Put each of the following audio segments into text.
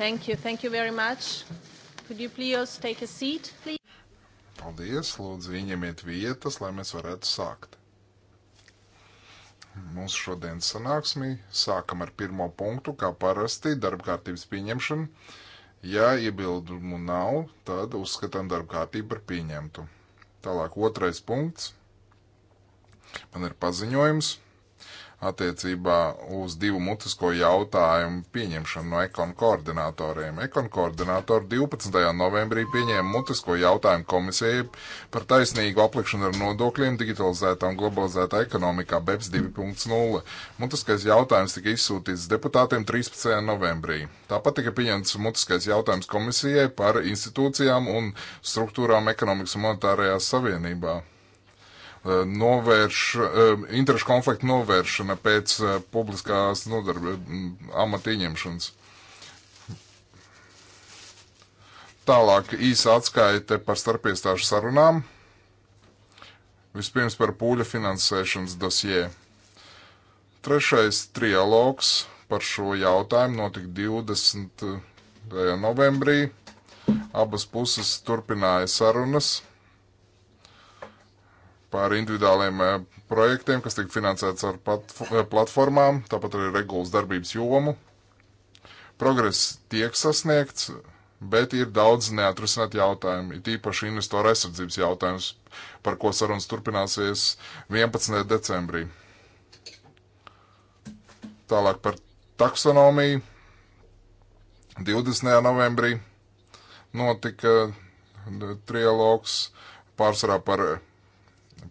Thank you. Thank you very much. Could you please take a seat, please? Paldies. Lūdzu, ieņemiet vietas, lai mēs varētu sākt. Mūsu šodienas sanāksmī sākam ar pirmo punktu, kā parasti, darbkārtības pieņemšanu. Ja iebildumu nav, tad uzskatām darbkārtību par pieņemtu. Tālāk otrais punkts. Man ir paziņojums attiecībā uz divu mutisko jautājumu pieņemšanu no ekonu koordinatoriem. Ekonu koordinatori 12. novembrī pieņēma mutisko jautājumu komisijai par taisnīgu aplikšanu ar nodokļiem digitalizētā un globalizētā ekonomikā BEPS 2.0. Mutiskais jautājums tika izsūtīts deputātiem 13. novembrī. Tāpat tika pieņemts mutiskais jautājums komisijai par institūcijām un struktūrām ekonomikas un monetārajā savienībā. Eh, novērš, eh, interešu konfliktu novēršana pēc eh, publiskās nodarbe, mm, amata ieņemšanas. Tālāk īsa atskaite par starpiestāšu sarunām. Vispirms par pūļa finansēšanas dosjē. Trešais trialogs par šo jautājumu notika 20. novembrī. Abas puses turpināja sarunas par individuāliem eh, projektiem, kas tiek finansēts ar eh, platformām, tāpat arī regulas darbības jomu. Progress tiek sasniegts, bet ir daudz neatrisināt jautājumu, it īpaši investoru aizsardzības jautājums, par ko sarunas turpināsies 11. decembrī. Tālāk par taksonomiju 20. novembrī notika eh, trialogs pārsvarā par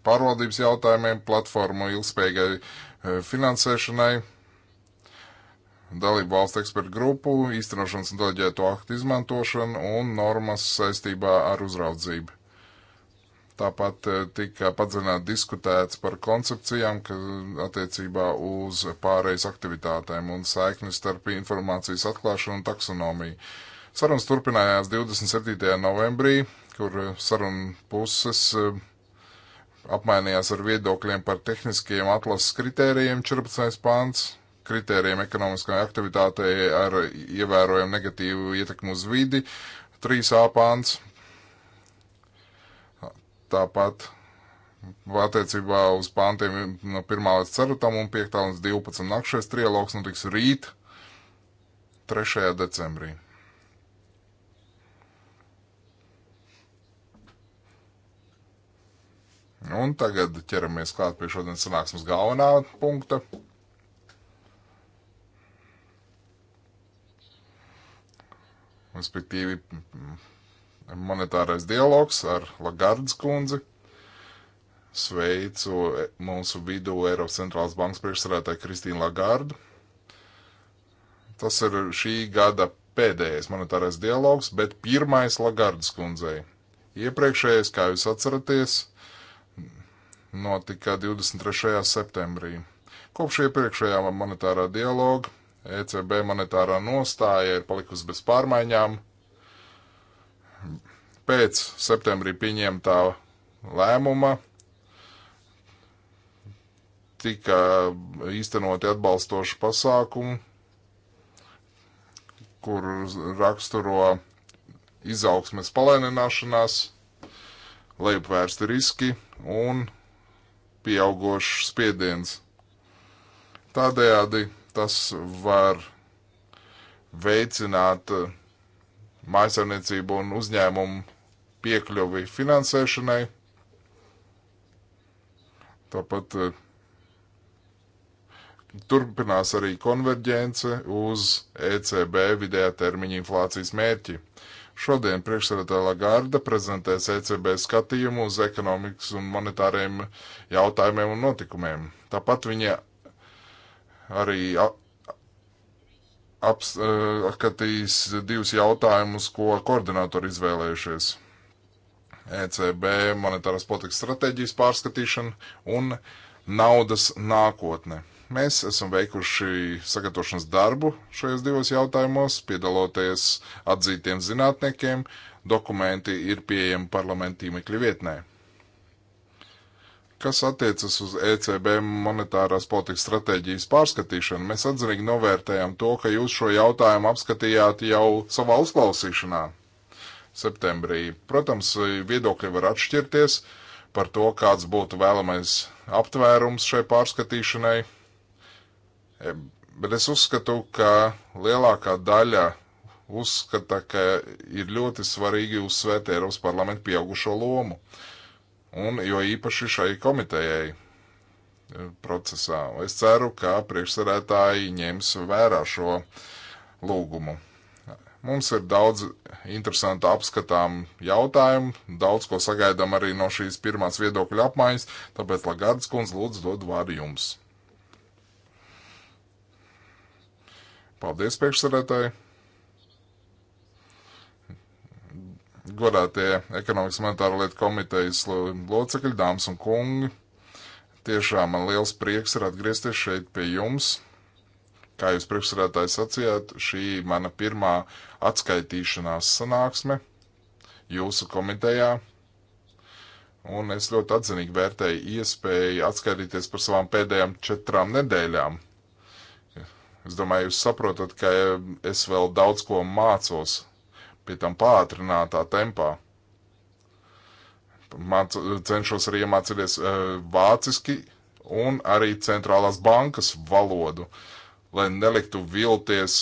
pārvaldības jautājumiem, platformu ilgspējīgai e, finansēšanai, dalību valstu ekspertu grupu, īstenošanas un deleģēto aktu izmantošanu un normas saistībā ar uzraudzību. Tāpat e, tika padziļināti diskutēts par koncepcijām, ka attiecībā uz pārejas aktivitātēm un saikni starp informācijas atklāšanu un taksonomiju. Sarunas turpinājās 27. novembrī, kur e, sarunu puses apmainījās ar viedokļiem par tehniskiem atlases kritērijiem 14. pāns, kritērijiem ekonomiskajai aktivitātei ar ievērojumu negatīvu ietekmu uz vidi 3a pāns. Tāpat attiecībā uz pāntiem no 1 līdz 4 un 5 līdz 12 nakšais trialogs notiks rīt 3. decembrī. Un tagad ķeramies klāt pie šodienas sanāksmes galvenā punkta. Respektīvi, monetārais dialogs ar Lagardas kundzi. Sveicu mūsu vidū Eiropas centrālās bankas priekšsarētāju Kristīnu Lagardu. Tas ir šī gada pēdējais monetārais dialogs, bet pirmais Lagardas kundzei. Iepriekšējais, kā jūs atceraties, notika 23. septembrī. Kopš iepriekšējā monetārā dialoga ECB monetārā nostāja ir palikusi bez pārmaiņām. Pēc septembrī pieņemtā lēmuma tika īstenoti atbalstoši pasākumi, kur raksturo izaugsmes palēnināšanās, lejupvērsti riski un pieaugošs spiediens. Tādējādi tas var veicināt eh, mājasarniecību un uzņēmumu piekļuvi finansēšanai. Tāpat eh, turpinās arī konverģence uz ECB vidējā termiņa inflācijas mērķi. Šodien priekšsēdētāja Lagarda prezentēs ECB skatījumu uz ekonomikas un monetāriem jautājumiem un notikumiem. Tāpat viņa arī e, apskatīs divus jautājumus, ko koordinātori izvēlējušies. ECB monetāras politikas stratēģijas pārskatīšana un naudas nākotne. Mēs esam veikuši sagatavošanas darbu šajos divos jautājumos, piedaloties atzītiem zinātniekiem. Dokumenti ir pieejami parlamenta tīmekļa vietnē. Kas attiecas uz ECB monetārās politikas stratēģijas pārskatīšanu, mēs atzinīgi novērtējam to, ka jūs šo jautājumu apskatījāt jau savā uzklausīšanā septembrī. Protams, viedokļi var atšķirties par to, kāds būtu vēlamais aptvērums šai pārskatīšanai Bet es uzskatu, ka lielākā daļa uzskata, ka ir ļoti svarīgi uzsvērt Eiropas parlamentu pieaugušo lomu. Un jo īpaši šai komitejai eh, procesā. Es ceru, ka priekšsarētāji ņems vērā šo lūgumu. Mums ir daudz interesanta apskatām jautājumu, daudz ko sagaidām arī no šīs pirmās viedokļa apmaiņas, tāpēc Lagardas kundze lūdzu dod vārdu jums. Paldies, priekšsēdētāji! Godātie ekonomikas monetāra lietu komitejas locekļi, dāmas un kungi, tiešām man liels prieks ir atgriezties šeit pie jums. Kā jūs priekšsēdētāji sacījāt, šī mana pirmā atskaitīšanās sanāksme jūsu komitejā un es ļoti atzinīgi vērtēju iespēju atskaitīties par savām pēdējām četrām nedēļām. Es domāju, jūs saprotat, ka es vēl daudz ko mācos, pie tam pātrinātā tempā. Māc, cenšos arī iemācīties uh, vāciski un arī centrālās bankas valodu, lai neliktu vilties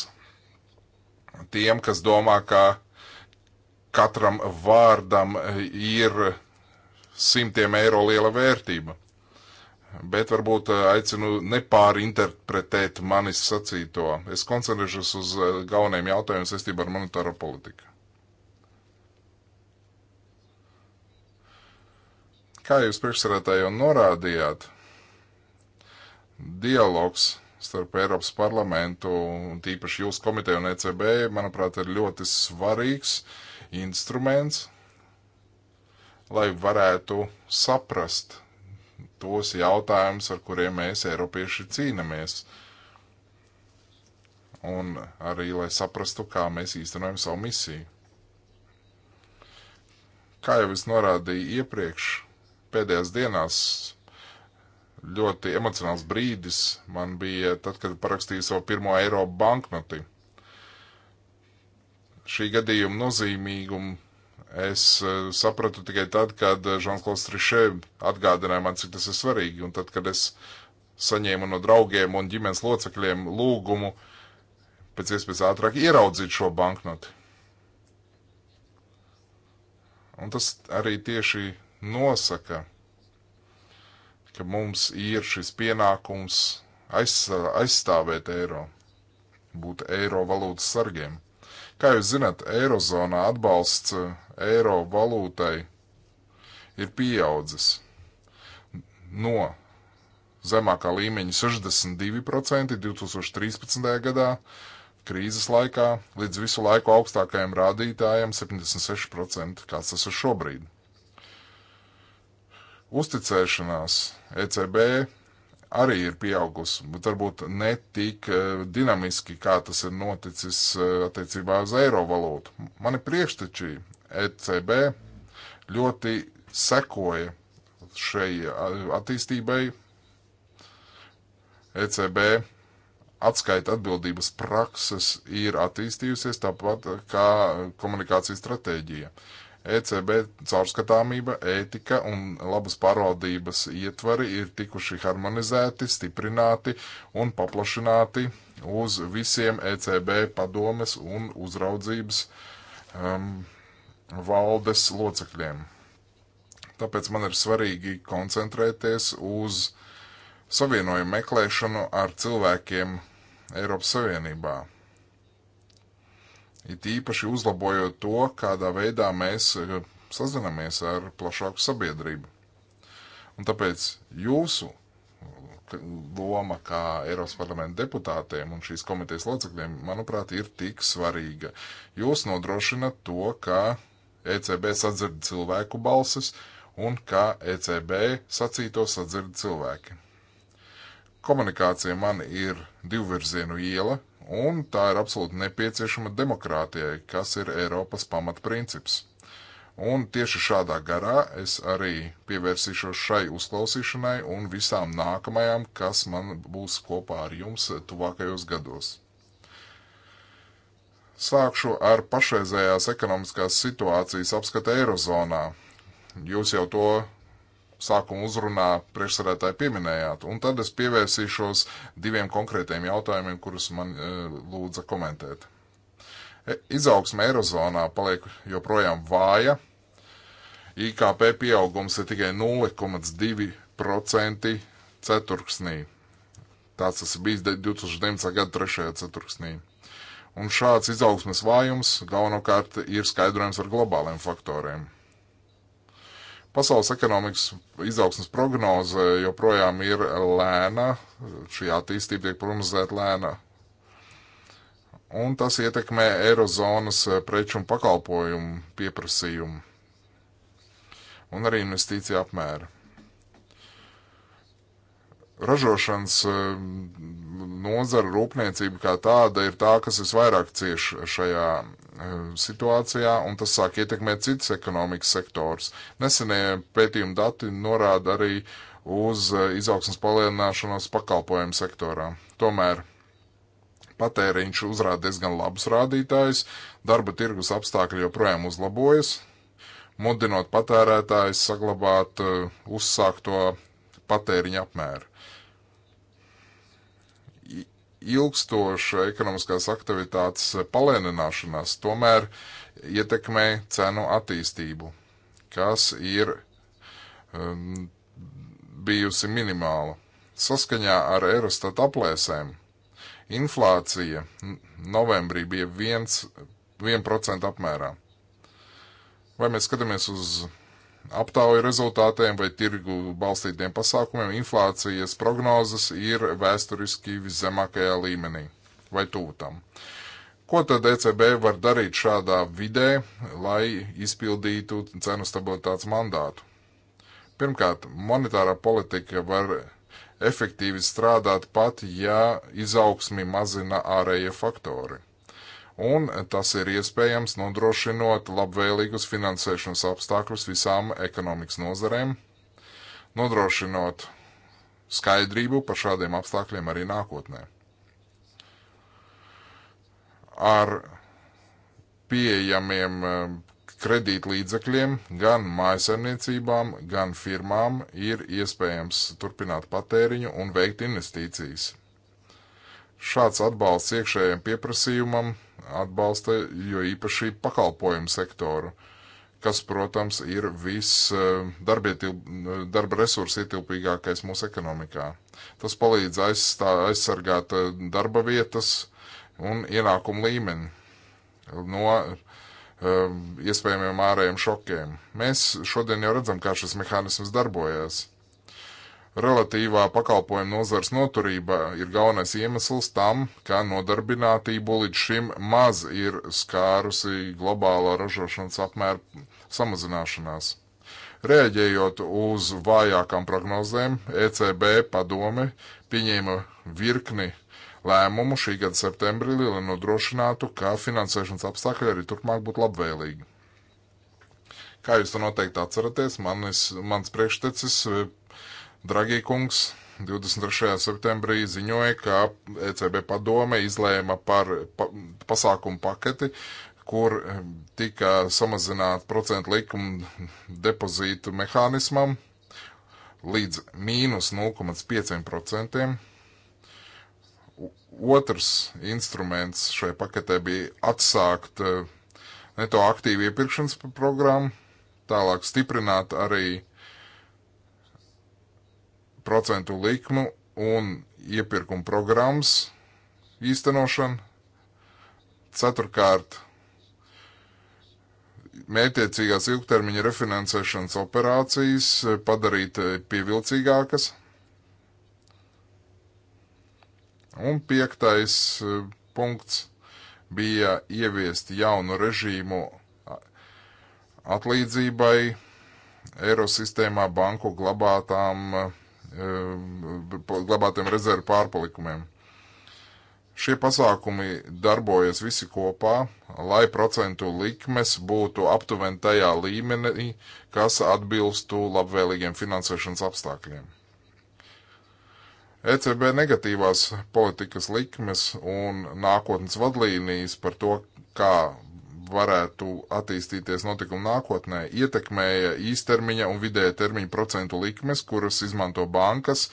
tiem, kas domā, ka katram vārdam eh, ir simtiem eiro liela vērtība bet varbūt eh, aicinu nepārinterpretēt manis sacīto. Es koncentrēšos uz eh, galvenajiem jautājumiem saistībā ar monetāro politiku. Kā jūs priekšsarētāji jau norādījāt, dialogs starp Eiropas parlamentu un tīpaši jūsu komiteju un ECB, manuprāt, ir ļoti svarīgs instruments, lai varētu saprast tos jautājumus, ar kuriem mēs, Eiropieši, cīnāmies. Un arī, lai saprastu, kā mēs īstenojam savu misiju. Kā jau es norādīju iepriekš, pēdējās dienās ļoti emocionāls brīdis man bija tad, kad parakstīju savu pirmo eiro banknoti. Šī gadījuma nozīmīgumu Es uh, sapratu tikai tad, kad Žansklaus eh, Trišē atgādināja man, cik tas ir svarīgi, un tad, kad es saņēmu no draugiem un ģimenes locekļiem lūgumu pēc iespējas ātrāk ieraudzīt šo banknoti. Un tas arī tieši nosaka, ka mums ir šis pienākums aizstāvēt eiro, būt eiro valūtas sargiem. Kā jūs zināt, Eirozonā atbalsts eh, eiro valūtai ir pieaudzis no zemākā līmeņa 62% 2013. gadā krīzes laikā līdz visu laiku augstākajiem rādītājiem 76%, kāds tas ir šobrīd. Uzticēšanās ECB arī ir pieaugusi, bet varbūt ne tik eh, dinamiski, kā tas ir noticis eh, attiecībā uz eiro valūtu. Mani priekšteči ECB ļoti sekoja šai eh, attīstībai. ECB atskaita atbildības prakses ir attīstījusies tāpat kā komunikācijas stratēģija. Uh, ECB caurskatāmība, ētika un labas pārvaldības ietvari ir tikuši harmonizēti, stiprināti un paplašināti uz visiem ECB padomes un uzraudzības um, valdes locekļiem. Tāpēc man ir svarīgi koncentrēties uz savienojumu meklēšanu ar cilvēkiem Eiropas Savienībā It īpaši uzlabojot to, kādā veidā mēs eh, sazinamies ar plašāku sabiedrību. Un tāpēc jūsu loma kā Eiropas parlamenta deputātiem un šīs komitejas locekļiem, manuprāt, ir tik svarīga. Jūs nodrošinat to, ka ECB sadzird cilvēku balsis un ka ECB sacīto sadzird cilvēki. Komunikācija man ir divvirzienu iela un tā ir absolūti nepieciešama demokrātijai, kas ir Eiropas pamatprincips. Un tieši šādā garā es arī pievērsīšos šai uzklausīšanai un visām nākamajām, kas man būs kopā ar jums tuvākajos gados. Sākšu ar pašreizējās ekonomiskās situācijas apskatu Eirozonā. Jūs jau to sākuma uzrunā priekšsarētāji pieminējāt, un tad es pievērsīšos diviem konkrētiem jautājumiem, kurus man e, lūdza komentēt. E, izaugsme Eirozonā paliek joprojām vāja. IKP pieaugums ir tikai 0,2% ceturksnī. Tāds tas bijis 2019. gada 3. ceturksnī. Un šāds izaugsmes vājums galvenokārt ir skaidrojams ar globāliem faktoriem Pasaules ekonomikas izaugsmas prognoze joprojām ir lēna, šī attīstība tiek prognozēta lēna, un tas ietekmē Eirozonas preču un pakalpojumu pieprasījumu un arī investīciju apmēru. Ražošanas mm, nozara, rūpniecība kā tāda ir tā, kas visvairāk cieš šajā E, situācijā, un tas sāk ietekmēt citas ekonomikas sektors. Nesenie pētījuma dati norāda arī uz e, izaugsmas palielināšanos pakalpojumu sektorā. Tomēr patēriņš uzrāda diezgan labus rādītājus, darba tirgus apstākļi joprojām uzlabojas, mudinot patērētājus saglabāt e, uzsākto patēriņa apmēru ilgstoša ekonomiskās aktivitātes palēnināšanās tomēr ietekmē cenu attīstību, kas ir um, bijusi minimāla. Saskaņā ar Eurostat aplēsēm inflācija novembrī bija 1%, 1 apmērā. Vai mēs skatāmies uz aptauju rezultātiem vai tirgu balstītiem pasākumiem inflācijas prognozes ir vēsturiski viszemākajā līmenī vai tūtam. Ko tad ECB var darīt šādā vidē, lai izpildītu cenu stabilitātes mandātu? Pirmkārt, monetārā politika var efektīvi strādāt pat, ja izaugsmi mazina ārējie faktori un tas ir iespējams nodrošinot labvēlīgus finansēšanas apstākļus visām ekonomikas nozarēm, nodrošinot skaidrību par šādiem apstākļiem arī nākotnē. Ar pieejamiem eh, kredītlīdzekļiem gan mājasemniecībām, gan firmām ir iespējams turpināt patēriņu un veikt investīcijas. Šāds atbalsts iekšējiem pieprasījumam atbalsta jo īpaši pakalpojumu sektoru, kas, protams, ir viss eh, eh, darba resursi ietilpīgākais mūsu ekonomikā. Tas palīdz aizstā, aizsargāt eh, darba vietas un ienākumu līmeni no um, iespējamiem ārējiem šokiem. Mēs šodien jau redzam, kā šis mehānisms darbojas. Relatīvā pakalpojuma nozars noturība ir galvenais iemesls tam, ka nodarbinātību līdz šim maz ir skārusi globālā ražošanas apmēra samazināšanās. Rēģējot uz vājākām prognozēm, ECB padome pieņēma virkni lēmumu šī gada septembrī, lai nodrošinātu, ka finansēšanas apstākļi arī turpmāk būtu labvēlīgi. Kā jūs to noteikti atceraties, manis, mans priekštecis Dragie kungs 23. septembrī ziņoja, ka ECB padome izlēma par pa pasākumu paketi, kur ehm, tika samazināta procentu likuma depozītu mehānismam līdz mīnus 0,5%. Otrs instruments šai paketē bija atsākt ehm, neto aktīvu iepirkšanas programmu, tālāk stiprināt arī procentu likmu un iepirkuma programmas īstenošanu. Ceturkārt, mētiecīgās ilgtermiņa refinansēšanas operācijas padarīt pievilcīgākas. Un piektais e, punkts bija ieviest jaunu režīmu atlīdzībai Eirosistēmā banku glabātām uh, Eh, glabātiem rezervu pārpalikumiem. Šie pasākumi darbojas visi kopā, lai procentu likmes būtu aptuveni tajā līmenī, kas atbilstu labvēlīgiem finansēšanas apstākļiem. ECB negatīvās politikas likmes un nākotnes vadlīnijas par to, kā varētu attīstīties notikumi nākotnē, ietekmēja īstermiņa un vidēja termiņa procentu likmes, kuras izmanto bankas,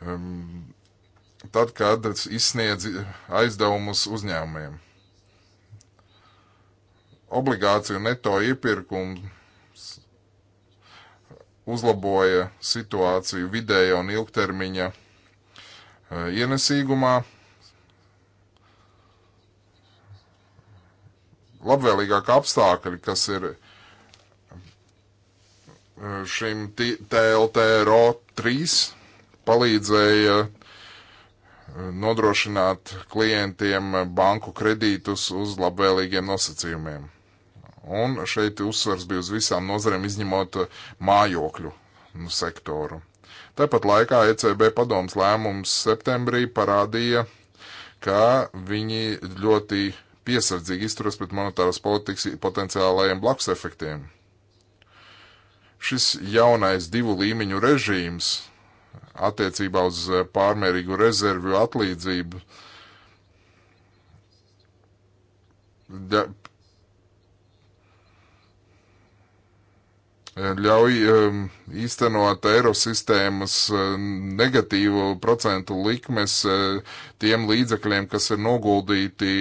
um, tad, kad izsniedz aizdevumus uzņēmumiem. Obligāciju neto iepirkumu uzlaboja situāciju vidēja un ilgtermiņa uh, ienesīgumā labvēlīgākie apstākļi, kas ir e, šim TLTRO 3, palīdzēja e, nodrošināt klientiem banku kredītus uz labvēlīgiem nosacījumiem. Un šeit uzsvars bija uz visām nozarēm, izņemot mājokļu nu, sektoru. Tāpat laikā ECB padomas lēmums septembrī parādīja, ka viņi ļoti piesardzīgi izturas pret monetāras politikas potenciālajiem blakus efektiem. Šis jaunais divu līmeņu režīms attiecībā uz eh, pārmērīgu rezervju atlīdzību ļauj um, īstenot eirosistēmas uh, negatīvu procentu likmes uh, tiem līdzekļiem, kas ir noguldīti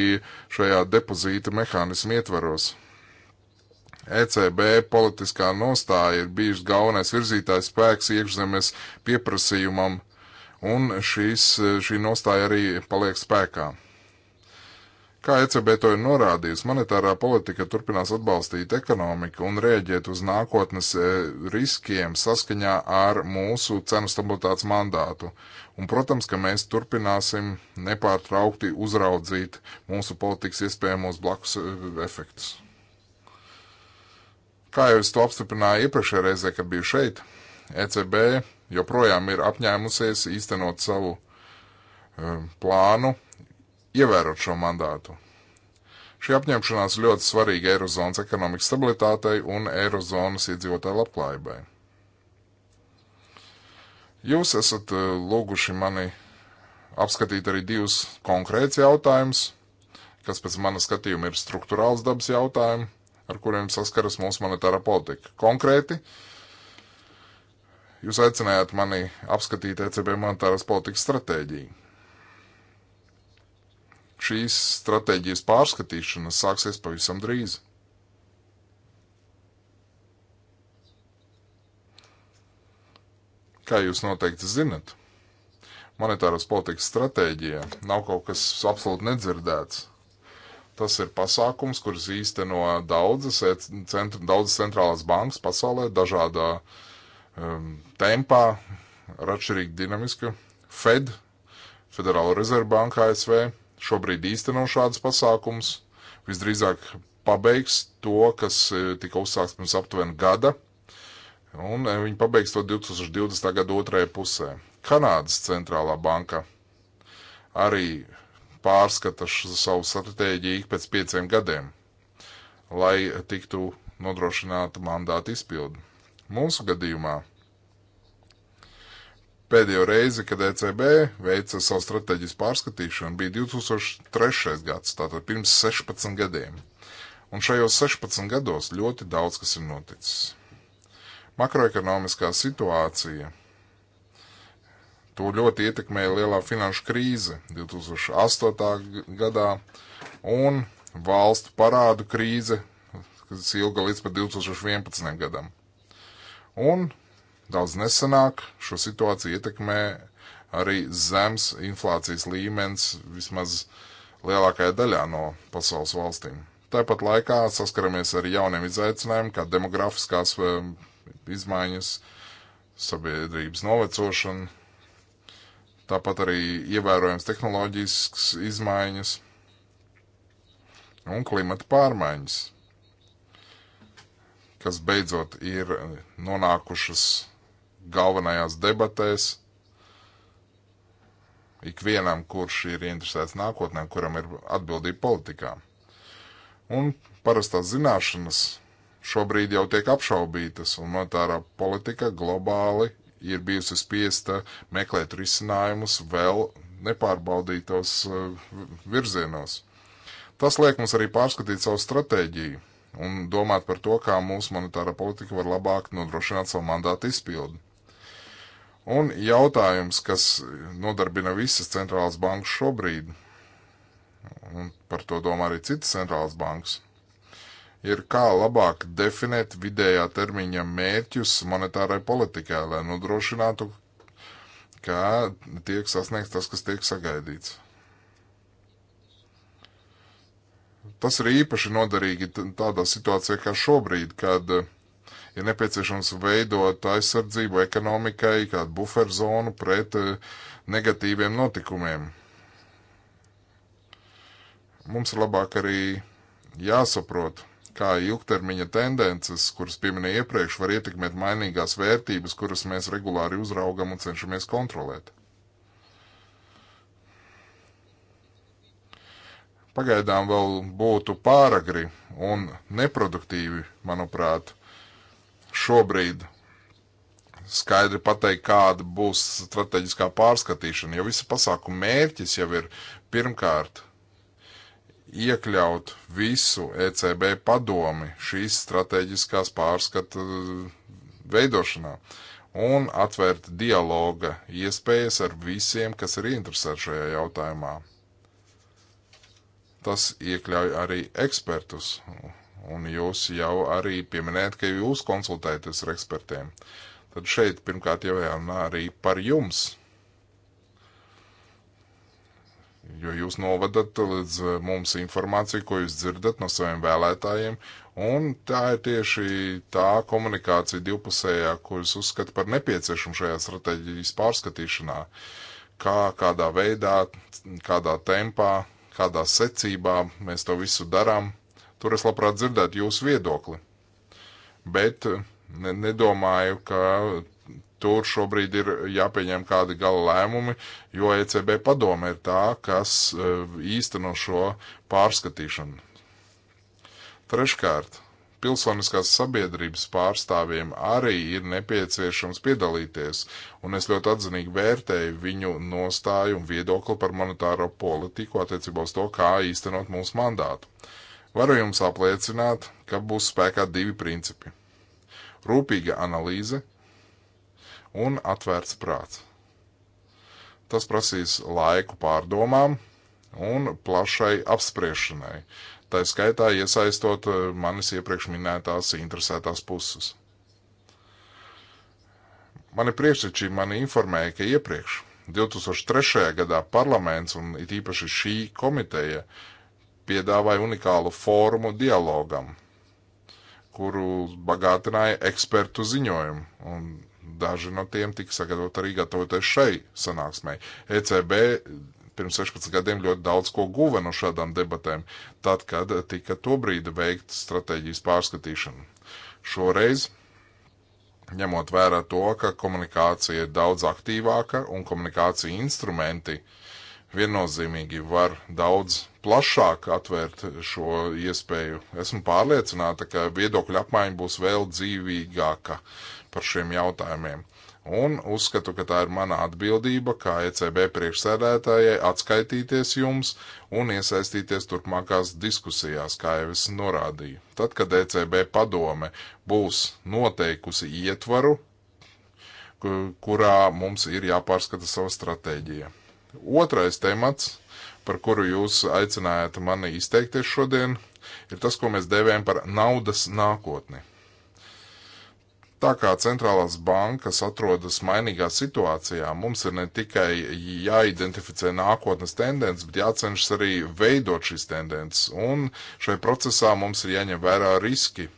šajā depozīta mehānismu ietvaros. ECB politiskā nostāja ir bijis galvenais virzītājs spēks iekšzemes pieprasījumam, un šis, uh, šī nostāja arī paliek spēkā. Kā ECB to ir norādījusi, monetārā politika turpinās atbalstīt ekonomiku un rēģēt uz nākotnes e, riskiem saskaņā ar mūsu cenu stabilitātes mandātu. Un, protams, ka mēs turpināsim nepārtraukti uzraudzīt mūsu politikas iespējamos blakus e, efektus. Kā jau es to apstiprināju iepriekšējā reizē, kad biju šeit, ECB joprojām ir apņēmusies īstenot savu um, plānu ievērot šo mandātu. Šī apņemšanās ļoti svarīga Eirozonas ekonomikas stabilitātei un Eirozonas iedzīvotāju labklājībai. Jūs esat eh, lūguši mani apskatīt arī divus konkrēts jautājumus, kas pēc manas skatījuma ir struktūrāls dabas jautājumi, ar kuriem saskaras mūsu monetārā politika. Konkrēti, jūs aicinājāt mani apskatīt ECB monetāras politikas stratēģiju šīs stratēģijas pārskatīšana sāksies pavisam drīz. Kā jūs noteikti zinat, monetāras politikas stratēģija nav kaut kas absolūti nedzirdēts. Tas ir pasākums, kurus īsteno daudzas, centra, daudzas centrālās bankas pasaulē, dažādā um, tempā, ar atšķirīgu dinamisku. Fed, Federāla rezervbanka ASV, šobrīd īsteno šādus pasākumus, visdrīzāk pabeigs to, kas e, tika uzsākts pirms aptuveni gada, un e, viņi pabeigs to 2020. gada otrajā pusē. Kanādas centrālā banka arī pārskata savu stratēģiju ik pēc pieciem gadiem, lai tiktu nodrošināta mandāta izpildu. Mūsu gadījumā Pēdējo reizi, kad ECB veica savu strateģisku pārskatīšanu, bija 2003. gads, tātad pirms 16 gadiem. Un šajos 16 gados ļoti daudz kas ir noticis. Makroekonomiskā situācija to ļoti ietekmēja lielā finanšu krīze 2008. gadā un valstu parādu krīze, kas ilga līdz pat 2011. gadam. Un Daudz nesanāk, šo situāciju ietekmē arī zems inflācijas līmenis vismaz lielākajā daļā no pasaules valstīm. Tāpat laikā saskaramies ar jauniem izaicinājumiem, kā demografiskās um, izmaiņas, sabiedrības novecošana, tāpat arī ievērojams tehnoloģisks izmaiņas un klimata pārmaiņas, kas beidzot ir nonākušas galvenajās debatēs. Ikvienam, kurš ir interesēts nākotnē, kuram ir atbildība politikā. Un parastās zināšanas šobrīd jau tiek apšaubītas, un monetārā politika globāli ir bijusi spiesta meklēt risinājumus vēl nepārbaudītos eh, virzienos. Tas liek mums arī pārskatīt savu stratēģiju un domāt par to, kā mūsu monetārā politika var labāk nodrošināt savu mandātu izpildi. Un jautājums, kas nodarbina visas centrālās bankas šobrīd, un par to domā arī citas centrālās bankas, ir kā labāk definēt vidējā termiņa mērķus monetārai politikai, lai nodrošinātu, ka tiek sasniegts tas, kas tiek sagaidīts. Tas ir īpaši noderīgi tādā situācijā kā šobrīd, kad uh, ir nepieciešams veidot aizsardzību ekonomikai, kādu buferzonu pret eh, negatīviem notikumiem. Mums ir labāk arī jāsaprot, kā ilgtermiņa tendences, kuras pieminēju iepriekš, var ietekmēt mainīgās vērtības, kuras mēs regulāri uzraugam un cenšamies kontrolēt. Pagaidām vēl būtu pāragri un neproduktīvi, manuprāt, šobrīd skaidri pateikt, kāda būs strateģiskā pārskatīšana, jo visa pasākuma mērķis jau ir pirmkārt iekļaut visu ECB padomi šīs strateģiskās pārskata uh, veidošanā un atvērt dialoga iespējas ar visiem, kas ir interesēti šajā jautājumā. Tas iekļauj arī ekspertus un jūs jau arī pieminējat, ka jūs konsultējaties ar ekspertiem. Tad šeit pirmkārt jau jārunā arī par jums, jo jūs novadat līdz eh, mums informāciju, ko jūs dzirdat no saviem vēlētājiem, un tā ir tieši tā komunikācija divpusējā, ko es uzskatu par nepieciešamu šajā strateģijas pārskatīšanā, kā, kādā veidā, kādā tempā, kādā secībā mēs to visu darām, Tur es labprāt dzirdētu jūsu viedokli. Bet eh, ne, nedomāju, ka tur šobrīd ir jāpieņem kādi gala lēmumi, jo ECB padome ir tā, kas eh, īsteno šo pārskatīšanu. Treškārt, pilsoniskās sabiedrības pārstāvjiem arī ir nepieciešams piedalīties, un es ļoti atzinīgi vērtēju viņu nostāju un viedokli par monetāro politiku attiecībā uz to, kā īstenot mūsu mandātu. Varu jums apliecināt, ka būs spēkā divi principi - rūpīga analīze un atvērts prāts. Tas prasīs laiku pārdomām un plašai apspriešanai, tā skaitā iesaistot eh, manis iepriekš minētās interesētās puses. Mani priekšteči mani informēja, ka iepriekš 2003. gadā parlaments un it īpaši šī komiteja piedāvāja unikālu fórumu dialogam, kuru bagātināja ekspertu ziņojumu, un daži no tiem tika sagatavot arī gatavoties šai sanāksmai. ECB pirms 16 gadiem ļoti daudz ko guva no šādām debatēm, tad, kad tika to brīdi veikt stratēģijas pārskatīšana. Šoreiz, ņemot vērā to, ka komunikācija ir daudz aktīvāka un komunikācija instrumenti viennozīmīgi var daudz plašāk atvērt šo iespēju. Esmu pārliecināta, ka viedokļa apmaiņa būs vēl dzīvīgāka par šiem jautājumiem. Un uzskatu, ka tā ir mana atbildība, kā ECB priekšsēdētājai, atskaitīties jums un iesaistīties turpmākās diskusijās, kā jau es norādīju. Tad, kad ECB padome būs noteikusi ietvaru, kurā mums ir jāpārskata sava stratēģija. Otrais temats par kuru jūs aicinājāt mani izteikties šodien, ir tas, ko mēs devējam par naudas nākotni. Tā kā centrālās bankas atrodas mainīgā situācijā, mums ir ne tikai jāidentificē nākotnes tendences, bet jācenšas arī veidot šīs tendences, un šai procesā mums ir jāņem vērā riski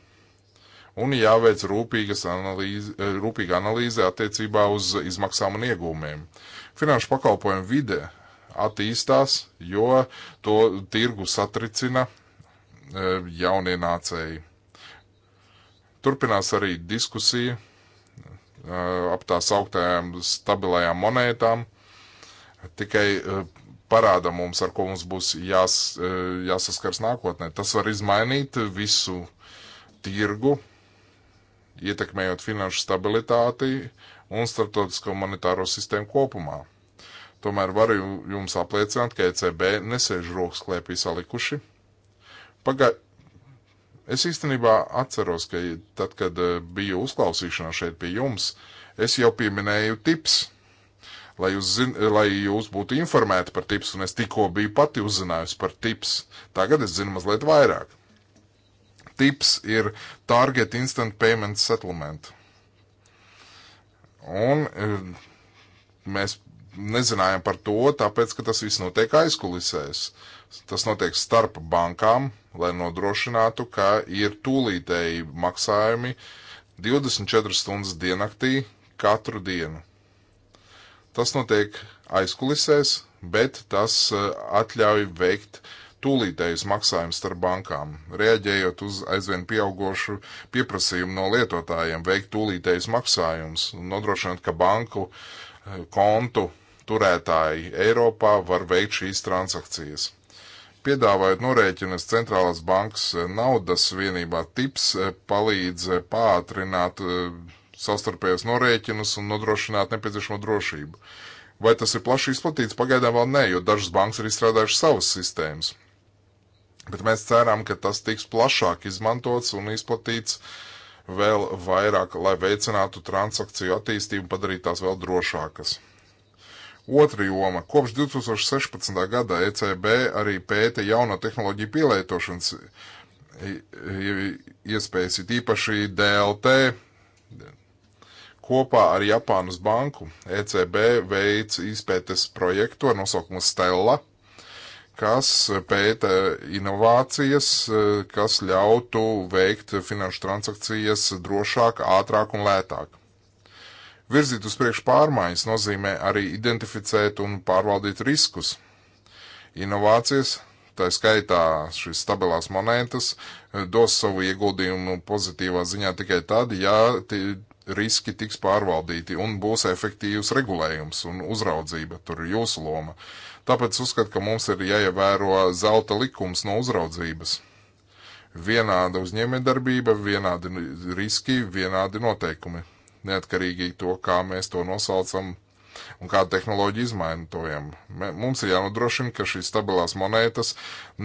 un jāveic analīze, rūpīga analīze attiecībā uz izmaksām un iegūmiem. Finanšu pakalpojumu vide attīstās, jo to tirgu satricina e, jaunie nācēji. Turpinās arī diskusija e, ap tās augtajām stabilajām monētām. Tikai e, parāda mums, ar ko mums būs jās, jāsaskars nākotnē. Tas var izmainīt visu tirgu, ietekmējot finanšu stabilitāti un starptautisko monetāro sistēmu kopumā. Tomēr varu jums apliecināt, ka ECB nesēž rokas klēpī salikuši. Pagai... Es īstenībā atceros, ka tad, kad e, biju uzklausīšanā šeit pie jums, es jau pieminēju tips, lai jūs, zin, lai jūs būtu informēti par tips, un es tikko biju pati uzzinājusi par tips. Tagad es zinu mazliet vairāk. Tips ir Target Instant Payment Settlement. Un e, mēs nezinājām par to, tāpēc, ka tas viss notiek aizkulisēs. Tas notiek starp bankām, lai nodrošinātu, ka ir tūlītēji maksājumi 24 stundas diennaktī katru dienu. Tas notiek aizkulisēs, bet tas eh, atļauj veikt tūlītējus maksājumus starp bankām, reaģējot uz aizvien pieaugošu pieprasījumu no lietotājiem veikt tūlītējus maksājumus un nodrošināt, ka banku eh, kontu turētāji Eiropā var veikt šīs transakcijas. Piedāvājot norēķinas centrālās bankas naudas vienībā, tips palīdz pātrināt eh, savstarpējos norēķinus un nodrošināt nepieciešamo drošību. Vai tas ir plaši izplatīts? Pagaidām vēl nē, jo dažas bankas ir izstrādājušas savas sistēmas. Bet mēs ceram, ka tas tiks plašāk izmantots un izplatīts vēl vairāk, lai veicinātu transakciju attīstību un padarītu tās vēl drošākas. Otra joma. Kopš 2016. gada ECB arī pēta jauno tehnoloģiju pielietošanas iespējas, it īpaši DLT. Kopā ar Japānas banku ECB veic izpētes projektu ar nosaukumu Stella, kas pēta inovācijas, kas ļautu veikt finanšu transakcijas drošāk, ātrāk un lētāk. Virzīt uz priekšu pārmaiņas nozīmē arī identificēt un pārvaldīt riskus. Inovācijas, tā skaitā šīs stabilās monētas, dos savu ieguldījumu pozitīvā ziņā tikai tad, ja riski tiks pārvaldīti un būs efektīvs regulējums un uzraudzība. Tur ir jūsu loma. Tāpēc uzskatu, ka mums ir jāievēro zelta likums no uzraudzības. Vienāda uzņēmējdarbība, vienādi riski, vienādi noteikumi neatkarīgi to, kā mēs to nosaucam un kādu tehnoloģiju izmantojam. Mums ir jānodrošina, ka šīs stabilās monētas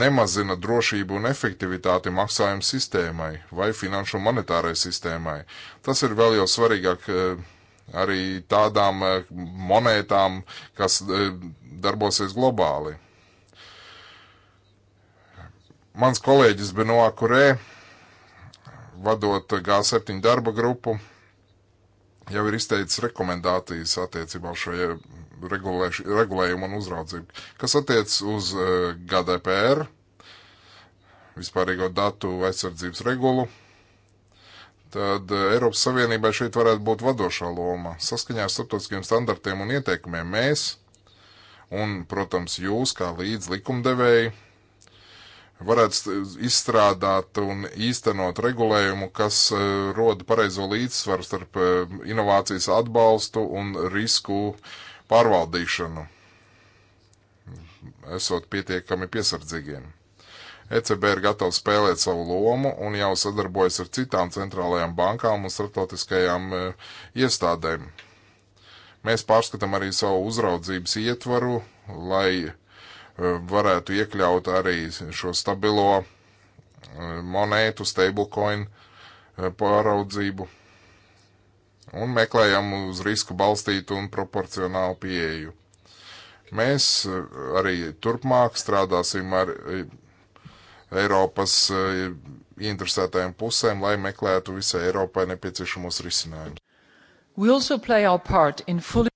nemazina drošību un efektivitāti maksājumu sistēmai vai finanšu monetārai sistēmai. Tas ir vēl jau svarīgāk eh, arī tādām eh, monētām, kas eh, darbosies globāli. Mans kolēģis Benoā Kurē, vadot G7 darba grupu, jau ir izteicis rekomendācijas attiecībā uz šo regulējumu un uzraudzību. Kas attiec uz eh, GDPR, vispārīgo datu aizsardzības regulu, tad eh, Eiropas Savienībai šeit varētu būt vadošā loma. Saskaņā ar starptautiskiem standartiem un ieteikumiem mēs, un, protams, jūs kā līdz likumdevēji, varētu izstrādāt un īstenot regulējumu, kas e, roda pareizo līdzsvaru starp e, inovācijas atbalstu un risku pārvaldīšanu, esot pietiekami piesardzīgiem. ECB ir gatava spēlēt savu lomu un jau sadarbojas ar citām centrālajām bankām un starptautiskajām e, iestādēm. Mēs pārskatām arī savu uzraudzības ietvaru, lai Eh, varētu iekļaut arī šo stabilo eh, monētu, stablecoin eh, pāraudzību un meklējam uz risku balstītu un proporcionālu pieeju. Mēs arī turpmāk strādāsim ar Eiropas interesētajām pusēm, lai meklētu visai Eiropai nepieciešamos risinājumus. Fully...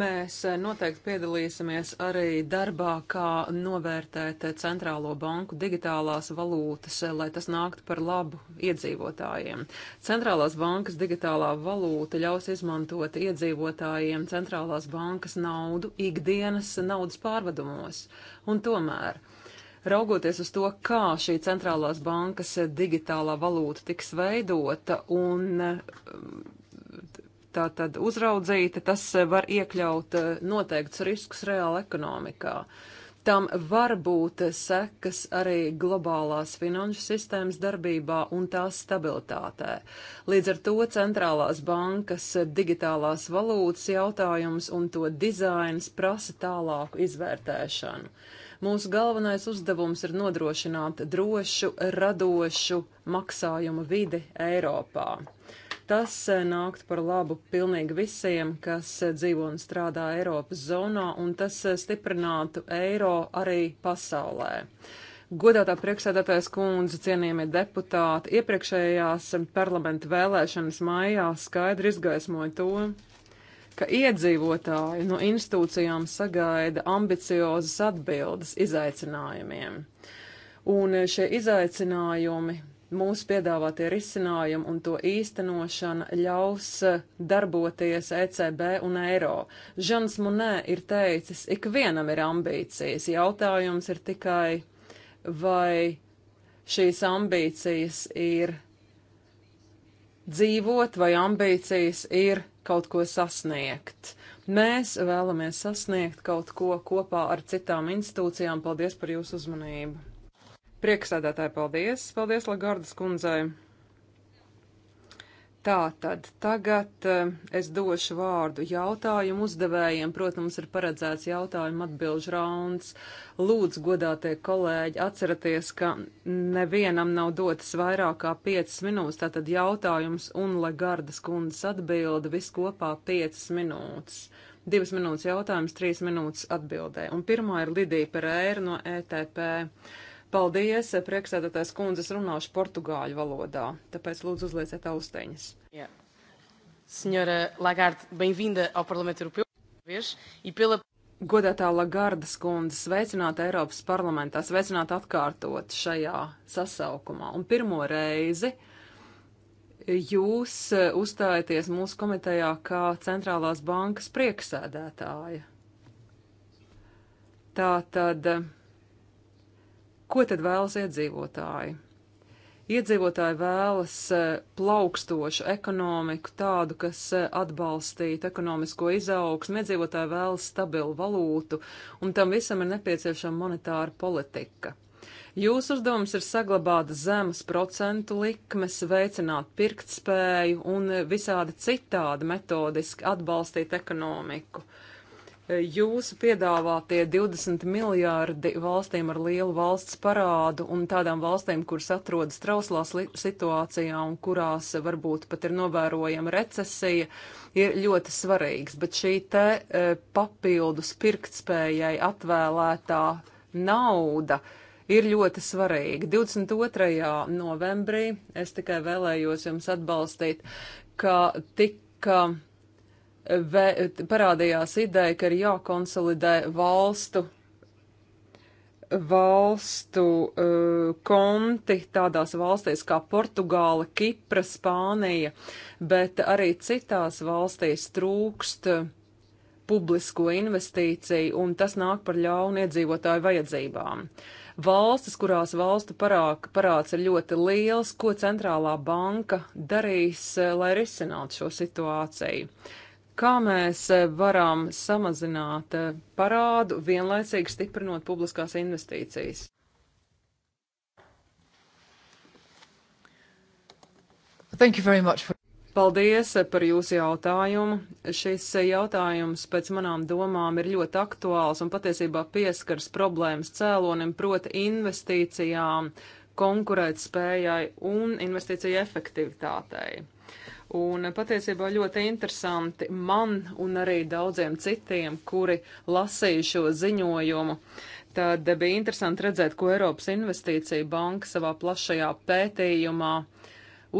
Mēs eh, noteikti piedalīsimies arī darbā, kā novērtēt eh, centrālo banku digitālās valūtas, eh, lai tas nāktu par labu iedzīvotājiem. Centrālās bankas digitālā valūta ļaus izmantot iedzīvotājiem centrālās bankas naudu ikdienas naudas pārvadumos. Un tomēr, raugoties uz to, kā šī centrālās bankas digitālā valūta tiks veidota un tā tad uzraudzīta, tas eh, var iekļaut eh, noteikts riskus reāla ekonomikā. Tam var būt eh, sekas arī globālās finanšu sistēmas darbībā un tās stabilitātē. Līdz ar to centrālās bankas digitālās valūtas jautājums un to dizains prasa tālāku izvērtēšanu mūsu galvenais uzdevums ir nodrošināt drošu, radošu maksājumu vidi Eiropā. Tas eh, nākt par labu pilnīgi visiem, kas eh, dzīvo un strādā Eiropas zonā, un tas eh, stiprinātu eiro arī pasaulē. Godātā priekšsēdētājas kundze, cienījamie deputāti, iepriekšējās parlamenta vēlēšanas maijā skaidri izgaismoja to, ka iedzīvotāji no institūcijām sagaida ambiciozas atbildes izaicinājumiem. Un šie izaicinājumi mūsu piedāvātie risinājumi un to īstenošana ļaus eh, darboties ECB un eiro. Žans Munē ir teicis, ikvienam ir ambīcijas. Jautājums ir tikai, vai šīs ambīcijas ir dzīvot, vai ambīcijas ir kaut ko sasniegt. Mēs vēlamies sasniegt kaut ko kopā ar citām institūcijām. Paldies par jūsu uzmanību! Prieksēdētāji, paldies! Paldies Lagardas kundzai! Tā tad tagad eh, es došu vārdu jautājumu uzdevējiem. Protams, ir paredzēts jautājumu atbilžu rauns. Lūdzu, godātie kolēģi, atcerieties, ka nevienam nav dotas vairāk kā 5 minūtes. Tātad jautājums un Legardas kundas atbilde viskopā 5 minūtes. 2 minūtes jautājums, 3 minūtes atbildē. Un pirmā ir Lidija Pereira no ETP. Paldies, eh, priekšsēdētājs kundzes runāšu portugāļu valodā, tāpēc lūdzu uzlieciet austeņas. Yeah. Senhora Lagarde, bem-vinda ao Parlamento Europeu, vez, e pela... Godētā Lagardas kundze sveicināta Eiropas parlamentā, sveicināta atkārtot šajā sasaukumā. Un pirmo reizi jūs eh, uzstājaties mūsu komitejā kā centrālās bankas prieksēdētāja. Tā tad. Ko tad vēlas iedzīvotāji? Iedzīvotāji vēlas eh, plaukstošu ekonomiku, tādu, kas eh, atbalstītu ekonomisko izaugsmu, iedzīvotāji vēlas stabilu valūtu, un tam visam ir nepieciešama monetāra politika. Jūsu uzdevums ir saglabāt zemes procentu likmes, veicināt pirktspēju un eh, visādi citādi metodiski atbalstīt ekonomiku. Uh, E, jūsu piedāvātie 20 miljārdi valstīm ar lielu valsts parādu un tādām valstīm, kuras atrodas trauslā situācijā un kurās varbūt pat ir novērojama recesija, ir ļoti svarīgs. Bet šī te e, papildus pirktspējai atvēlētā nauda. Ir ļoti svarīgi. 22. novembrī es tikai vēlējos jums atbalstīt, ka tika parādījās ideja, ka ir jākonsolidē valstu valstu uh, konti tādās valstīs kā Portugāla, Kipra, Spānija, bet arī citās valstīs trūkst publisko investīciju, un tas nāk par ļaunu iedzīvotāju vajadzībām. Valstis, kurās valstu parāk, parāds ir ļoti liels, ko centrālā banka darīs, uh, lai risinātu šo situāciju kā mēs eh, varam samazināt eh, parādu, vienlaicīgi stiprinot publiskās investīcijas. Thank you very much for. Paldies eh, par jūsu jautājumu. Šis jautājums pēc manām domām ir ļoti aktuāls un patiesībā pieskaras problēmas cēlonim, proti investīcijām, konkurētspējai un investīciju efektivitātei. Un patiesībā ļoti interesanti man un arī daudziem citiem, kuri lasīja šo ziņojumu. Tad bija interesanti redzēt, ko Eiropas Investīcija banka savā plašajā pētījumā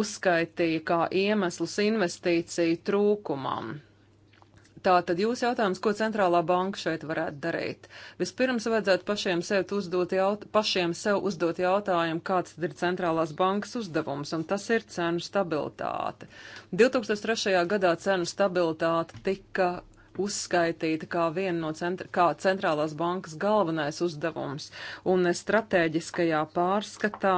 uzskaitīja kā iemeslus investīciju trūkumam. Tātad jūs jautājums, ko centrālā banka šeit varētu darīt? Vispirms vajadzētu pašiem sev uzdot, jaut pašiem sev uzdot jautājumu, kāds tad ir centrālās bankas uzdevums, un tas ir cenu stabilitāte. 2003. gadā cenu stabilitāte tika uzskaitīta kā viena no centra, kā centrālās bankas galvenais uzdevums, un stratēģiskajā pārskatā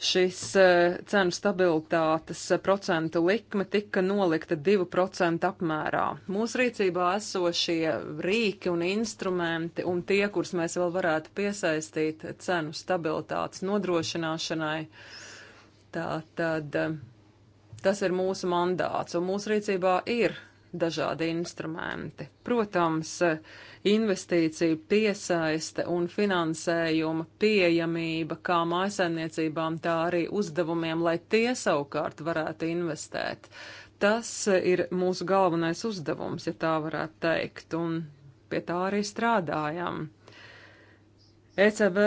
šis eh, cenu stabilitātes eh, procentu likme tika nolikta 2% apmērā. Mūsu rīcībā esošie rīki un instrumenti un tie, kurus mēs vēl varētu piesaistīt cenu stabilitātes nodrošināšanai, tā tad eh, tas ir mūsu mandāts un mūsu rīcībā ir dažādi instrumenti. Protams, investīciju piesaiste un finansējuma pieejamība kā mājasaimniecībām, tā arī uzdevumiem, lai tie savukārt varētu investēt. Tas ir mūsu galvenais uzdevums, ja tā varētu teikt, un pie tā arī strādājam. ECB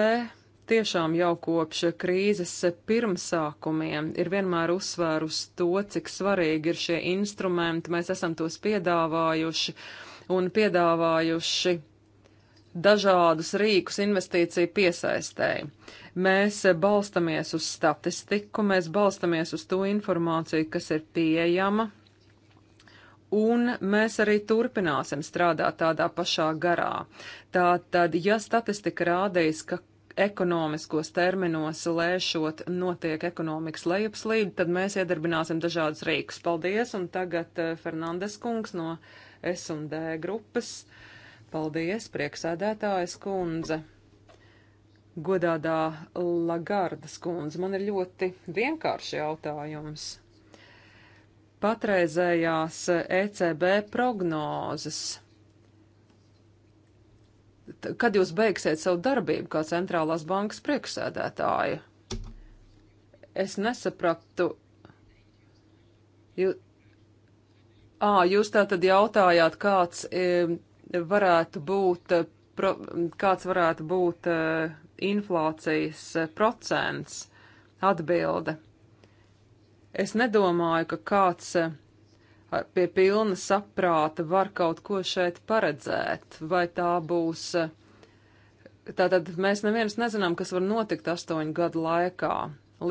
tiešām jau kopš krīzes pirmsākumiem ir vienmēr uzsvērus to, cik svarīgi ir šie instrumenti. Mēs esam tos piedāvājuši un piedāvājuši dažādus rīkus investīciju piesaistēji. Mēs balstamies uz statistiku, mēs balstamies uz to informāciju, kas ir pieejama, un mēs arī turpināsim strādāt tādā pašā garā. Tātad, ja statistika rādīs, ka ekonomiskos terminos lēšot notiek ekonomikas lejupslīde, tad mēs iedarbināsim dažādus rīkus. Paldies, un tagad eh, Fernandes kungs no S&D grupas. Paldies, prieksēdētājas kundze. Godādā Lagardas kundze, man ir ļoti vienkārši jautājums. Patreizējās ECB prognozes kad jūs beigsiet savu darbību kā centrālās bankas priekšsēdētāja? Es nesapratu. Jūs, à, jūs tā tad jautājāt, kāds e, varētu būt, e, pro, kāds varētu būt e, inflācijas e, procents atbilde. Es nedomāju, ka kāds. E, pie pilna saprāta var kaut ko šeit paredzēt, vai tā būs. Eh, tātad mēs neviens nezinām, kas var notikt astoņu gadu laikā.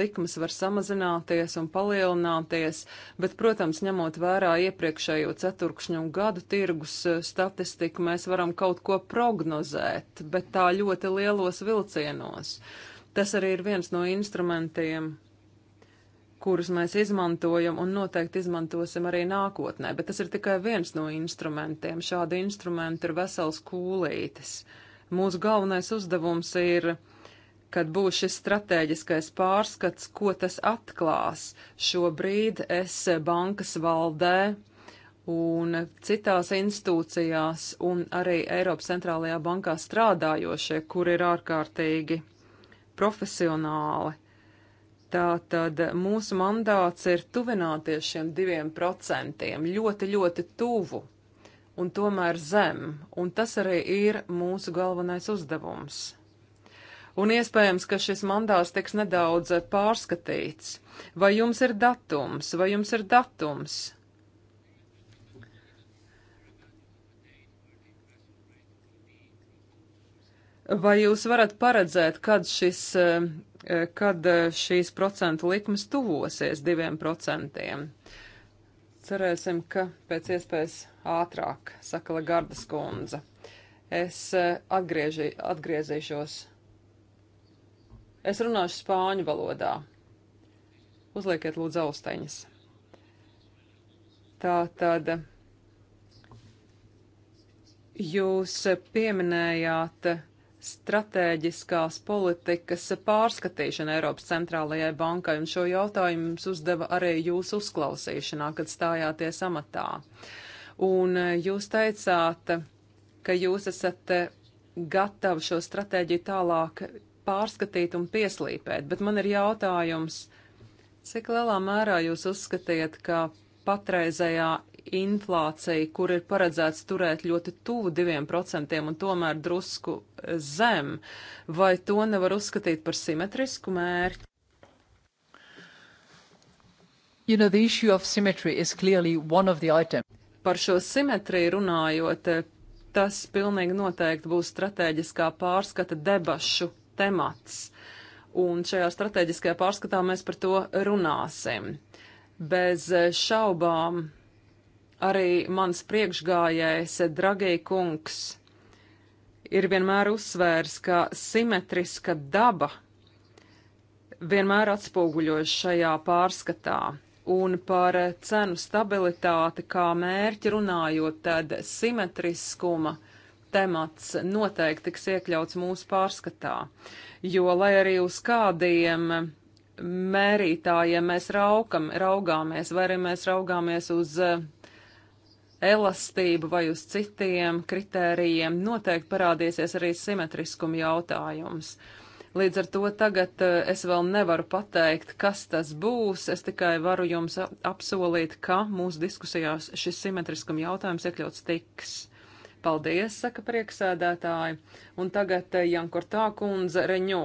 Likmes var samazināties un palielināties, bet, protams, ņemot vērā iepriekšējo ceturkšņu un gadu tirgus eh, statistiku, mēs varam kaut ko prognozēt, bet tā ļoti lielos vilcienos. Tas arī ir viens no instrumentiem, kurus mēs izmantojam un noteikti izmantosim arī nākotnē, bet tas ir tikai viens no instrumentiem. Šādi instrumenti ir vesels kūlītis. Mūsu galvenais uzdevums ir, kad būs šis strateģiskais pārskats, ko tas atklās. Šobrīd es bankas valdē un citās institūcijās un arī Eiropas centrālajā bankā strādājošie, kur ir ārkārtīgi profesionāli Tātad mūsu mandāts ir tuvināties šiem diviem procentiem ļoti, ļoti tuvu un tomēr zem, un tas arī ir mūsu galvenais uzdevums. Un iespējams, ka šis mandāts tiks nedaudz pārskatīts. Vai jums ir datums, vai jums ir datums? Vai jūs varat paredzēt, kad šis eh, Eh, kad eh, šīs procentu likmes tuvosies diviem procentiem. Cerēsim, ka pēc iespējas ātrāk, saka Lagardas kundze. Es eh, atgrieži, atgriezīšos. Es runāšu spāņu valodā. Uzliekiet lūdzu austeņas. Tā tad jūs pieminējāt stratēģiskās politikas pārskatīšana Eiropas centrālajai bankai, un šo jautājumu jums uzdeva arī jūsu uzklausīšanā, kad stājāties amatā. Un eh, jūs teicāt, ka jūs esat eh, gatavi šo stratēģiju tālāk pārskatīt un pieslīpēt, bet man ir jautājums, cik lielā mērā jūs uzskatiet, ka patreizējā inflācija, kur ir paredzēts turēt ļoti tuvu 2% un tomēr drusku zem, vai to nevar uzskatīt par simetrisku mērķi? You know, the issue of symmetry is clearly one of the items. Par šo simetriju runājot, tas pilnīgi noteikti būs strateģiskā pārskata debašu temats. Un šajā strateģiskajā pārskatā mēs par to runāsim. Bez šaubām arī mans priekšgājējs Dragī kungs ir vienmēr uzsvērs, ka simetriska daba vienmēr atspoguļojas šajā pārskatā. Un par cenu stabilitāti kā mērķi runājot, tad simetriskuma temats noteikti tiks iekļauts mūsu pārskatā. Jo, lai arī uz kādiem mērītājiem mēs raukam, raugāmies, vai arī mēs raugāmies uz elastību vai uz citiem kritērijiem, noteikti parādīsies arī simetriskuma jautājums. Līdz ar to tagad eh, es vēl nevaru pateikt, kas tas būs, es tikai varu jums apsolīt, ka mūsu diskusijās šis simetriskuma jautājums iekļauts tiks. Paldies, saka prieksēdētāji. Un tagad eh, Jankortā kundze Reņo.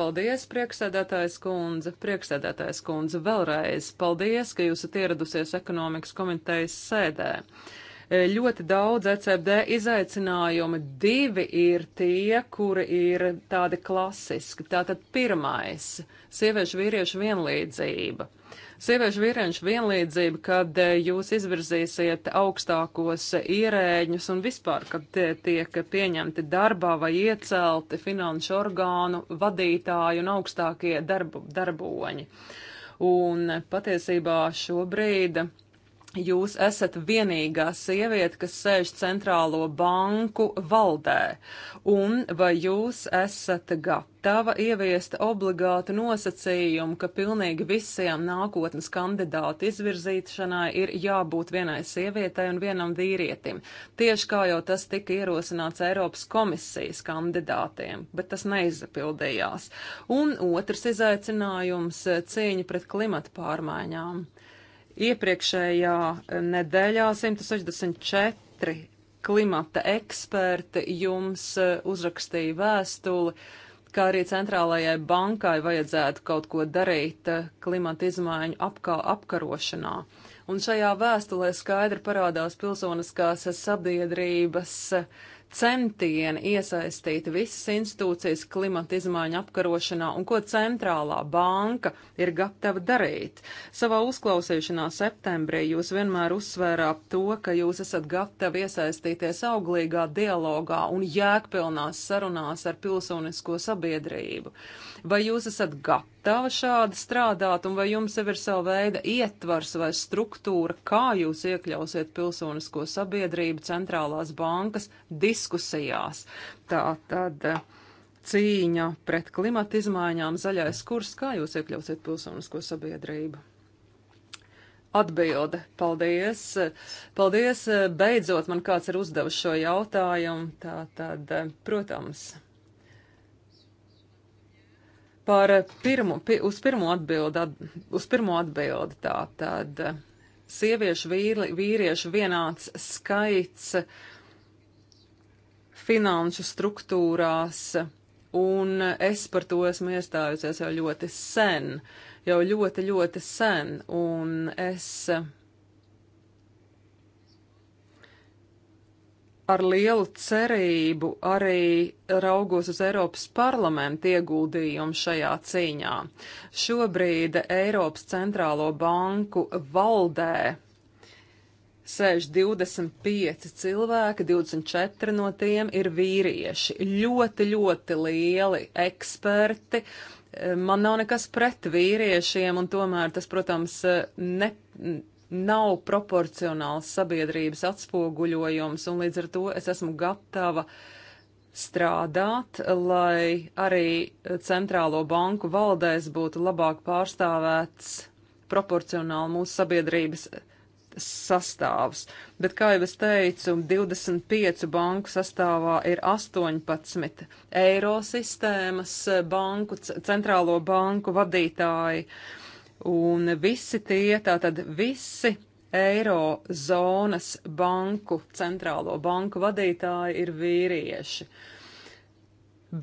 Paldies, prieksēdētājs kundze, prieksēdētājs kundze vēlreiz. Paldies, ka jūs esat ieradusies ekonomikas komitejas sēdē. Eh, ļoti daudz ECBD izaicinājumu. Divi ir tie, kuri ir tādi klasiski. Tātad pirmais - sieviešu vīriešu vienlīdzība. Uh, sieviešu vīriešu vienlīdzība, kad eh, jūs izvirzīsiet augstākos eh, ierēģņus un vispār, kad tiek pieņemti darbā vai iecelti finanšu orgānu vadītāji un augstākie darbu, darboņi. Un patiesībā šobrīd jūs esat vienīgā sieviete, kas sēž centrālo banku valdē, un vai jūs esat gatava ieviest obligātu nosacījumu, ka pilnīgi visiem nākotnes kandidātu izvirzīšanai ir jābūt vienai sievietei un vienam vīrietim, tieši kā jau tas tika ierosināts Eiropas komisijas kandidātiem, bet tas neizpildījās. Un otrs izaicinājums - cīņa pret klimata pārmaiņām. Iepriekšējā nedēļā 164 klimata eksperti jums eh, uzrakstīja vēstuli, kā arī centrālajai bankai vajadzētu kaut ko darīt eh, klimata izmaiņu apkā, apkarošanā. Un šajā vēstulē skaidri parādās pilsoniskās sabiedrības uh, centieni iesaistīt visas institūcijas klimata izmaiņu apkarošanā un ko centrālā banka ir gatava darīt. Savā uzklausīšanā septembrī jūs vienmēr uzsvērāt to, ka jūs esat gatavi iesaistīties auglīgā dialogā un jēgpilnās sarunās ar pilsonisko sabiedrību. Vai jūs esat gatava šādi strādāt, un vai jums jau ir sava veida ietvars vai struktūra, kā jūs iekļausiet pilsonisko sabiedrību centrālās bankas diskusijās? Tā tad eh, cīņa pret klimata izmaiņām, zaļais kurs, kā jūs iekļausiet pilsonisko sabiedrību? Atbilde. Paldies. Paldies. Beidzot man kāds ir uzdevis šo jautājumu. Tā tad, eh, protams. Par pirmu, pi, uz pirmo atbildi, at, uz pirmo atbildi tā tad sieviešu vīri, vīriešu vienāds skaits finanšu struktūrās, un es par to esmu iestājusies jau ļoti sen, jau ļoti, ļoti sen, un es ar lielu cerību arī raugos uz Eiropas parlamentu ieguldījumu šajā cīņā. Šobrīd Eiropas centrālo banku valdē sēž 25 cilvēki, 24 no tiem ir vīrieši. Ļoti, ļoti lieli eksperti. Man nav nekas pret vīriešiem, un tomēr tas, protams, ne nav proporcionāls sabiedrības atspoguļojums, un līdz ar to es esmu gatava strādāt, lai arī centrālo banku valdēs būtu labāk pārstāvēts proporcionāli mūsu sabiedrības sastāvs. Bet, kā jau es teicu, 25 banku sastāvā ir 18 eiro sistēmas banku, centrālo banku vadītāji. Uh, Un visi tie, tātad visi eirozonas banku, centrālo banku vadītāji ir vīrieši.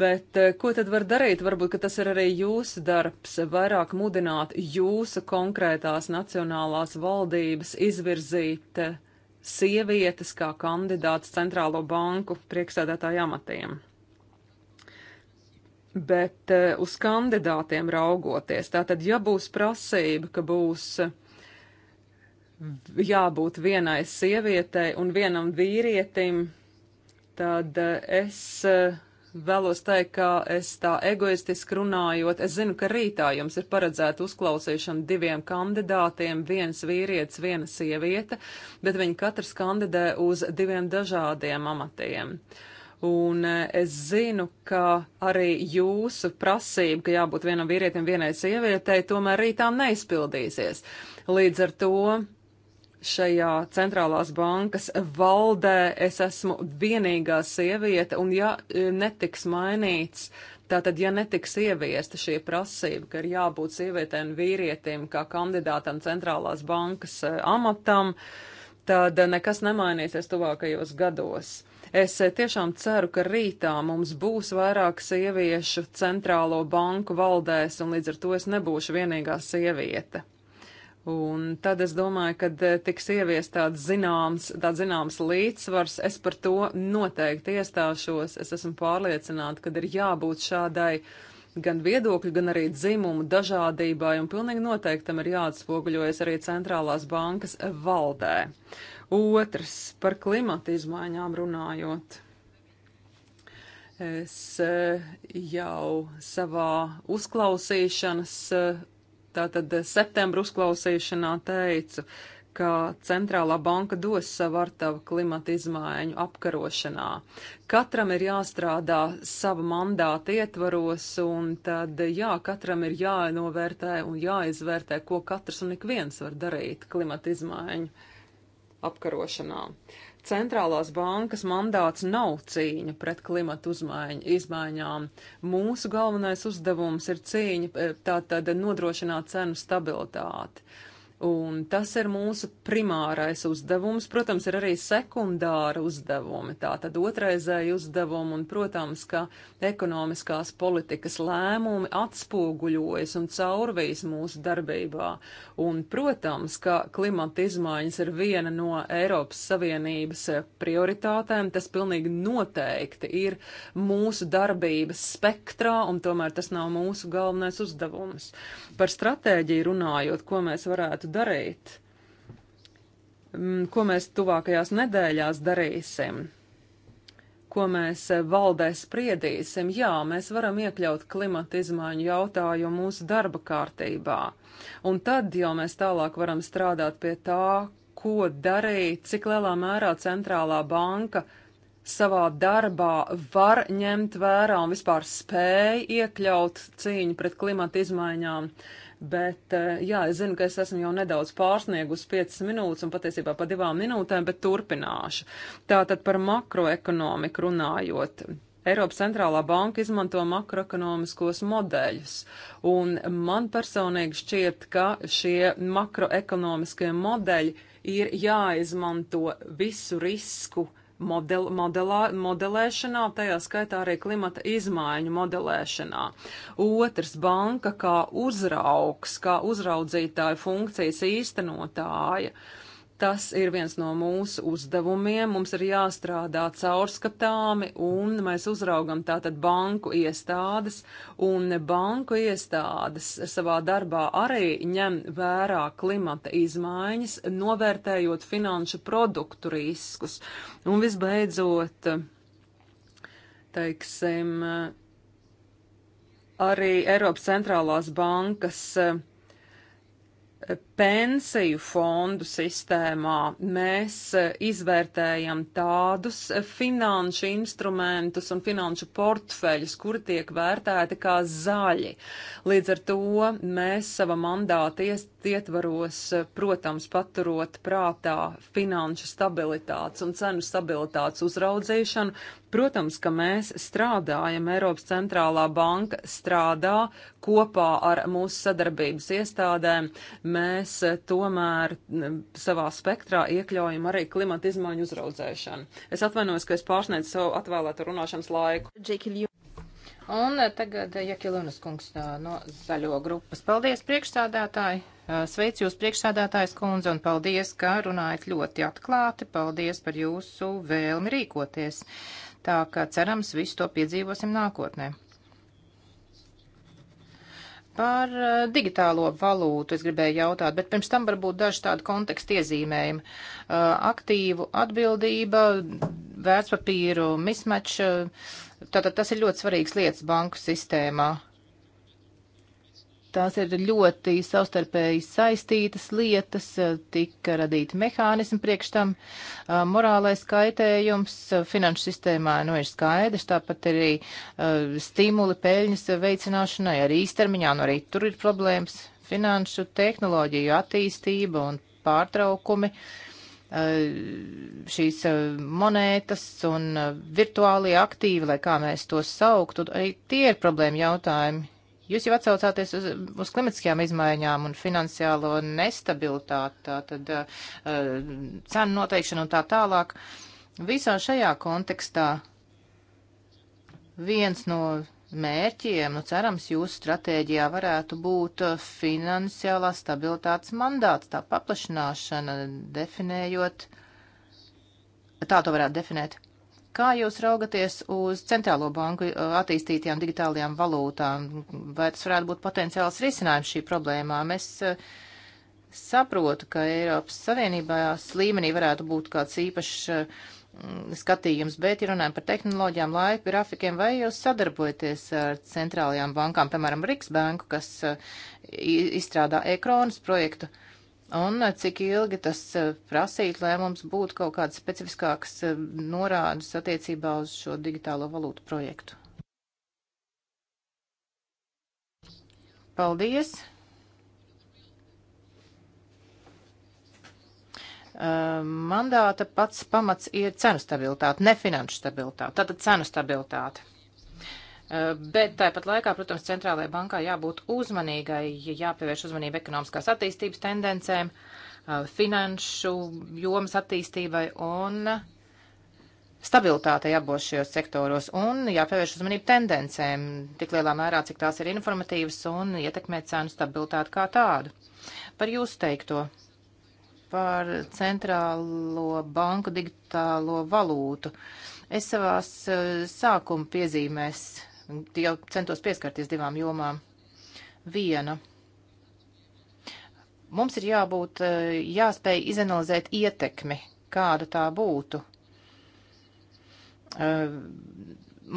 Bet eh, ko tad var darīt? Varbūt tas ir arī jūsu darbs, vairāk mudināt jūsu konkrētās nacionālās valdības izvirzīt eh, sievietes kā kandidātas centrālo banku priekšsēdētāju amatiem bet eh, uz kandidātiem raugoties, tātad, ja būs prasība, ka būs jābūt vienai sievietei un vienam vīrietim, tad eh, es eh, vēlos teikt, ka es tā egoistiski runājot, es zinu, ka rītā jums ir paredzēta uzklausīšana diviem kandidātiem, viens vīrietis, viena sieviete, bet viņi katrs kandidē uz diviem dažādiem amatiem. Uh, Un e, es zinu, ka arī jūsu prasība, ka jābūt vienam vīrietim, vienai sievietei, tomēr rītām neizpildīsies. Līdz ar to šajā centrālās bankas valdē es esmu vienīgā sieviete, un ja e, netiks mainīts, tātad, ja netiks ieviesta šī prasība, ka ir jābūt sievietēm un vīrietim kā kandidātam centrālās bankas e, amatam, tad nekas nemainīsies tuvākajos gados. Es eh, tiešām ceru, ka rītā mums būs vairāk sieviešu centrālo banku valdēs, un līdz ar to es nebūšu vienīgā sieviete. Un tad es domāju, ka eh, tiks ievies tāds zināms, tāds zināms līdzsvars. Es par to noteikti iestāšos. Es esmu pārliecināta, ka ir jābūt šādai gan viedokļu, gan arī dzimumu dažādībai, un pilnīgi noteikti tam ir jāatspoguļojas arī centrālās bankas valdē. Otrs par klimata izmaiņām runājot. Es eh, jau savā uzklausīšanas, eh, tātad septembra uzklausīšanā teicu, ka centrālā banka dos savu artavu klimata izmaiņu apkarošanā. Katram ir jāstrādā sava mandāta ietvaros, un tad, jā, katram ir jānovērtē un jāizvērtē, ko katrs un ik viens var darīt klimata izmaiņu apkarošanā. Centrālās bankas mandāts nav cīņa pret klimatu uzmaiņu, izmaiņām. Mūsu galvenais uzdevums ir cīņa, eh, tātad nodrošināt cenu stabilitāti. Un tas ir mūsu primārais uzdevums. Protams, ir arī sekundāra uzdevumi, tā tad otraizēja uzdevumi, un, protams, ka ekonomiskās politikas lēmumi atspoguļojas un caurvīs mūsu darbībā. Un, protams, ka klimata izmaiņas ir viena no Eiropas Savienības prioritātēm. Tas pilnīgi noteikti ir mūsu darbības spektrā, un tomēr tas nav mūsu galvenais uzdevums. Par stratēģiju runājot, ko mēs varētu darīt, mm, ko mēs tuvākajās nedēļās darīsim, ko mēs eh, valdē spriedīsim. Jā, mēs varam iekļaut klimata izmaiņu jautājumu mūsu darba kārtībā, un tad jau mēs tālāk varam strādāt pie tā, ko darīt, cik lielā mērā centrālā banka savā darbā var ņemt vērā un vispār spēj iekļaut cīņu pret klimata izmaiņām. Uh, Bet, eh, jā, es zinu, ka es esmu jau nedaudz pārsniegus 5 minūtes un patiesībā pa divām minūtēm, bet turpināšu. Tātad par makroekonomiku runājot. Eiropas centrālā banka izmanto makroekonomiskos modeļus, un man personīgi šķiet, ka šie makroekonomiskie modeļi ir jāizmanto visu risku uh, model, modelā, modelēšanā, tajā skaitā arī klimata izmaiņu modelēšanā. Otrs - banka kā uzraugs, kā uzraudzītāja funkcijas īstenotāja. Uh, Tas ir viens no mūsu uzdevumiem. Mums ir jāstrādā caurskatāmi, un mēs uzraugam tātad banku iestādes, un banku iestādes savā darbā arī ņem vērā klimata izmaiņas, novērtējot finanšu produktu riskus. Un visbeidzot, teiksim, arī Eiropas centrālās bankas pensiju fondu sistēmā mēs eh, izvērtējam tādus eh, finanšu instrumentus un finanšu portfeļus, kuri tiek vērtēti kā zaļi. Līdz ar to mēs sava mandāta ietvaros, eh, protams, paturot prātā finanšu stabilitātes un cenu stabilitātes uzraudzīšanu, Protams, ka mēs strādājam, Eiropas centrālā banka strādā kopā ar mūsu sadarbības iestādēm. Mēs tomēr savā spektrā iekļaujam arī klimata izmaiņu uzraudzēšanu. Es atvainojos, ka es pārsniedzu savu atvēlēto runāšanas laiku. Un eh, tagad eh, Jakilunas kungs eh, no zaļo grupas. Paldies, priekšsādātāji! Sveicu jūs, priekšsādātājs kundze, un paldies, ka runājat ļoti atklāti. Paldies par jūsu vēlmi rīkoties. Uh, Tā kā cerams, visu to piedzīvosim nākotnē. Par uh, digitālo valūtu es gribēju jautāt, bet pirms tam varbūt daži tādi konteksti iezīmējumi. Uh, aktīvu atbildība, vērtspapīru mismačs, uh, tātad tas ir ļoti svarīgs lietas banku sistēmā. Tās ir ļoti savstarpēji saistītas lietas, tika radīti mehānismi priekš tam, morālais kaitējums finanšu sistēmā nu, ir skaidrs, tāpat arī stimuli peļņas veicināšanai arī īstermiņā, nu arī tur ir problēmas, finanšu tehnoloģiju attīstība un pārtraukumi. Šīs monētas un virtuālie aktīvi, lai kā mēs tos sauktu, arī tie ir problēma jautājumi Jūs jau atsaucāties uz, uz klimatiskajām izmaiņām un finansiālo nestabilitāti, tātad uh, cenu noteikšanu un tā tālāk. Visā šajā kontekstā viens no mērķiem, nu cerams, jūsu stratēģijā varētu būt eh, finansiālā stabilitātes mandāts, tā paplašināšana, definējot, tā to varētu definēt Kā jūs raugaties uz centrālo banku uh, attīstītajām digitālajām valūtām? Vai tas varētu būt potenciāls risinājums šī problēmā? Mēs uh, saprotu, ka Eiropas Savienībās līmenī varētu būt kāds īpašs uh, skatījums, bet, ja runājam par tehnoloģijām, laika grafikiem, vai jūs sadarbojaties ar centrālajām bankām, piemēram, Riksbanku, kas izstrādā e-kronas projektu? Uh, un eh, cik ilgi tas eh, prasītu, lai mums būtu kaut kādas specifiskākas eh, norādes attiecībā uz šo digitālo valūtu projektu. Paldies! Mandāta pats pamats ir cenu stabilitāte, ne finanšu stabilitāte, tātad cenu stabilitāte. Eh, bet tāpat laikā, protams, centrālajai bankai jābūt uzmanīgai, jāpievērš uzmanība ekonomiskās attīstības tendencēm, eh, finanšu jomas attīstībai un stabilitātei abos šajos sektoros un jāpievērš uzmanība tendencēm, tik lielā mērā, cik tās ir informatīvas un ietekmē cenu stabilitāti kā tādu. Par jūsu teikto par centrālo banku digitālo valūtu. Es savās eh, sākuma piezīmēs jau centos pieskarties divām jomām. Viena. Mums ir jābūt, eh, jāspēj izanalizēt ietekmi, kāda tā būtu. Eh,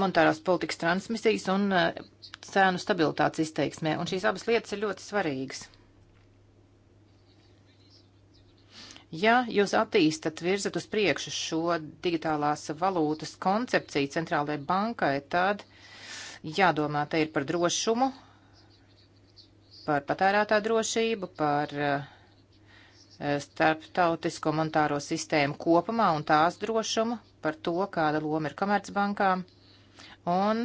monetārās politikas transmisijas un eh, cēnu stabilitātes izteiksmē, un šīs abas lietas ir ļoti svarīgas. Ja jūs attīstat, virzat uz priekšu šo digitālās valūtas koncepciju centrālajai bankai, tad uh, jādomā te ir par drošumu, par patērētā drošību, par eh, starptautisko monetāro sistēmu kopumā un tās drošumu, par to, kāda loma ir komercbankām un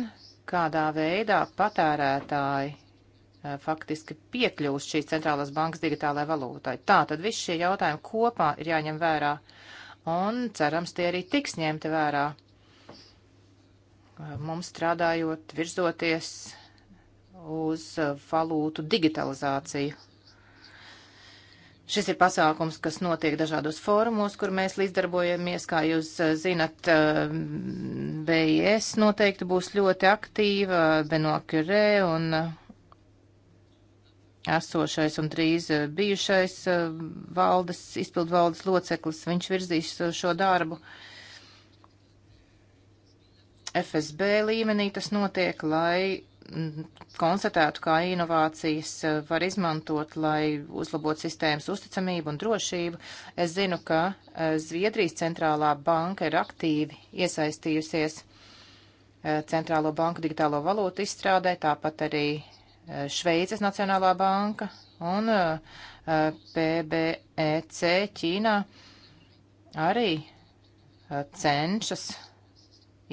kādā veidā patērētāji eh, faktiski piekļūst šīs centrālās bankas digitālajai valūtai. Tā tad viss šie jautājumi kopā ir jāņem vērā un cerams tie arī tiks ņemti vērā mums strādājot, virzoties uz valūtu digitalizāciju. Šis ir pasākums, kas notiek dažādos fórumos, kur mēs līdzdarbojamies. Kā jūs eh, zinat, eh, BIS noteikti būs ļoti aktīva, Benokurē un eh, esošais un drīz bijušais valdes, izpildvaldes loceklis, viņš virzīs šo darbu. Uh, FSB līmenī tas notiek, lai mm, konstatētu, kā inovācijas eh, var izmantot, lai uzlabotu sistēmas uzticamību un drošību. Es zinu, ka eh, Zviedrijas centrālā banka ir aktīvi iesaistījusies eh, centrālo banku digitālo valūtu izstrādē, tāpat arī Šveices Nacionālā banka un PBEC Ķīnā arī cenšas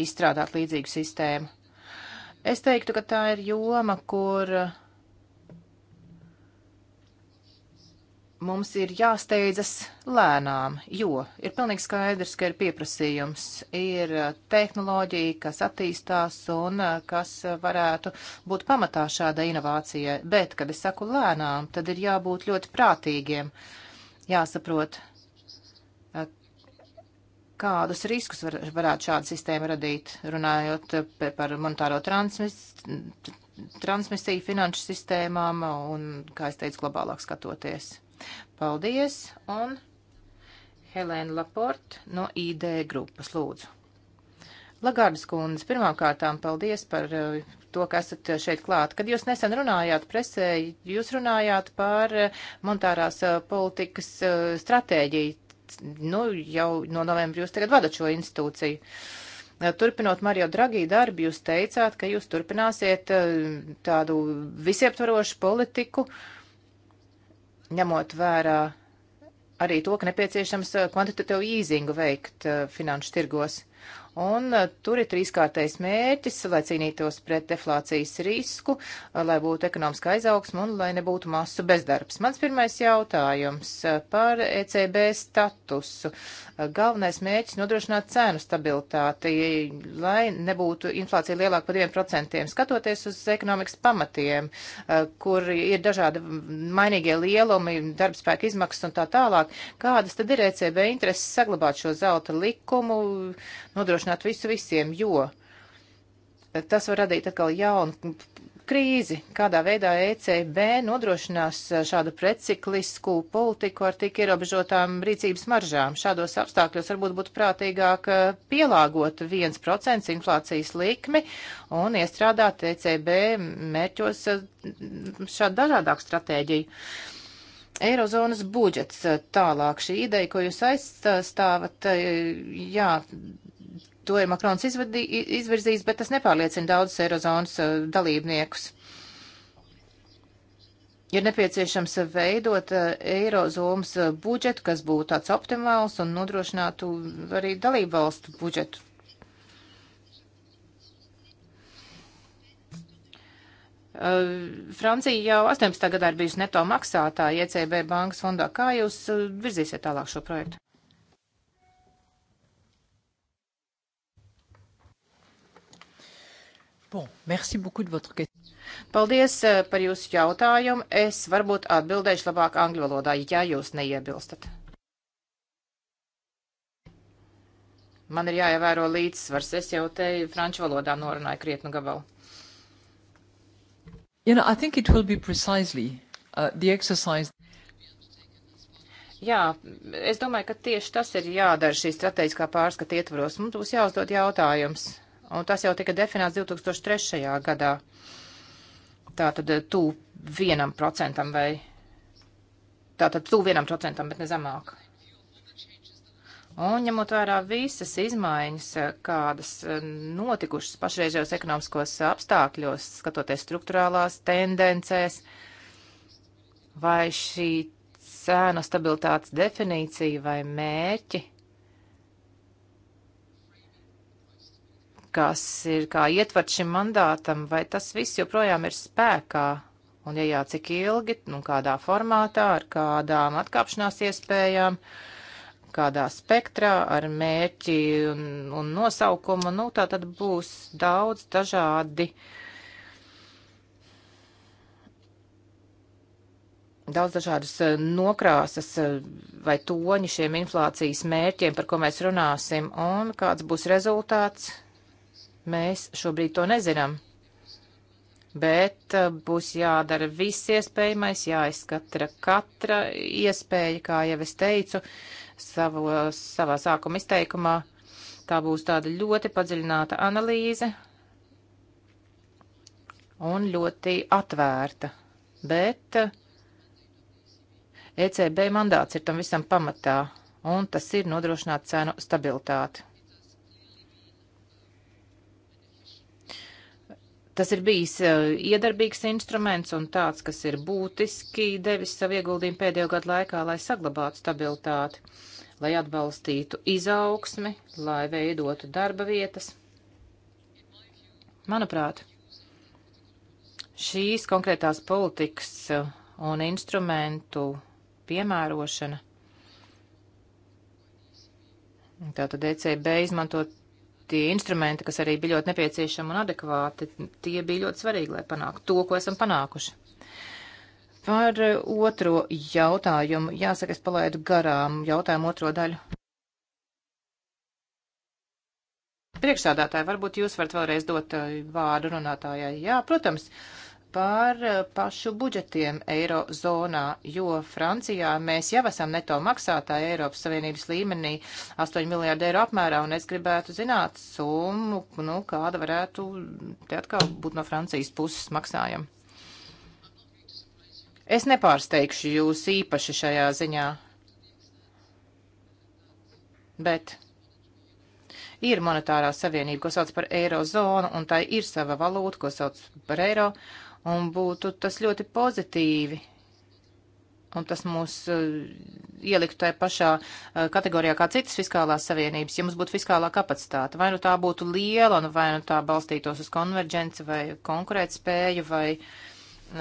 izstrādāt līdzīgu sistēmu. Es teiktu, ka tā ir joma, kur mums ir jāsteidzas lēnām, jo ir pilnīgi skaidrs, ka ir pieprasījums, ir tehnoloģija, kas attīstās un eh, kas varētu būt pamatā šādai inovācijai. Bet, kad es saku lēnām, tad ir jābūt ļoti prātīgiem. Jāsaprot, Kādus riskus var, varētu šāda sistēma radīt, runājot eh, par monetāro transmis, transmisiju finanšu sistēmām un, kā es teicu, globālāk skatoties? Paldies! Un Helēna Laporte no ID grupas lūdzu. Lagardas kundze, pirmkārtām paldies par eh, to, ka esat šeit klāt. Kad jūs nesen runājāt presē, jūs runājāt par eh, monetārās politikas stratēģiju nu, jau no novembra jūs tagad vadat šo institūciju. Eh, turpinot Mario Dragī darbu, jūs teicāt, ka jūs turpināsiet eh, tādu visieptvarošu politiku, ņemot vērā arī to, ka nepieciešams eh, kvantitatīvu īzingu veikt finanšu tirgos. Un uh, tur ir trīskārtais mērķis, lai cīnītos pret deflācijas risku, uh, lai būtu ekonomiska izaugsma un lai nebūtu masu bezdarbs. Mans pirmais jautājums uh, par ECB statusu. Galvenais mērķis nodrošināt cēnu stabilitāti, lai nebūtu inflācija lielāka par 2%. Skatoties uz ekonomikas pamatiem, kur ir dažādi mainīgie lielumi, darbspēka izmaksas un tā tālāk, kādas tad ir ECB intereses saglabāt šo zelta likumu, nodrošināt nodrošināt visu visiem, jo tas var radīt atkal jaunu krīzi, kādā veidā ECB nodrošinās šādu preciklisku politiku ar tik ierobežotām rīcības maržām. Šādos apstākļos varbūt būtu prātīgāk eh, pielāgot 1% inflācijas likmi un iestrādāt ECB mērķos eh, šādu dažādāku stratēģiju. Eirozonas budžets eh, tālāk šī ideja, ko jūs aizstāvat, jā, to ir Makrons izvadī, izvirzījis, bet tas nepārliecina daudzus Eirozonas uh, dalībniekus. Ir nepieciešams veidot uh, Eirozonas uh, budžetu, kas būtu tāds optimāls un nodrošinātu arī dalību valstu budžetu. Francija jau 18. gadā ir bijusi neto maksātāja ECB bankas fondā. Kā jūs virzīsiet tālāk šo projektu? Paldies eh, par jūsu jautājumu. Es varbūt atbildēšu labāk angļu valodā, ja jūs neiebilstat. Man ir jāievēro līdzsvars. Es jau te franču valodā norunāju krietnu gabalu. You know, I think it will be precisely uh, the exercise. Jā, es domāju, ka tieši tas ir jādara šī strateģiskā pārskata ietvaros. Mums būs jāuzdod jautājums un tas jau tika definēts 2003. gadā. Tātad eh, tu vienam procentam vai tātad tu vienam procentam, bet ne zemāk. Un ņemot vērā visas izmaiņas, eh, kādas eh, notikušas pašreizējos ekonomiskos apstākļos, skatoties struktūrālās tendencēs, vai šī cēnu stabilitātes definīcija vai mērķi kas ir kā ietverts šim mandātam, vai tas viss joprojām ir spēkā? Un, ja jā, cik ilgi, nu, kādā formātā, ar kādām atkāpšanās iespējām, kādā spektrā, ar mērķi un, un nosaukumu, nu, tā tad būs daudz dažādi. Daudz dažādas eh, nokrāsas eh, vai toņi šiem inflācijas mērķiem, par ko mēs runāsim, un kāds būs rezultāts, Mēs šobrīd to nezinām. Bet uh, būs jādara viss iespējamais, jāizskatra katra iespēja, kā jau es teicu savu, savā sākuma izteikumā. Tā būs tāda ļoti padziļināta analīze un ļoti atvērta. Bet uh, ECB mandāts ir tam visam pamatā, un tas ir nodrošināt cenu stabilitāti. Tas ir bijis eh, iedarbīgs instruments un tāds, kas ir būtiski devis savu ieguldījumu pēdējo gadu laikā, lai saglabātu stabilitāti, lai atbalstītu izaugsmi, lai veidotu darba vietas. Manuprāt, šīs konkrētās politikas eh, un instrumentu piemērošana. Tātad ECB izmantot tie instrumenti, kas arī bija ļoti nepieciešami un adekvāti, tie bija ļoti svarīgi, lai panāktu to, ko esam panākuši. Par e, otro jautājumu, jāsaka, es palaidu garām jautājumu otro daļu. Priekšsādātāji, varbūt jūs varat vēlreiz dot e, vārdu runātājai. Jā, protams. Uh, par eh, pašu budžetiem eirozonā, jo Francijā mēs jau esam neto maksātāji Eiropas Savienības līmenī 8 miljārdu eiro apmērā, un es gribētu zināt summu, nu, kāda varētu te atkal būt no Francijas puses maksājama. Es nepārsteigšu jūs īpaši šajā ziņā, bet ir monetārā savienība, ko sauc par eirozonu, un tai ir sava valūta, ko sauc par eiro, un būtu tas ļoti pozitīvi. Un tas mūs uh, ieliktu tajā pašā uh, kategorijā kā citas fiskālās savienības, ja mums būtu fiskālā kapacitāte. Vai nu tā būtu liela, un nu vai nu tā balstītos uz konverģenci vai konkurētspēju, vai uh,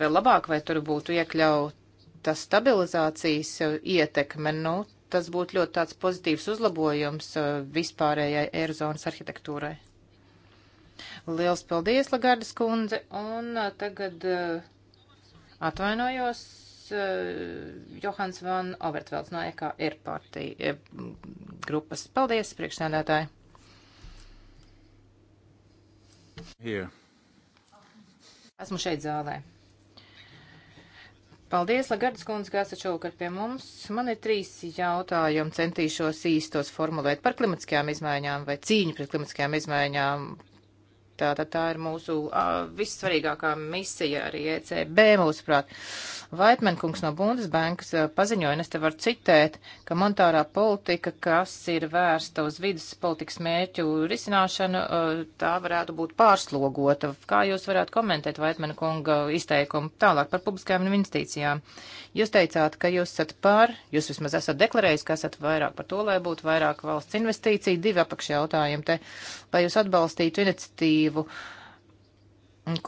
vēl labāk, vai tur būtu iekļauta stabilizācijas ietekme. Nu, tas būtu ļoti tāds pozitīvs uzlabojums vispārējai Eirozonas arhitektūrai. Liels paldies, Lagardas kundze, un uh, tagad uh, atvainojos. Uh, Johans Van Overtvelds no EKR partija eh, grupas. Paldies, priekšsēdētāji! Here. Esmu šeit zālē. Paldies, Lagardas kundze, kas taču vakar pie mums. Man ir trīs jautājumi, centīšos īstos formulēt par klimatiskajām izmaiņām vai cīņu pret klimatiskajām izmaiņām. Tātad tā ir mūsu vissvarīgākā misija arī ECB, mūsuprāt. Vaitmenkungs no Bundesbankas paziņoja, un es te varu citēt, ka monetārā politika, kas ir vērsta uz vidas politikas mērķu risināšanu, tā varētu būt pārslogota. Kā jūs varētu komentēt Vaitmenkunga izteikumu tālāk par publiskajām investīcijām? Jūs teicāt, ka jūs esat par, jūs vismaz esat deklarējis, ka esat vairāk par to, lai būtu vairāk valsts investīcija, divi apakš jautājumi te, lai jūs atbalstītu iniciatīvu,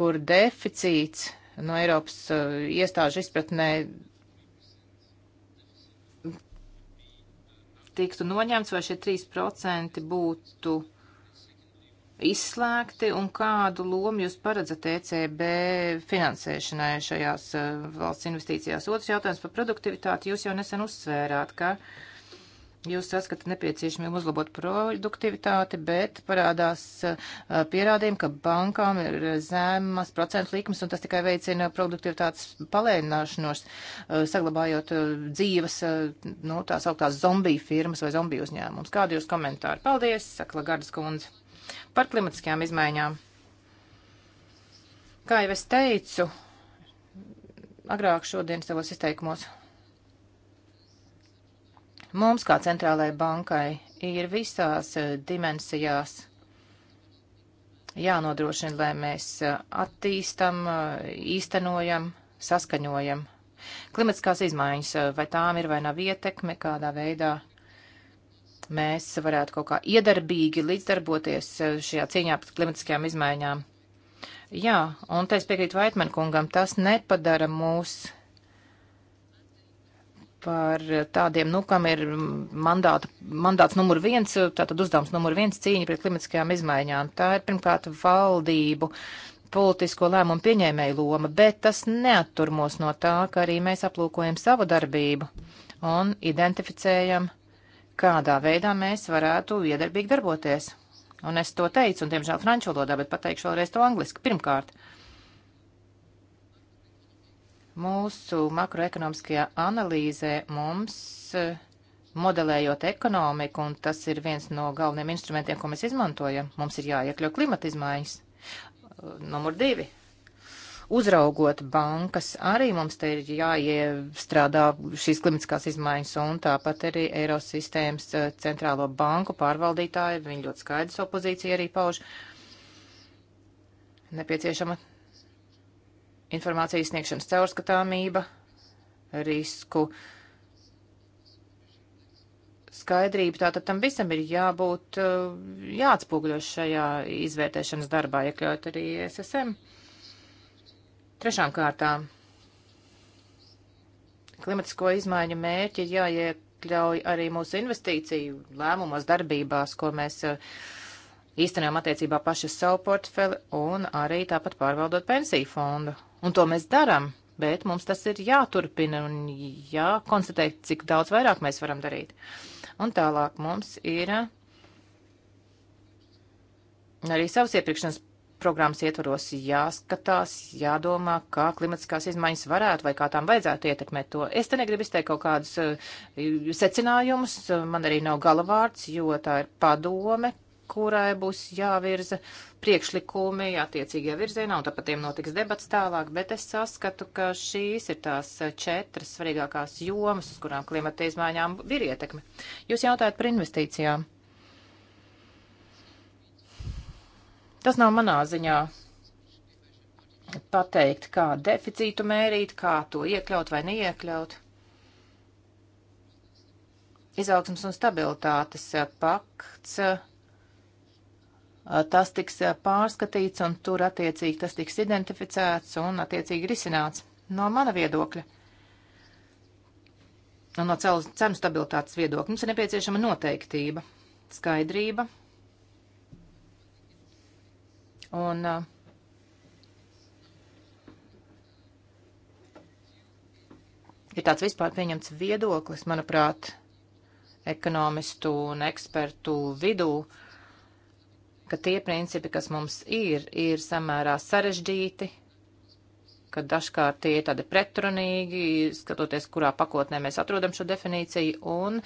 kur deficīts no Eiropas uh, iestāžu izpratnē tiktu noņemts, vai šie 3% būtu uh, izslēgti un kādu lomu jūs paredzat ECB finansēšanai šajās eh, valsts investīcijās? Otrs jautājums par produktivitāti. Jūs jau nesen uzsvērāt, ka jūs saskatāt nepieciešamību uzlabot produktivitāti, bet parādās eh, pierādījumi, ka bankām ir zemas procentu likmes un tas tikai veicina produktivitātes palēnināšanos, eh, saglabājot dzīves, nu, tās augtās zombiju firmas vai zombiju uzņēmumus. Kādi jūs komentāri? Paldies, saka Lagardas kundze. Par klimatiskajām izmaiņām. Kā jau es teicu, agrāk šodien savos izteikumos, mums kā centrālajai bankai ir visās eh, dimensijās jānodrošina, lai mēs eh, attīstam, eh, īstenojam, saskaņojam klimatiskās izmaiņas, vai tām ir vai nav ietekme, kādā veidā mēs varētu kaut kā iedarbīgi līdzdarboties eh, šajā cīņā pret klimatiskajām izmaiņām. Jā, un te es piekrītu Vaitmankungam, tas nepadara mūs par tādiem, nu, kam ir mandāta, mandāts numur viens, tātad uzdevums numur viens cīņa pret klimatiskajām izmaiņām. Tā ir pirmkārt valdību politisko lēmumu pieņēmēju loma, bet tas neattur mūs no tā, ka arī mēs aplūkojam savu darbību un identificējam uh, kādā veidā mēs varētu iedarbīgi darboties. Un es to teicu, un diemžēl franču valodā, bet pateikšu vēlreiz to angliski. Pirmkārt, mūsu makroekonomiskajā analīzē mums eh, modelējot ekonomiku, un tas ir viens no galvenajiem instrumentiem, ko mēs izmantojam, mums ir jāiekļau klimata izmaiņas. Numur divi uzraugot bankas, arī mums te ir jāiestrādā šīs klimatiskās izmaiņas un tāpat arī Eiros sistēmas eh, centrālo banku pārvaldītāji, viņi ļoti skaidrs opozīcija arī pauž nepieciešama informācijas sniegšanas caurskatāmība, risku skaidrība, tātad tam visam ir jābūt eh, jāatspūgļo šajā izvērtēšanas darbā, iekļaut arī SSM. Ja Trešām kārtām klimatisko izmaiņu mērķi ir jāiekļauj arī mūsu investīciju lēmumos, darbībās, ko mēs eh, īstenojam attiecībā paši uz savu portfeli un arī tāpat pārvaldot pensiju fondu. Un to mēs darām, bet mums tas ir jāturpina un jākonstatē, cik daudz vairāk mēs varam darīt. Un tālāk mums ir eh, arī savas iepirkšanas programmas ietvaros jāskatās, jādomā, kā klimatiskās izmaiņas varētu vai kā tām vajadzētu ietekmēt to. Es te negribu izteikt kaut kādus eh, secinājumus, man arī nav galavārds, jo tā ir padome, kurai būs jāvirza priekšlikumi attiecīgajā virzienā, un tāpat tiem notiks debats tālāk, bet es saskatu, ka šīs ir tās četras svarīgākās jomas, uz kurām klimata izmaiņām ir ietekme. Jūs jautājat par investīcijām. Tas nav manā ziņā pateikt, kā deficītu mērīt, kā to iekļaut vai neiekļaut. Izaugsmas un stabilitātes pakts, tas tiks pārskatīts un tur attiecīgi tas tiks identificēts un attiecīgi risināts no mana viedokļa. Un no cenu stabilitātes viedokļa mums ir nepieciešama noteiktība, skaidrība Un uh, ir tāds vispār pieņemts viedoklis, manuprāt, ekonomistu un ekspertu vidū, ka tie principi, kas mums ir, ir samērā sarežģīti, ka dažkārt tie ir tādi pretrunīgi, skatoties, kurā pakotnē mēs atrodam šo definīciju, un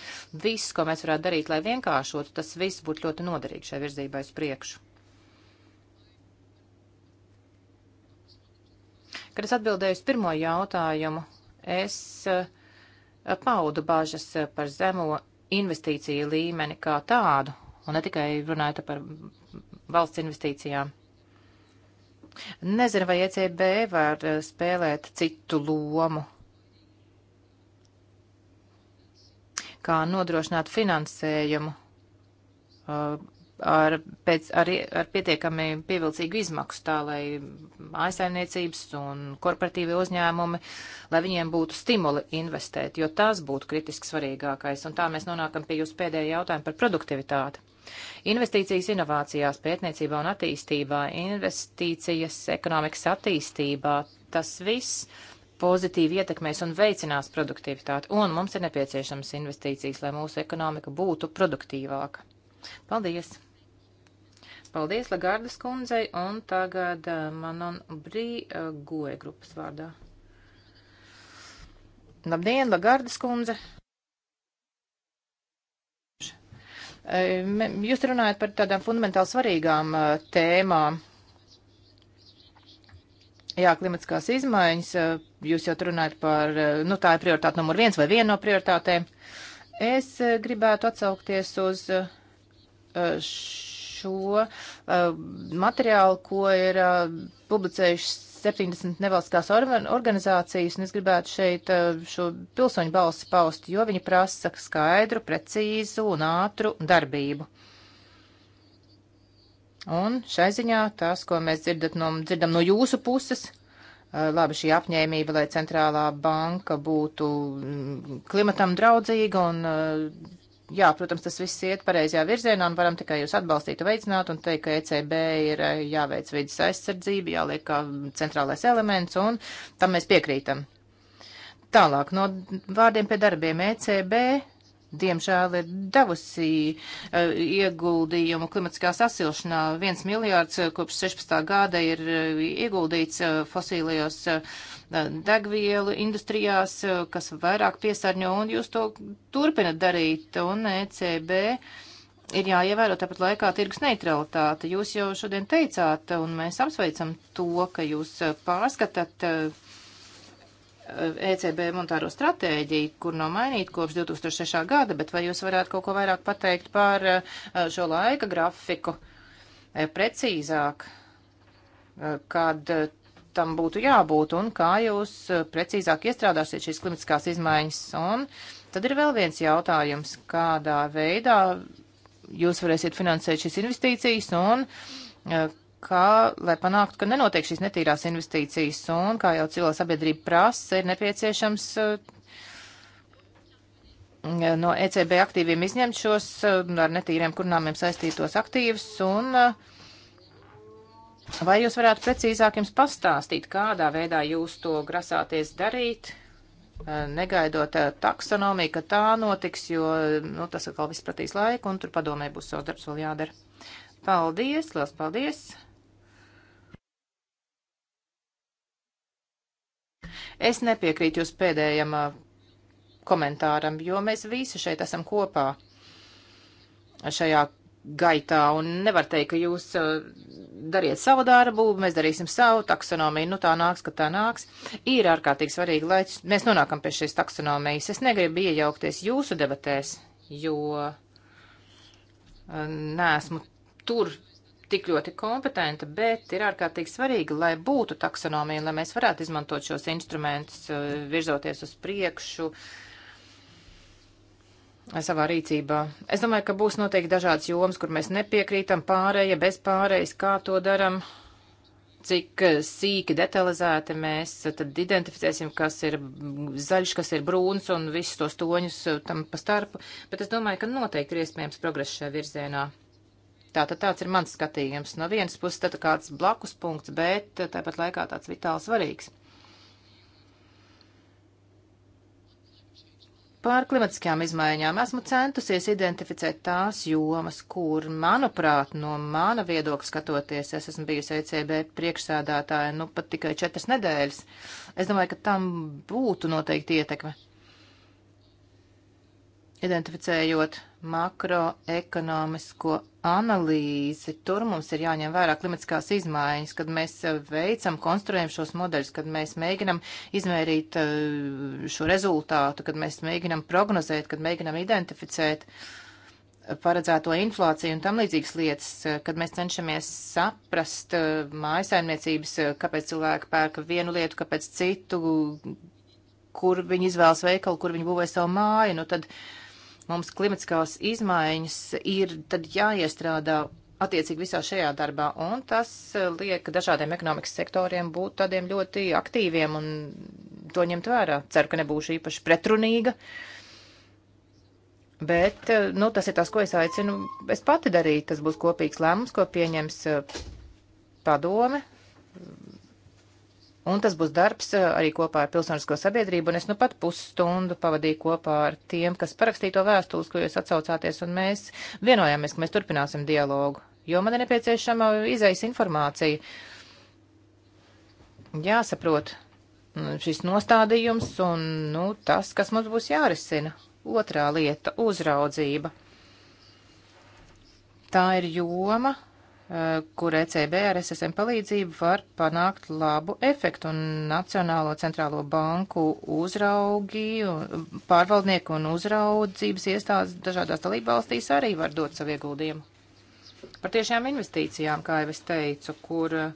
viss, ko mēs varētu darīt, lai vienkāršotu, tas viss būtu ļoti noderīgi šai virzībai uz priekšu. Kad es atbildēju uz pirmo jautājumu, es eh, paudu bažas eh, par zemo investīciju līmeni kā tādu, un ne tikai runāju par valsts investīcijām. Nezinu, vai ECB var eh, spēlēt citu lomu, kā nodrošināt finansējumu ar, pēc, ar, ar pietiekami pievilcīgu izmaksu, tā lai mājasaimniecības un korporatīvi uzņēmumi, lai viņiem būtu stimuli investēt, jo tas būtu kritiski svarīgākais. Un tā mēs nonākam pie jūsu pēdējā jautājuma par produktivitāti. Investīcijas inovācijās, pētniecībā un attīstībā, investīcijas ekonomikas attīstībā, tas viss pozitīvi ietekmēs un veicinās produktivitāti, un mums ir nepieciešamas investīcijas, lai mūsu ekonomika būtu produktīvāka. Paldies! Paldies Lagardas kundzei un tagad eh, Manon Brī eh, goja grupas vārdā. Labdien, Lagardas kundze! Eh, jūs runājat par tādām fundamentāli svarīgām tēmām. Jā, klimatiskās izmaiņas, jūs jau runājat par, nu tā ir prioritāte numur viens vai viena no prioritātēm. Es gribētu atsaukties uz š, šo uh, materiālu, ko ir uh, publicējušas 70 nevalstiskās organizācijas, un es gribētu šeit uh, šo pilsoņu balsi paust, jo viņi prasa skaidru, precīzu un ātru darbību. Un šai ziņā tas, ko mēs no, dzirdam no jūsu puses, uh, labi šī apņēmība, lai centrālā banka būtu mm, klimatam draudzīga un uh, Jā, protams, tas viss iet pareizajā virzienā un varam tikai jūs atbalstīt un veicināt un teikt, ka ECB ir eh, jāveic vidas aizsardzība, jāliek kā centrālais elements un tam mēs piekrītam. Tālāk no vārdiem pie darbiem ECB. Diemžēl ir devusi uh, ieguldījumu klimatiskā sasilšanā. Viens miljārds eh, kopš 16. gada ir uh, ieguldīts uh, fosīlajos uh, Eh, degvielu industrijās, eh, kas vairāk piesārņo, un jūs to turpinat darīt, un ECB ir jāievēro tāpat laikā tirgus neutralitāte. Jūs jau šodien teicāt, un mēs apsveicam to, ka jūs eh, pārskatāt ECB e monetāro stratēģiju, kur nav mainīta kopš 2006. gada, bet vai jūs varētu kaut ko vairāk pateikt par šo laika grafiku precīzāk, kad tam būtu jābūt un kā jūs eh, precīzāk iestrādāsiet šīs klimatiskās izmaiņas. Un tad ir vēl viens jautājums, kādā veidā jūs varēsiet finansēt šīs investīcijas un eh, kā, lai panāktu, ka nenotiek šīs netīrās investīcijas un, kā jau cilvēks sabiedrība prasa, ir nepieciešams eh, no ECB aktīviem izņemt šos ar netīriem kurnāmiem saistītos aktīvus un uh, Vai jūs varētu precīzāk jums pastāstīt, kādā veidā jūs to grasāties darīt, eh, negaidot eh, taksonomiju, ka tā notiks, jo nu, tas atkal viss pratīs laiku un tur padomē būs savs darbs vēl jādara. Paldies, liels paldies! Es nepiekrītu jūs pēdējam eh, komentāram, jo mēs visi šeit esam kopā šajā gaitā, un nevar teikt, ka jūs uh, dariet savu darbu, mēs darīsim savu taksonomiju, nu tā nāks, ka tā nāks. Ir ārkārtīgi svarīgi, lai mēs nonākam pie šīs taksonomijas. Es negribu iejaukties jūsu debatēs, jo uh, neesmu tur tik ļoti kompetenta, bet ir ārkārtīgi svarīgi, lai būtu taksonomija, lai mēs varētu izmantot šos instrumentus, uh, virzoties uz priekšu. Uh, savā rīcībā. Es domāju, ka būs noteikti dažādas jomas, kur mēs nepiekrītam pārēja, bez pārējas, kā to daram, cik eh, sīki detalizēti mēs tad identificēsim, kas ir zaļš, kas ir brūns un visus tos toņus eh, tam pa starpu, bet es domāju, ka noteikti ir iespējams progress šajā virzienā. Tātad tāds ir mans skatījums. No vienas puses tad kāds blakus punkts, bet eh, tāpat laikā tāds vitāli svarīgs. Par klimatiskajām izmaiņām esmu centusies identificēt tās jomas, kur, manuprāt, no mana viedokļa skatoties, es esmu bijusi ECB priekšsēdātāja nu pat tikai četras nedēļas. Es domāju, ka tam būtu noteikti ietekme identificējot makroekonomisko analīzi, tur mums ir jāņem vērā klimatiskās izmaiņas, kad mēs eh, veicam, konstruējam šos modeļus, kad mēs mēģinam izmērīt eh, šo rezultātu, kad mēs mēģinam prognozēt, kad mēģinam identificēt eh, paredzēto inflāciju un tam līdzīgas lietas, kad mēs cenšamies saprast mājasaimniecības, kāpēc cilvēki pērka vienu lietu, kāpēc citu, kur viņi izvēlas veikalu, kur viņi būvē savu māju, nu tad uh, Mums klimatiskās izmaiņas ir tad jāiestrādā attiecīgi visā šajā darbā, un tas eh, liek dažādiem ekonomikas sektoriem būt tādiem ļoti aktīviem un to ņemt vērā. Ceru, ka nebūšu īpaši pretrunīga. Bet, eh, nu, tas ir tas, ko es aicinu es pati darīt. Tas būs kopīgs lēmums, ko pieņems eh, padome Un tas būs darbs eh, arī kopā ar pilsonisko sabiedrību, un es nu pat pusstundu pavadīju kopā ar tiem, kas parakstīja to vēstules, ko jūs atsaucāties, un mēs vienojāmies, ka mēs turpināsim dialogu, jo man ir nepieciešama izaisa informācija. Jāsaprot mm, šis nostādījums un, nu, tas, kas mums būs jārisina. Otrā lieta - uzraudzība. Tā ir joma, kur ECB ar SSM palīdzību var panākt labu efektu un Nacionālo centrālo banku uzraugi, pārvaldnieku un uzraudzības iestādes dažādās dalībvalstīs arī var dot savu ieguldījumu. Par tiešām investīcijām, kā jau es teicu, kur eh,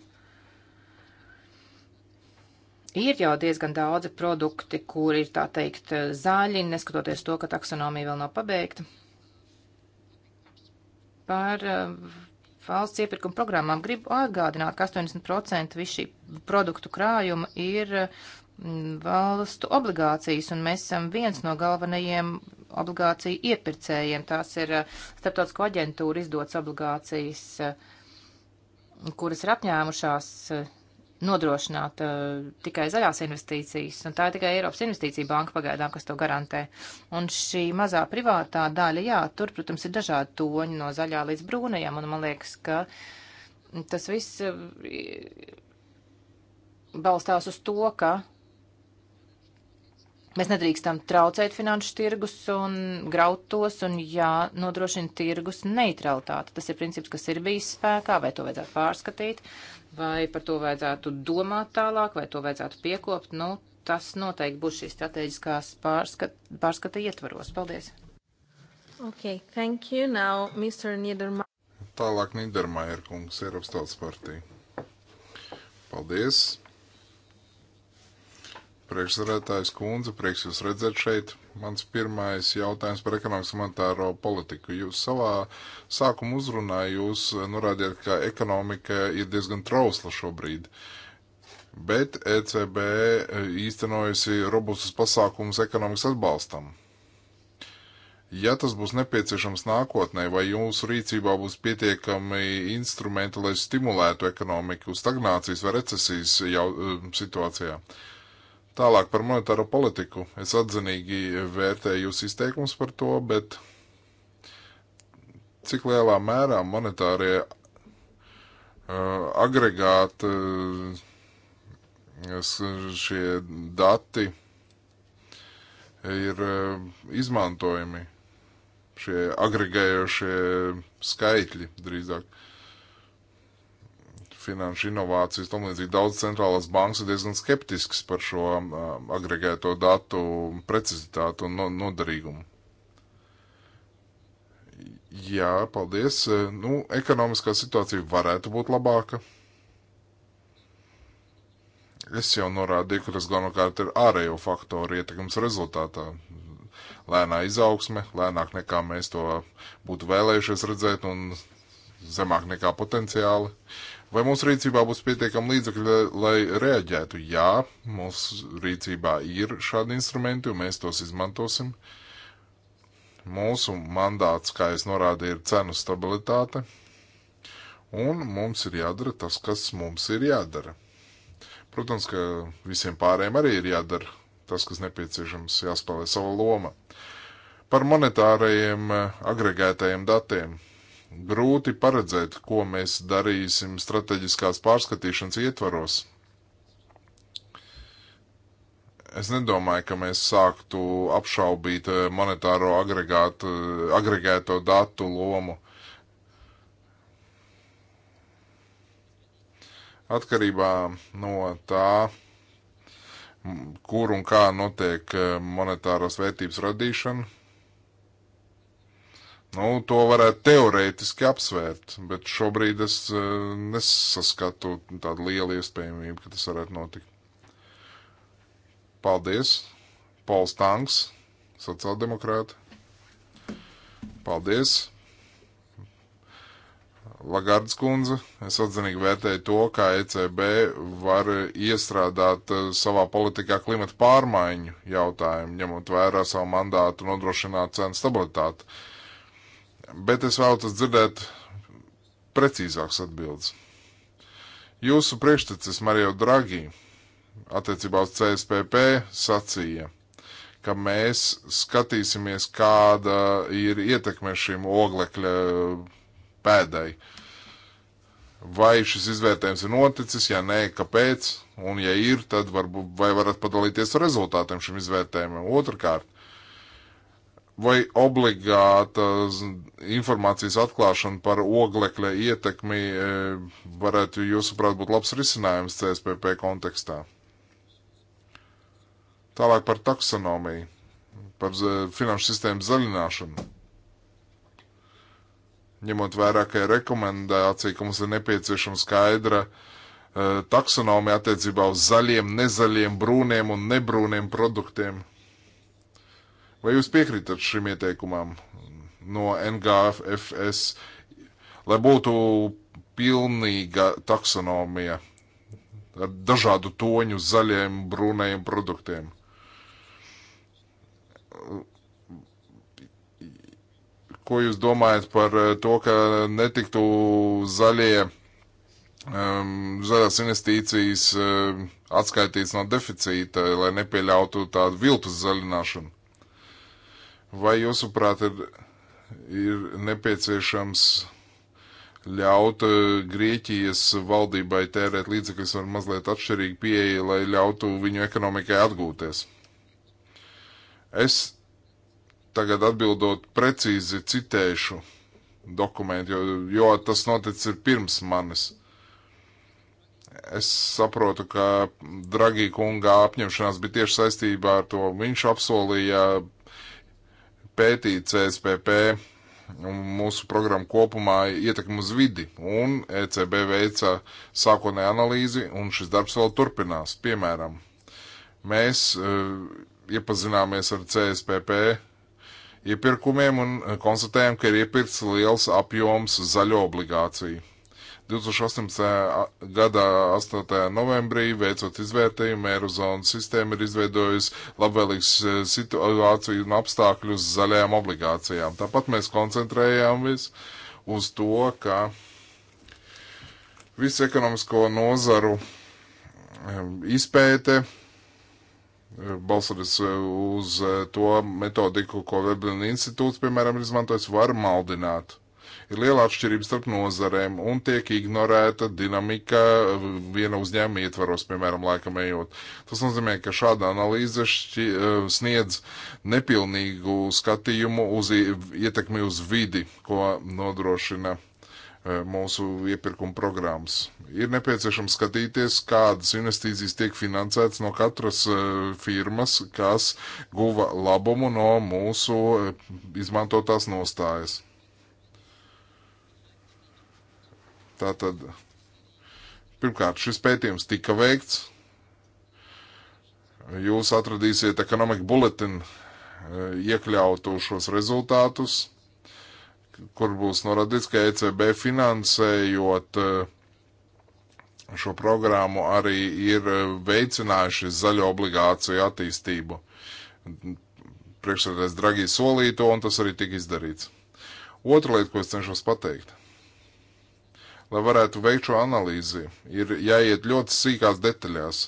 ir jau diezgan daudzi produkti, kur ir tā teikt zaļi, neskatoties to, ka taksonomija vēl nav pabeigta. Par eh, valsts iepirkuma programmām. Gribu atgādināt, ka 80% visu šī produktu krājuma ir mm, valstu obligācijas, un mēs esam viens no galvenajiem obligāciju iepirkējiem. Tās ir eh, starptautisko aģentūru izdotas obligācijas, eh, kuras ir apņēmušās eh, nodrošināt uh, tikai zaļās investīcijas, un tā ir tikai Eiropas investīcija banka pagaidām, kas to garantē. Un šī mazā privātā daļa, jā, tur, protams, ir dažādi toņi no zaļā līdz brūnajam, un man liekas, ka tas viss uh, balstās uz to, ka Mēs nedrīkstam traucēt finanšu tirgus un graut tos un jānodrošina tirgus neutralitāte. Tas ir princips, kas ir bijis spēkā, vai to vajadzētu pārskatīt, vai par to vajadzētu domāt tālāk, vai to vajadzētu piekopt. Nu, tas noteikti būs šīs strateģiskās pārskat, pārskata ietvaros. Paldies! Okay, thank you. Now, Mr. Niedermayer. Tālāk Niedermayer kungs, Eiropas tautas partija. Paldies! priekšsarētājs kundze, prieks jūs redzēt šeit. Mans pirmais jautājums par ekonomikas monetāro politiku. Jūs savā sākuma uzrunā jūs norādījāt, ka ekonomika ir diezgan trausla šobrīd. Bet ECB īstenojusi robustus pasākumus ekonomikas atbalstam. Ja tas būs nepieciešams nākotnē, vai jūsu rīcībā būs pietiekami instrumenti, lai stimulētu ekonomiku stagnācijas vai recesijas jau, eh, situācijā? Uh, Tālāk par monetāro politiku. Es atzinīgi vērtēju jūs izteikums par to, bet cik lielā mērā monetārie uh, agregāti uh, šie dati ir uh, izmantojami, šie agregējošie skaitļi drīzāk. Uh, finanšu inovācijas, tam līdzīgi daudz centrālās bankas ir diezgan skeptisks par šo um, agregēto datu precizitātu un no, noderīgumu. Jā, paldies. Nu, ekonomiskā situācija varētu būt labāka. Es jau norādīju, ka tas galvenokārt ir ārējo faktoru ietekmes rezultātā. Lēnā izaugsme, lēnāk nekā mēs to būtu vēlējušies redzēt, un zemāk nekā potenciāli. Vai mūsu rīcībā būs pietiekami līdzekļi, lai reaģētu? Jā, mūsu rīcībā ir šādi instrumenti, un mēs tos izmantosim. Mūsu mandāts, kā es norādīju, ir cenu stabilitāte, un mums ir jādara tas, kas mums ir jādara. Protams, ka visiem pārējiem arī ir jādara tas, kas nepieciešams, jāspēlē sava loma. Par monetārajiem eh, agregētajiem datiem grūti paredzēt, ko mēs darīsim strateģiskās pārskatīšanas ietvaros. Es nedomāju, ka mēs sāktu apšaubīt eh, monetāro agregātu, eh, agregēto datu lomu. Atkarībā no tā, kur un kā notiek eh, monetāras vērtības radīšana, Nu, to varētu teorētiski apsvērt, bet šobrīd es uh, nesaskatu tādu lielu iespējamību, ka tas varētu notikt. Paldies! Pols Tanks, sociāldemokrāti. Paldies! Lagardas kundze, es atzinīgi vērtēju to, kā ECB var iestrādāt eh, savā politikā klimata pārmaiņu jautājumu, ņemot vērā savu mandātu nodrošināt cenu stabilitāti. Uh, bet es vēlos dzirdēt precīzākas atbildes. Jūsu priekštecis Mario Draghi attiecībā uz CSPP sacīja, ka mēs skatīsimies, kāda ir ietekme šīm oglekļa pēdai. Vai šis izvērtējums ir noticis, ja nē, kāpēc, un ja ir, tad varbūt vai varat padalīties ar rezultātiem šim izvērtējumam. Otrakārt, vai obligāta informācijas atklāšana par oglekļa ietekmi e, varētu, jūsuprāt, būt labs risinājums CSPP kontekstā? Tālāk par taksonomiju, par finanšu sistēmu zaļināšanu. Ņemot vērā, ka ir rekomendācija, ka mums ir nepieciešama skaidra e, taksonomija attiecībā uz zaļiem, nezaļiem, brūniem un nebrūniem produktiem Vai jūs piekrītat šim ieteikumam no NGFS, lai būtu pilnīga taksonomija ar dažādu toņu zaļiem, brūnējiem produktiem? Ko jūs domājat par eh, to, ka netiktu zaļie, um, zaļās investīcijas um, atskaitīts no deficīta, lai nepieļautu tādu viltus zaļināšanu? Vai jūsuprāt ir, ir nepieciešams ļaut eh, Grieķijas valdībai tērēt līdzekļus ar mazliet atšķirīgu pieeju, lai ļautu viņu ekonomikai atgūties? Es tagad atbildot precīzi citēšu dokumentu, jo, jo tas noticis ir pirms manis es saprotu, ka Dragī kunga apņemšanās bija tieši saistībā ar to. Viņš apsolīja pētīt CSPP un mūsu programmu kopumā ietekmi uz vidi, un ECB veica sākotnēju analīzi, un šis darbs vēl turpinās. Piemēram, mēs uh, iepazināmies ar CSPP iepirkumiem un konstatējam, ka ir iepirkts liels apjoms zaļo obligāciju. 2018. gada 8. novembrī veicot izvērtējumu, Eirozonas sistēma ir izveidojusi labvēlīgas e, situāciju un apstākļus zaļajām obligācijām. Tāpat mēs koncentrējāmies uz to, ka visu ekonomisko nozaru e, izpēte e, balsoties uz to metodiku, ko Veblen institūts, piemēram, izmantojas, var maldināt ir liela atšķirība starp nozarēm un tiek ignorēta dinamika uh, viena uzņēmuma ietvaros, piemēram, laikam ejot. Tas nozīmē, ka šāda analīze šķi, uh, sniedz nepilnīgu skatījumu uz ietekmi uz vidi, ko nodrošina uh, mūsu iepirkuma programmas. Ir nepieciešams skatīties, kādas investīcijas tiek finansētas no katras firmas, kas guva labumu no mūsu izmantotās nostājas. Tātad, pirmkārt, šis pētījums tika veikts. Jūs atradīsiet ekonomika bulletin eh, iekļautu šos rezultātus, kur būs norādīts, ka ECB finansējot eh, šo programmu arī ir eh, veicinājuši zaļo obligāciju attīstību. Priekšsēdētājs Dragī solīto, un tas arī tika izdarīts. Otra lieta, ko es cenšos pateikt lai varētu veikt šo analīzi, ir jāiet ļoti sīkās detaļās.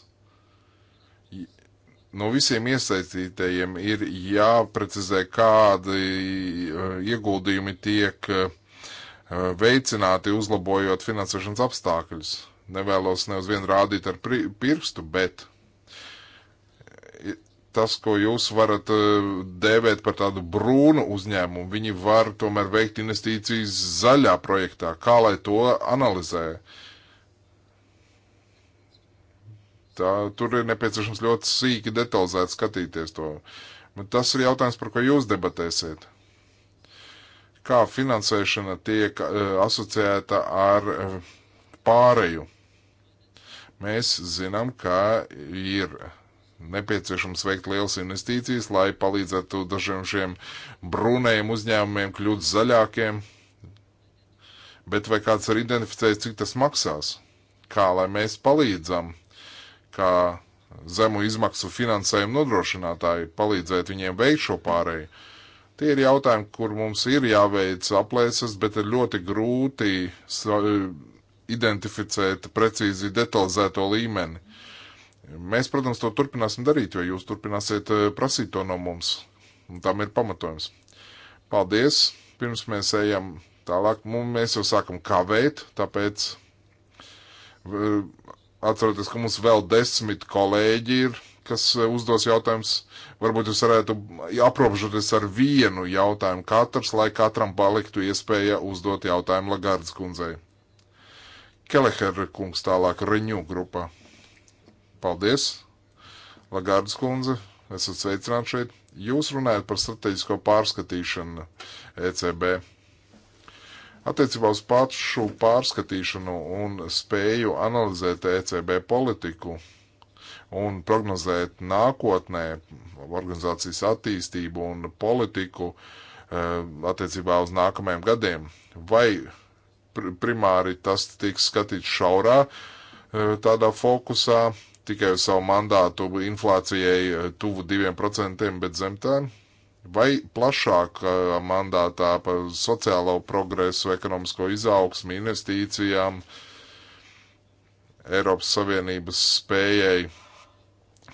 No visiem iesaistītajiem ir jāprecizē, kādi eh, ieguldījumi tiek eh, veicināti, uzlabojot finansēšanas apstākļus. Nevēlos ne uz vienu rādīt ar pirkstu, bet eh, tas, ko jūs varat eh, dēvēt par tādu brūnu uzņēmumu, viņi var tomēr veikt investīcijas zaļā projektā. Kā lai to analizē? Tā, tur ir nepieciešams ļoti sīki detalizēti skatīties to. Bet tas ir jautājums, par ko jūs debatēsiet. Kā finansēšana tiek uh, asociēta ar uh, pāreju? Mēs zinām, ka ir nepieciešams veikt liels investīcijas, lai palīdzētu dažiem šiem brūnējiem uzņēmumiem kļūt zaļākiem. Bet vai kāds ir identificējis, cik tas maksās? Kā lai mēs palīdzam, kā zemu izmaksu finansējumu nodrošinātāji, palīdzēt viņiem veikt šo pārēju? Tie ir jautājumi, kur mums ir jāveic aplēses, bet ir ļoti grūti identificēt precīzi detalizēto līmeni Mēs, protams, to turpināsim darīt, jo jūs turpināsiet eh, prasīt to no mums. Un tam ir pamatojums. Paldies! Pirms mēs ejam tālāk, mēs jau sākam kavēt, tāpēc eh, atceroties, ka mums vēl desmit kolēģi ir, kas eh, uzdos jautājumus. Varbūt jūs varētu aprobežoties ar vienu jautājumu katrs, lai katram paliktu iespēja uzdot jautājumu Lagardas kundzei. Keleher kungs tālāk Reņu grupā. Paldies, Lagardas kundze, esat sveicināti šeit. Jūs runājat par strateģisko pārskatīšanu ECB. Attiecībā uz pašu pārskatīšanu un spēju analizēt ECB politiku un prognozēt nākotnē organizācijas attīstību un politiku eh, attiecībā uz nākamajiem gadiem. Vai primāri tas tiks skatīts šaurā eh, tādā fokusā, tikai savu mandātu inflācijai eh, tuvu 2%, bet zem tā, vai plašāk mandātā par sociālo progresu, ekonomisko izaugsmu, investīcijām, Eiropas Savienības spējai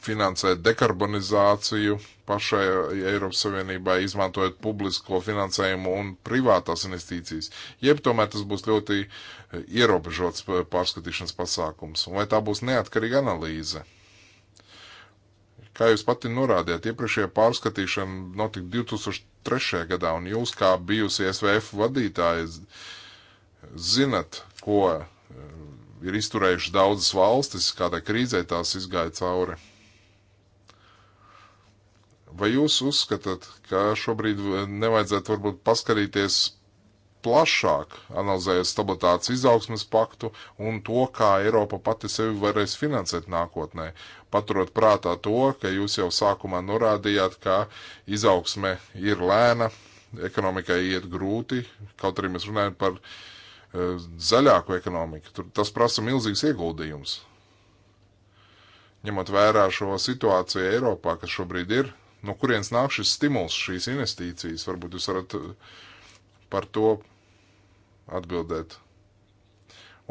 finansēt dekarbonizāciju pašai Eiropas Savienībai, izmantojot publisko finansējumu un privātās investīcijas. Jeb tomēr tas būs ļoti eh, ierobežots eh, pārskatīšanas pasākums, un vai tā būs neatkarīga analīze? Kā jūs pati norādījāt, iepriekšējā pārskatīšana notika 2003. gadā, un jūs kā bijusi SVF vadītājs zinat, ko eh, ir izturējuši daudzas valstis, kādai krīzē tās izgāja cauri. Vai jūs uzskatāt, ka šobrīd nevajadzētu varbūt paskarīties plašāk, analizējot stabilitātes izaugsmas paktu un to, kā Eiropa pati sevi varēs finansēt nākotnē, paturot prātā to, ka jūs jau sākumā norādījāt, ka izaugsme ir lēna, ekonomikai iet grūti, kaut arī mēs runājam par uh, zaļāku ekonomiku. Tur tas prasa milzīgs ieguldījums. Ņemot vērā šo situāciju Eiropā, kas šobrīd ir, no kurienes nāk šis stimuls, šīs investīcijas? Varbūt jūs varat eh, par to atbildēt.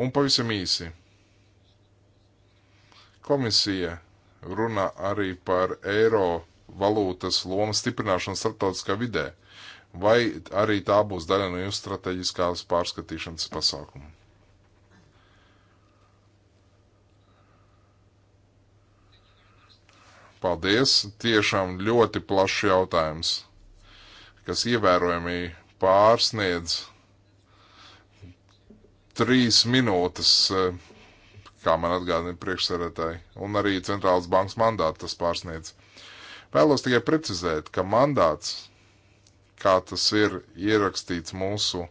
Un pavisam īsi. Komisija runā arī par eiro valūtas lomu stiprināšanu starptautiskā vidē. Vai arī tā būs daļa no jūsu strateģiskās pārskatīšanas pasākuma? Paldies! Tiešām ļoti plašs jautājums, kas ievērojami pārsniedz trīs minūtes, eh, kā man atgādina priekšsēdētāji, un arī centrālas bankas mandātu tas pārsniedz. Vēlos tikai precizēt, ka mandāts, kā tas ir ierakstīts mūsu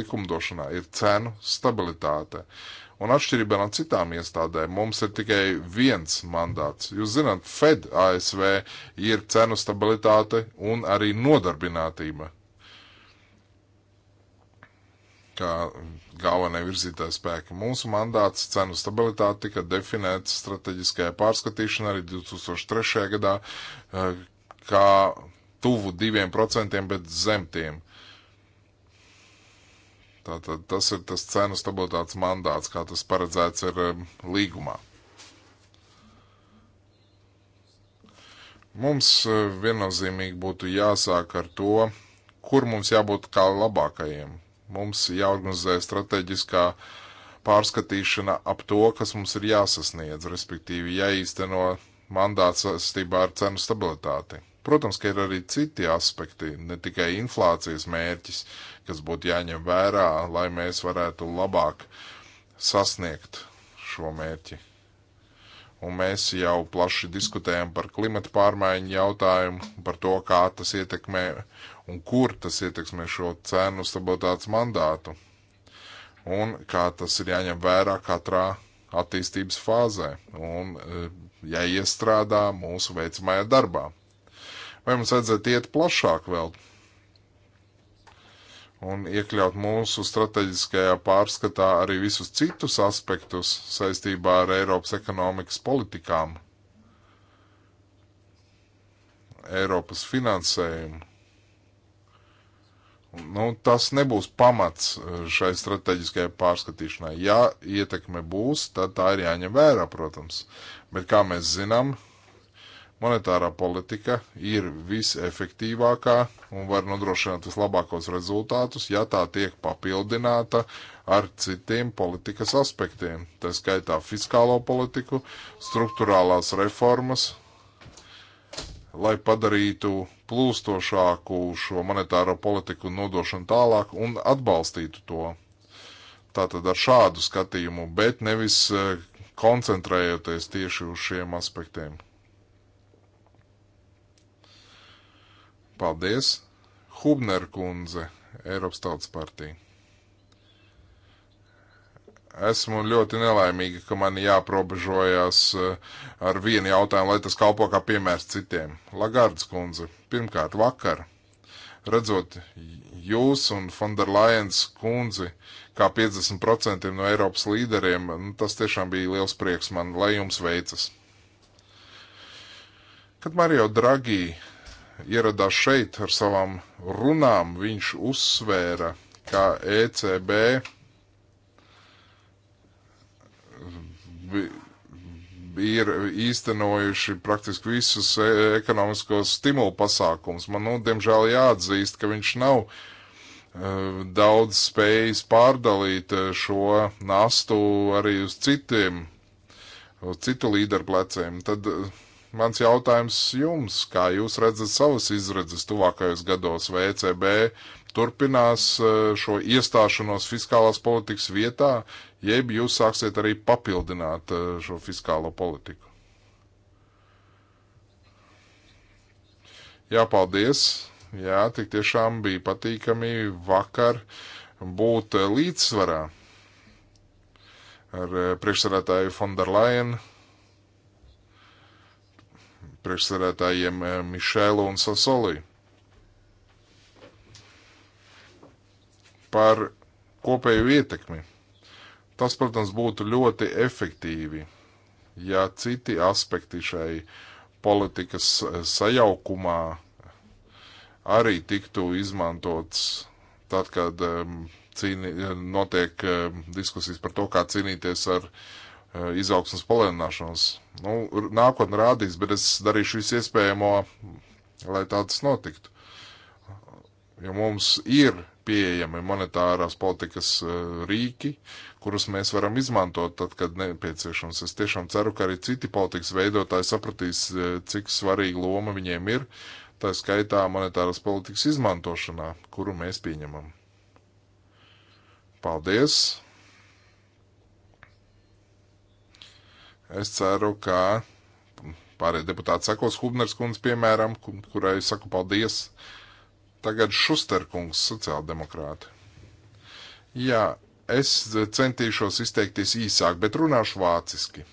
likumdošanā, ir cenu stabilitāte. Uh, Un atšķirībā no citām iestādēm, mums ir tikai viens mandāts. Jūs zināt, Fed ASV ir cenu stabilitāte un arī nodarbinātība. Kā galvenā virzītāja spēka. Mūsu mandāts cenu stabilitāte tika definēts strateģiskajā pārskatīšanā arī 2003. gadā eh, kā tuvu 2% bet zem tiem. Tātad tas ir tas cenu stabilitātes mandāts, kā tas paredzēts ir līgumā. Mums e, viennozīmīgi būtu jāsāk ar to, kur mums jābūt kā labākajiem. Mums jāorganizē strateģiskā pārskatīšana ap to, kas mums ir jāsasniedz, respektīvi jāīsteno mandāts saistībā ar cenu stabilitāti. Protams, ka ir arī citi aspekti, ne tikai inflācijas mērķis, kas būtu jāņem vērā, lai mēs varētu labāk sasniegt šo mērķi. Un mēs jau plaši diskutējam par klimata pārmaiņu jautājumu, par to, kā tas ietekmē un kur tas ietekmē šo cenu stabilitātes mandātu. Un kā tas ir jāņem vērā katrā attīstības fāzē un e, jāiestrādā mūsu veicamajā darbā vai mums vajadzētu iet plašāk vēl un iekļaut mūsu strateģiskajā pārskatā arī visus citus aspektus saistībā ar Eiropas ekonomikas politikām, Eiropas finansējumu. Nu, tas nebūs pamats eh, šai strateģiskajai pārskatīšanai. Ja ietekme būs, tad tā ir jāņem vērā, protams. Bet, kā mēs zinām, Monetārā politika ir visefektīvākā un var nodrošināt vislabākos rezultātus, ja tā tiek papildināta ar citiem politikas aspektiem, tā skaitā fiskālo politiku, struktūrālās reformas, lai padarītu plūstošāku šo monetāro politiku nodošanu tālāk un atbalstītu to. Tātad ar šādu skatījumu, bet nevis eh, koncentrējoties tieši uz šiem aspektiem. Paldies! Hubner kundze, Eiropas Tautas partija. Esmu ļoti nelaimīga, ka man jāprobežojas eh, ar vienu jautājumu, lai tas kalpo kā piemērs citiem. Lagardas kundze, pirmkārt, vakar, redzot jūs un Fonderlajens kundzi kā 50% no Eiropas līderiem, nu, tas tiešām bija liels prieks man, lai jums veicas. Kad Mario Draghi ieradās šeit ar savām runām, viņš uzsvēra, ka ECB ir īstenojuši praktiski visus e, ekonomiskos stimulu pasākums. Man, nu, diemžēl jāatzīst, ka viņš nav uh, daudz spējis pārdalīt e, šo nastu arī uz citiem, uz citu līderu pleciem. Tad uh, Mans jautājums jums, kā jūs redzat savas izredzes tuvākajos gados, vai ECB turpinās e, šo iestāšanos fiskālās politikas vietā, jeb jūs sāksiet arī papildināt e, šo fiskālo politiku? Jā, paldies! Jā, tik tiešām bija patīkami vakar būt e, līdzsvarā ar priekšsarētāju Fonderlainu priekšsarētājiem eh, Mišēlu un Sasolī par kopēju ietekmi. Tas, protams, būtu ļoti efektīvi, ja citi aspekti šai politikas eh, sajaukumā arī tiktu izmantots tad, kad um, cīni, notiek um, diskusijas par to, kā cīnīties ar uh, Eh, izaugsmas palēnināšanos. Nu, nākotnē rādīs, bet es darīšu visu iespējamo, lai tāds notiktu. Jo mums ir pieejami monetārās politikas eh, rīki, kurus mēs varam izmantot tad, kad nepieciešams. Es tiešām ceru, ka arī citi politikas veidotāji sapratīs, eh, cik svarīga loma viņiem ir, tā skaitā monetāras politikas izmantošanā, kuru mēs pieņemam. Paldies! Es ceru, ka pārējie deputāti sakos Hubners kundz, piemēram, kurai saku paldies. Tagad Šuster kungs, sociāldemokrāti. Jā, es centīšos izteikties īsāk, bet runāšu vāciski.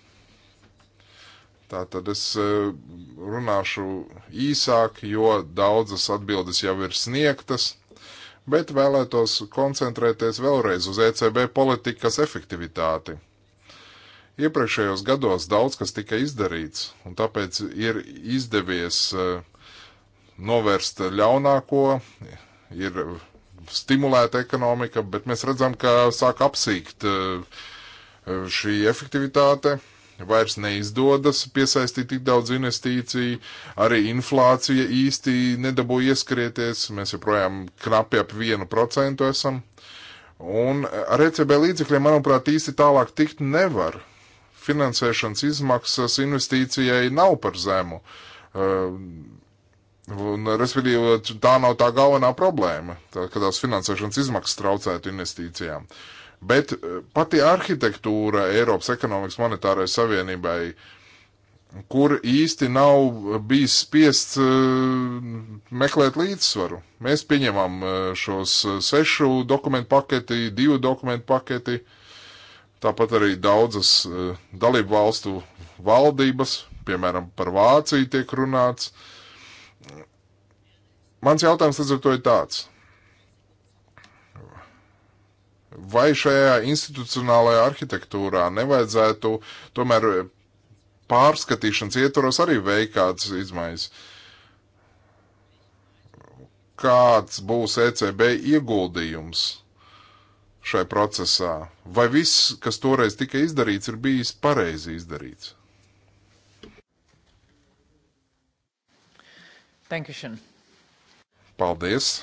Tātad es e, runāšu īsāk, jo daudzas atbildes jau ir sniegtas, bet vēlētos koncentrēties vēlreiz uz ECB politikas efektivitāti Iepriekšējos gados daudz kas tika izdarīts, un tāpēc ir izdevies e, novērst ļaunāko, ir stimulēta ekonomika, bet mēs redzam, ka sāk apsīkt e, e, šī efektivitāte, vairs neizdodas piesaistīt tik daudz investīciju, arī inflācija īsti nedabū ieskrieties, mēs joprojām knapi ap vienu procentu esam. Un ar ECB līdzekļiem, manuprāt, īsti tālāk tikt nevar finansēšanas izmaksas investīcijai nav par zemu. Uh, un, respektīvi, tā nav tā galvenā problēma, tā, ka tās finansēšanas izmaksas traucētu investīcijām. Bet uh, pati arhitektūra Eiropas ekonomikas monetārai savienībai uh, kur īsti nav bijis spiests uh, meklēt līdzsvaru. Mēs pieņemam uh, šos uh, sešu dokumentu paketi, divu dokumentu paketi, uh, Tāpat arī daudzas eh, dalību valstu valdības, piemēram, par Vāciju tiek runāts. Mans jautājums līdz ar to ir tāds. Vai šajā institucionālajā arhitektūrā nevajadzētu tomēr pārskatīšanas ietvaros arī veikt kādas izmaiņas? Kāds būs ECB ieguldījums šai procesā? Vai viss, kas toreiz tika izdarīts, ir bijis pareizi izdarīts? Dankeschön. Paldies!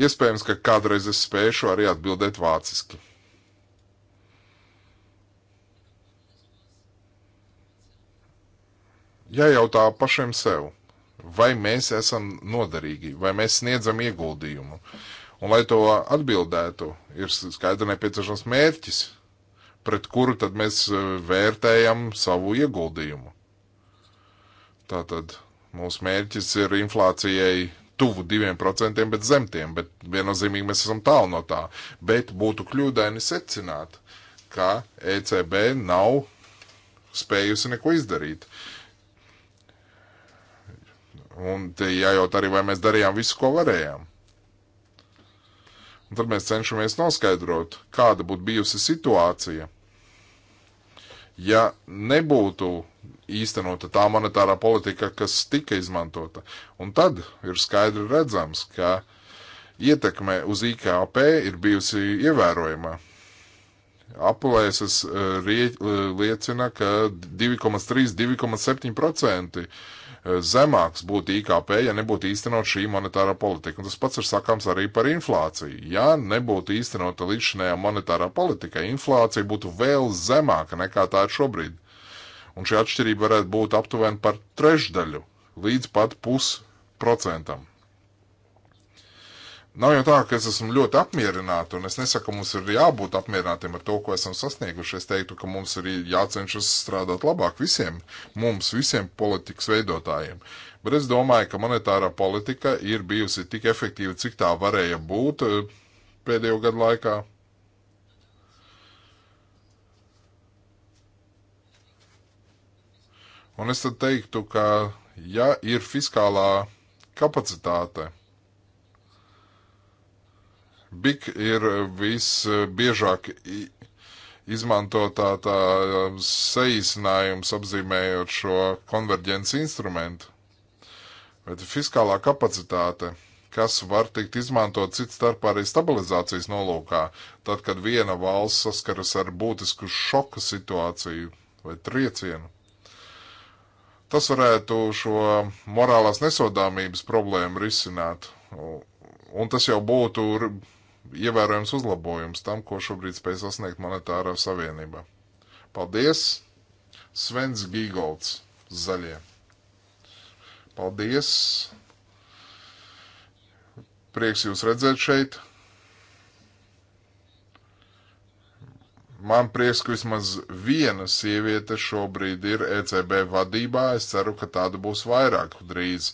Iespējams, ka kādreiz es spēšu arī atbildēt vāciski. Jājautā pašiem sev, vai mēs esam noderīgi, vai mēs sniedzam ieguldījumu. Uh, Un, lai to atbildētu, ir skaidri nepieciešams mērķis, pret kuru tad mēs e, vērtējam savu ieguldījumu. Tātad mūsu mērķis ir inflācijai tuvu 2%, bet zem tiem, bet viennozīmīgi mēs esam tālu no tā. Bet būtu kļūdaini secināt, ka ECB nav spējusi neko izdarīt. Un te jājaut arī, vai mēs darījām visu, ko varējām. Un tad mēs cenšamies noskaidrot, kāda būtu bijusi situācija, ja nebūtu īstenota tā monetārā politika, kas tika izmantota. Un tad ir skaidri redzams, ka ietekme uz IKP ir bijusi ievērojama. Apulēses eh, liecina, ka 2,3-2,7% Eh, zemāks būtu IKP, ja nebūtu īstenot šī monetārā politika. Un tas pats ir sakāms arī par inflāciju. Ja nebūtu īstenota līdzšinējā monetārā politika, inflācija būtu vēl zemāka nekā tā ir šobrīd. Un šī atšķirība varētu būt aptuveni par trešdaļu līdz pat pusprocentam. Nav jau tā, ka es esmu ļoti apmierināta, un es nesaku, ka mums ir jābūt apmierinātiem ar to, ko esam sasnieguši. Es teiktu, ka mums ir jācenšas strādāt labāk visiem, mums, visiem politikas veidotājiem. Bet es domāju, ka monetārā politika ir bijusi tik efektīva, cik tā varēja būt eh, pēdējo gadu laikā. Un es tad teiktu, ka ja ir fiskālā kapacitāte, BIK ir visbiežāk izmantotā tā um, saīsinājums apzīmējot šo konverģences instrumentu. Bet fiskālā kapacitāte, kas var tikt izmantot cits starpā arī stabilizācijas nolūkā, tad, kad viena valsts saskaras ar būtisku šoka situāciju vai triecienu. Tas varētu šo morālās nesodāmības problēmu risināt, un tas jau būtu ievērojams uzlabojums tam, ko šobrīd spēj sasniegt monetārā savienība. Paldies! Svens Gīgolds, zaļie. Paldies! Prieks jūs redzēt šeit. Man prieks, ka vismaz viena sieviete šobrīd ir ECB vadībā. Es ceru, ka tāda būs vairāk drīz.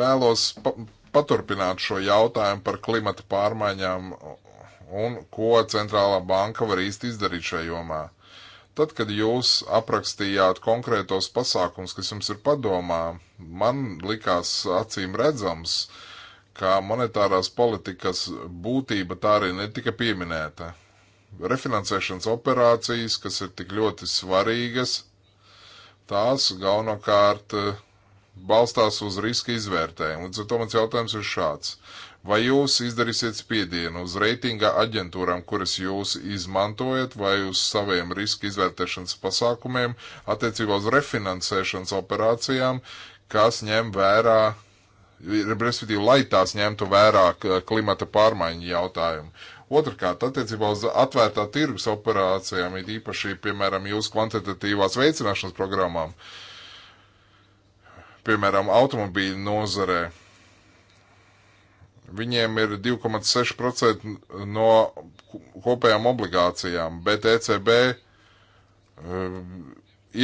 Vēlos paturpināt šo jautājumu par klimata pārmaiņām un ko centrālā banka var īsti izdarīt šajā jomā. Tad, kad jūs aprakstījāt konkrētos pasākums, kas jums ir padomā, man likās acīm redzams, ka monetārās politikas būtība tā arī netika pieminēta. Refinansēšanas operācijas, kas ir tik ļoti svarīgas, tās galvenokārt uh, balstās uz riska izvērtējumu. Līdz ar to mans jautājums ir šāds. Vai jūs izdarīsiet spiedienu uz reitinga aģentūrām, kuras jūs izmantojat, vai uz saviem riska izvērtēšanas pasākumiem attiecībā uz refinansēšanas operācijām, kas ņem vērā, respektīvi, lai tās ņemtu vērā klimata pārmaiņu jautājumu? Otrakārt, attiecībā uz atvērtā tirgus operācijām, it īpaši, piemēram, jūsu kvantitatīvās veicināšanas programmām, uh, piemēram, automobīļu nozarē. Viņiem ir 2,6% no kopējām obligācijām, bet ECB eh,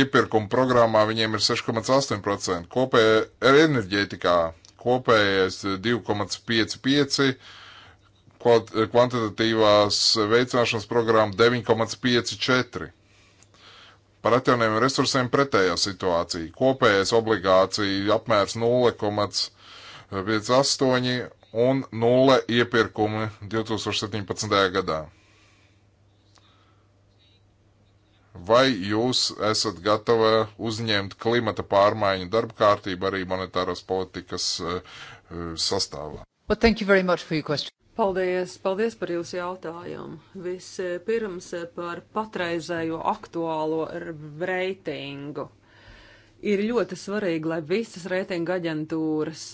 iepirkuma programmā viņiem ir 6,8%. Kopējā enerģētikā kopējais 2,55%, kvantitatīvās veicināšanas programma 9,54%. Par atjaunojumiem resursiem pretējā situācija. Kopējais obligāciju apmērs 0,58 un 0 iepirkumi 2017. gadā. Vai jūs esat gatavi uzņemt klimata pārmaiņu darba kārtību arī monetāras politikas uh, sastāvā? Well, Paldies, paldies par jūsu jautājumu. Vispirms par patreizējo aktuālo reitingu. Ir ļoti svarīgi, lai visas reitinga aģentūras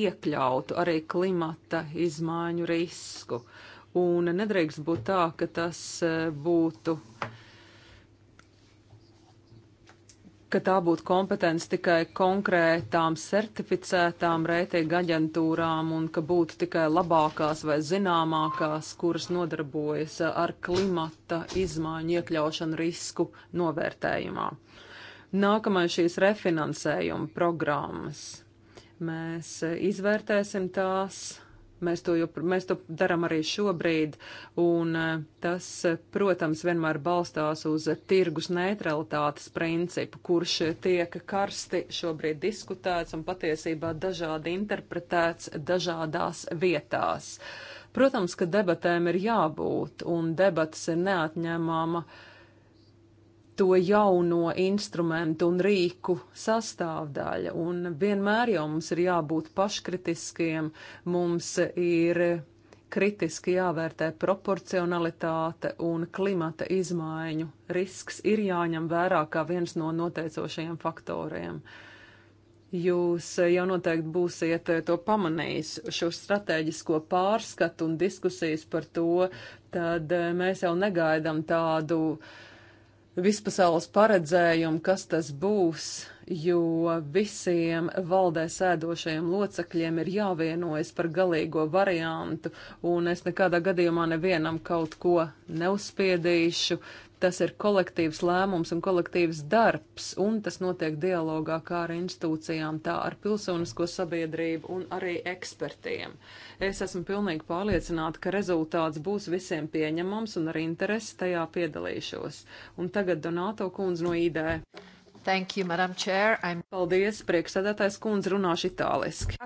iekļautu arī klimata izmaiņu risku. Un nedrīkst būt tā, ka tas būtu uh, ka tā būtu kompetence tikai konkrētām certificētām reitinga aģentūrām un ka būtu tikai labākās vai zināmākās, kuras nodarbojas ar klimata izmaiņu iekļaušanu risku novērtējumā. Nākamais šīs refinansējuma programmas. Mēs izvērtēsim tās Mēs to, jo, mēs to darām arī šobrīd, un e, tas, e, protams, vienmēr balstās uz tirgus neutralitātes principu, kurš tiek karsti šobrīd diskutēts un patiesībā dažādi interpretēts dažādās vietās. Protams, ka debatēm ir jābūt, un debatas ir neatņemama uh, to jauno instrumentu un rīku sastāvdaļa. Un vienmēr jau mums ir jābūt paškritiskiem, mums ir kritiski jāvērtē proporcionalitāte un klimata izmaiņu risks ir jāņem vērā kā viens no noteicošajiem faktoriem. Jūs jau noteikti būsiet to pamanījis, šo strateģisko pārskatu un diskusijas par to, tad mēs jau negaidam tādu uh, vispasaules paredzējumu, kas tas būs, jo visiem valdē sēdošajiem locekļiem ir jāvienojas par galīgo variantu, un es nekādā gadījumā nevienam kaut ko neuzspiedīšu. Uh, Tas ir kolektīvs lēmums un kolektīvs darbs, un tas notiek dialogā kā ar institūcijām, tā ar pilsonisko sabiedrību un arī ekspertiem. Es esmu pilnīgi pārliecināta, ka rezultāts būs visiem pieņemams un ar interesi tajā piedalīšos. Un tagad Donāto kundze no ID. Thank you, Madam Chair. I'm... Paldies, priekšsēdētājs kundze runāšu itāliski.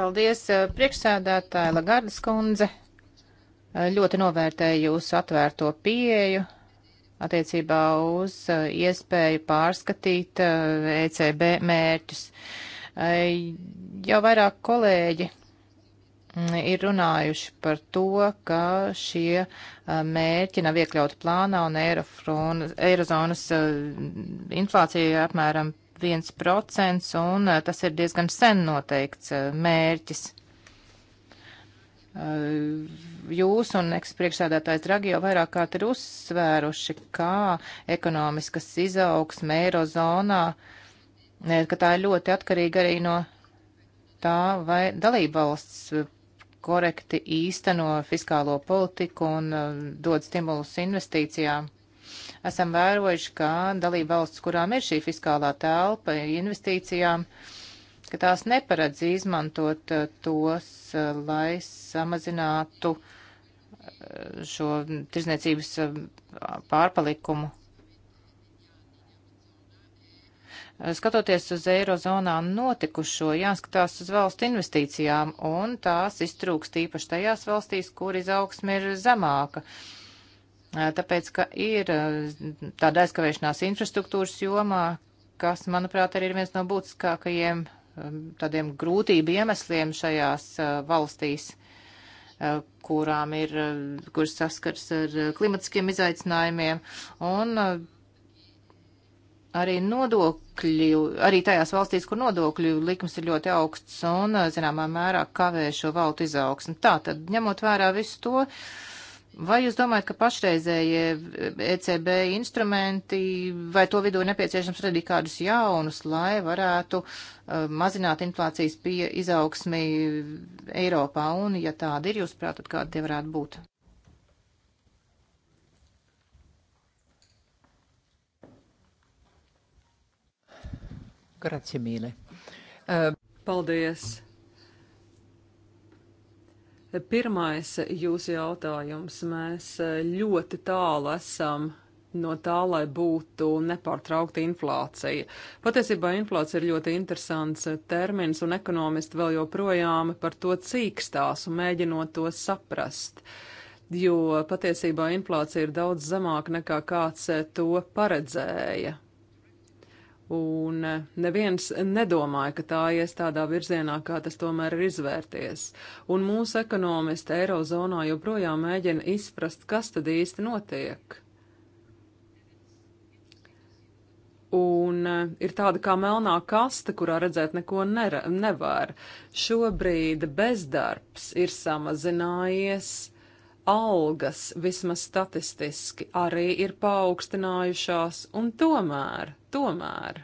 Paldies, eh, priekšsēdētāja Lagardas kundze. Ļoti novērtēju jūsu atvērto pieeju attiecībā uz eh, iespēju pārskatīt ECB eh, e mērķus. Eh, jau vairāk kolēģi mm, ir runājuši par to, ka šie mērķi nav iekļauti plānā un eirozonas inflācija apmēram 1% un tas ir diezgan sen noteikts mērķis. Eh, jūs un ekspriekšsādātājs Dragi jau vairāk kārt ir uzsvēruši, kā ekonomiskas izaugsme eirozonā, eh, ka tā ir ļoti atkarīga arī no tā, vai dalībvalsts korekti īsteno fiskālo politiku un eh, dod stimulus investīcijām. Esam vērojuši, ka dalībvalsts, kurām ir šī fiskālā telpa investīcijām, uh, ka tās neparedz izmantot uh, tos, uh, lai samazinātu uh, šo tirzniecības pārpalikumu. Skatoties uz eirozonā notikušo, jāskatās uz valstu investīcijām, un tās iztrūkst īpaši tajās valstīs, kur izaugsme ir zemāka. Tāpēc, ka ir tāda aizkavēšanās infrastruktūras jomā, kas, manuprāt, arī ir viens no būtiskākajiem Um, tādiem grūtību iemesliem šajās uh, valstīs, uh, kurām ir, uh, kuras saskars ar klimatiskiem izaicinājumiem, un arī nodokļu, arī tajās valstīs, kur nodokļu likums ir ļoti augsts un, zināmā mērā, kavē šo valstu izaugsmu. Tātad, ņemot vērā visu to, uh, Vai jūs domājat, ka pašreizējie ECB instrumenti vai to vidū nepieciešams radīt kādus jaunus, lai varētu uh, mazināt inflācijas pie izaugsmi Eiropā? Un, ja tāda ir, jūs prātat, kādi tie varētu būt? Grazie, mīļi. Uh, paldies! Pirmais jūsu jautājums. Mēs e, ļoti tālu esam no tā, lai būtu nepārtraukta inflācija. Patiesībā inflācija ir ļoti interesants e, termins, un ekonomisti vēl joprojām par to cīkstās un mēģinot to saprast. Jo patiesībā inflācija ir daudz zemāka nekā kāds e, to paredzēja un eh, neviens nedomāja, ka tā ies tādā virzienā, kā tas tomēr ir izvērties. Un mūsu ekonomisti Eirozonā joprojām mēģina izprast, kas tad īsti notiek. Un eh, ir tāda kā melnā kasta, kurā redzēt neko nere, nevar. Šobrīd bezdarbs ir samazinājies, algas vismaz statistiski arī ir paaugstinājušās, un tomēr, tomēr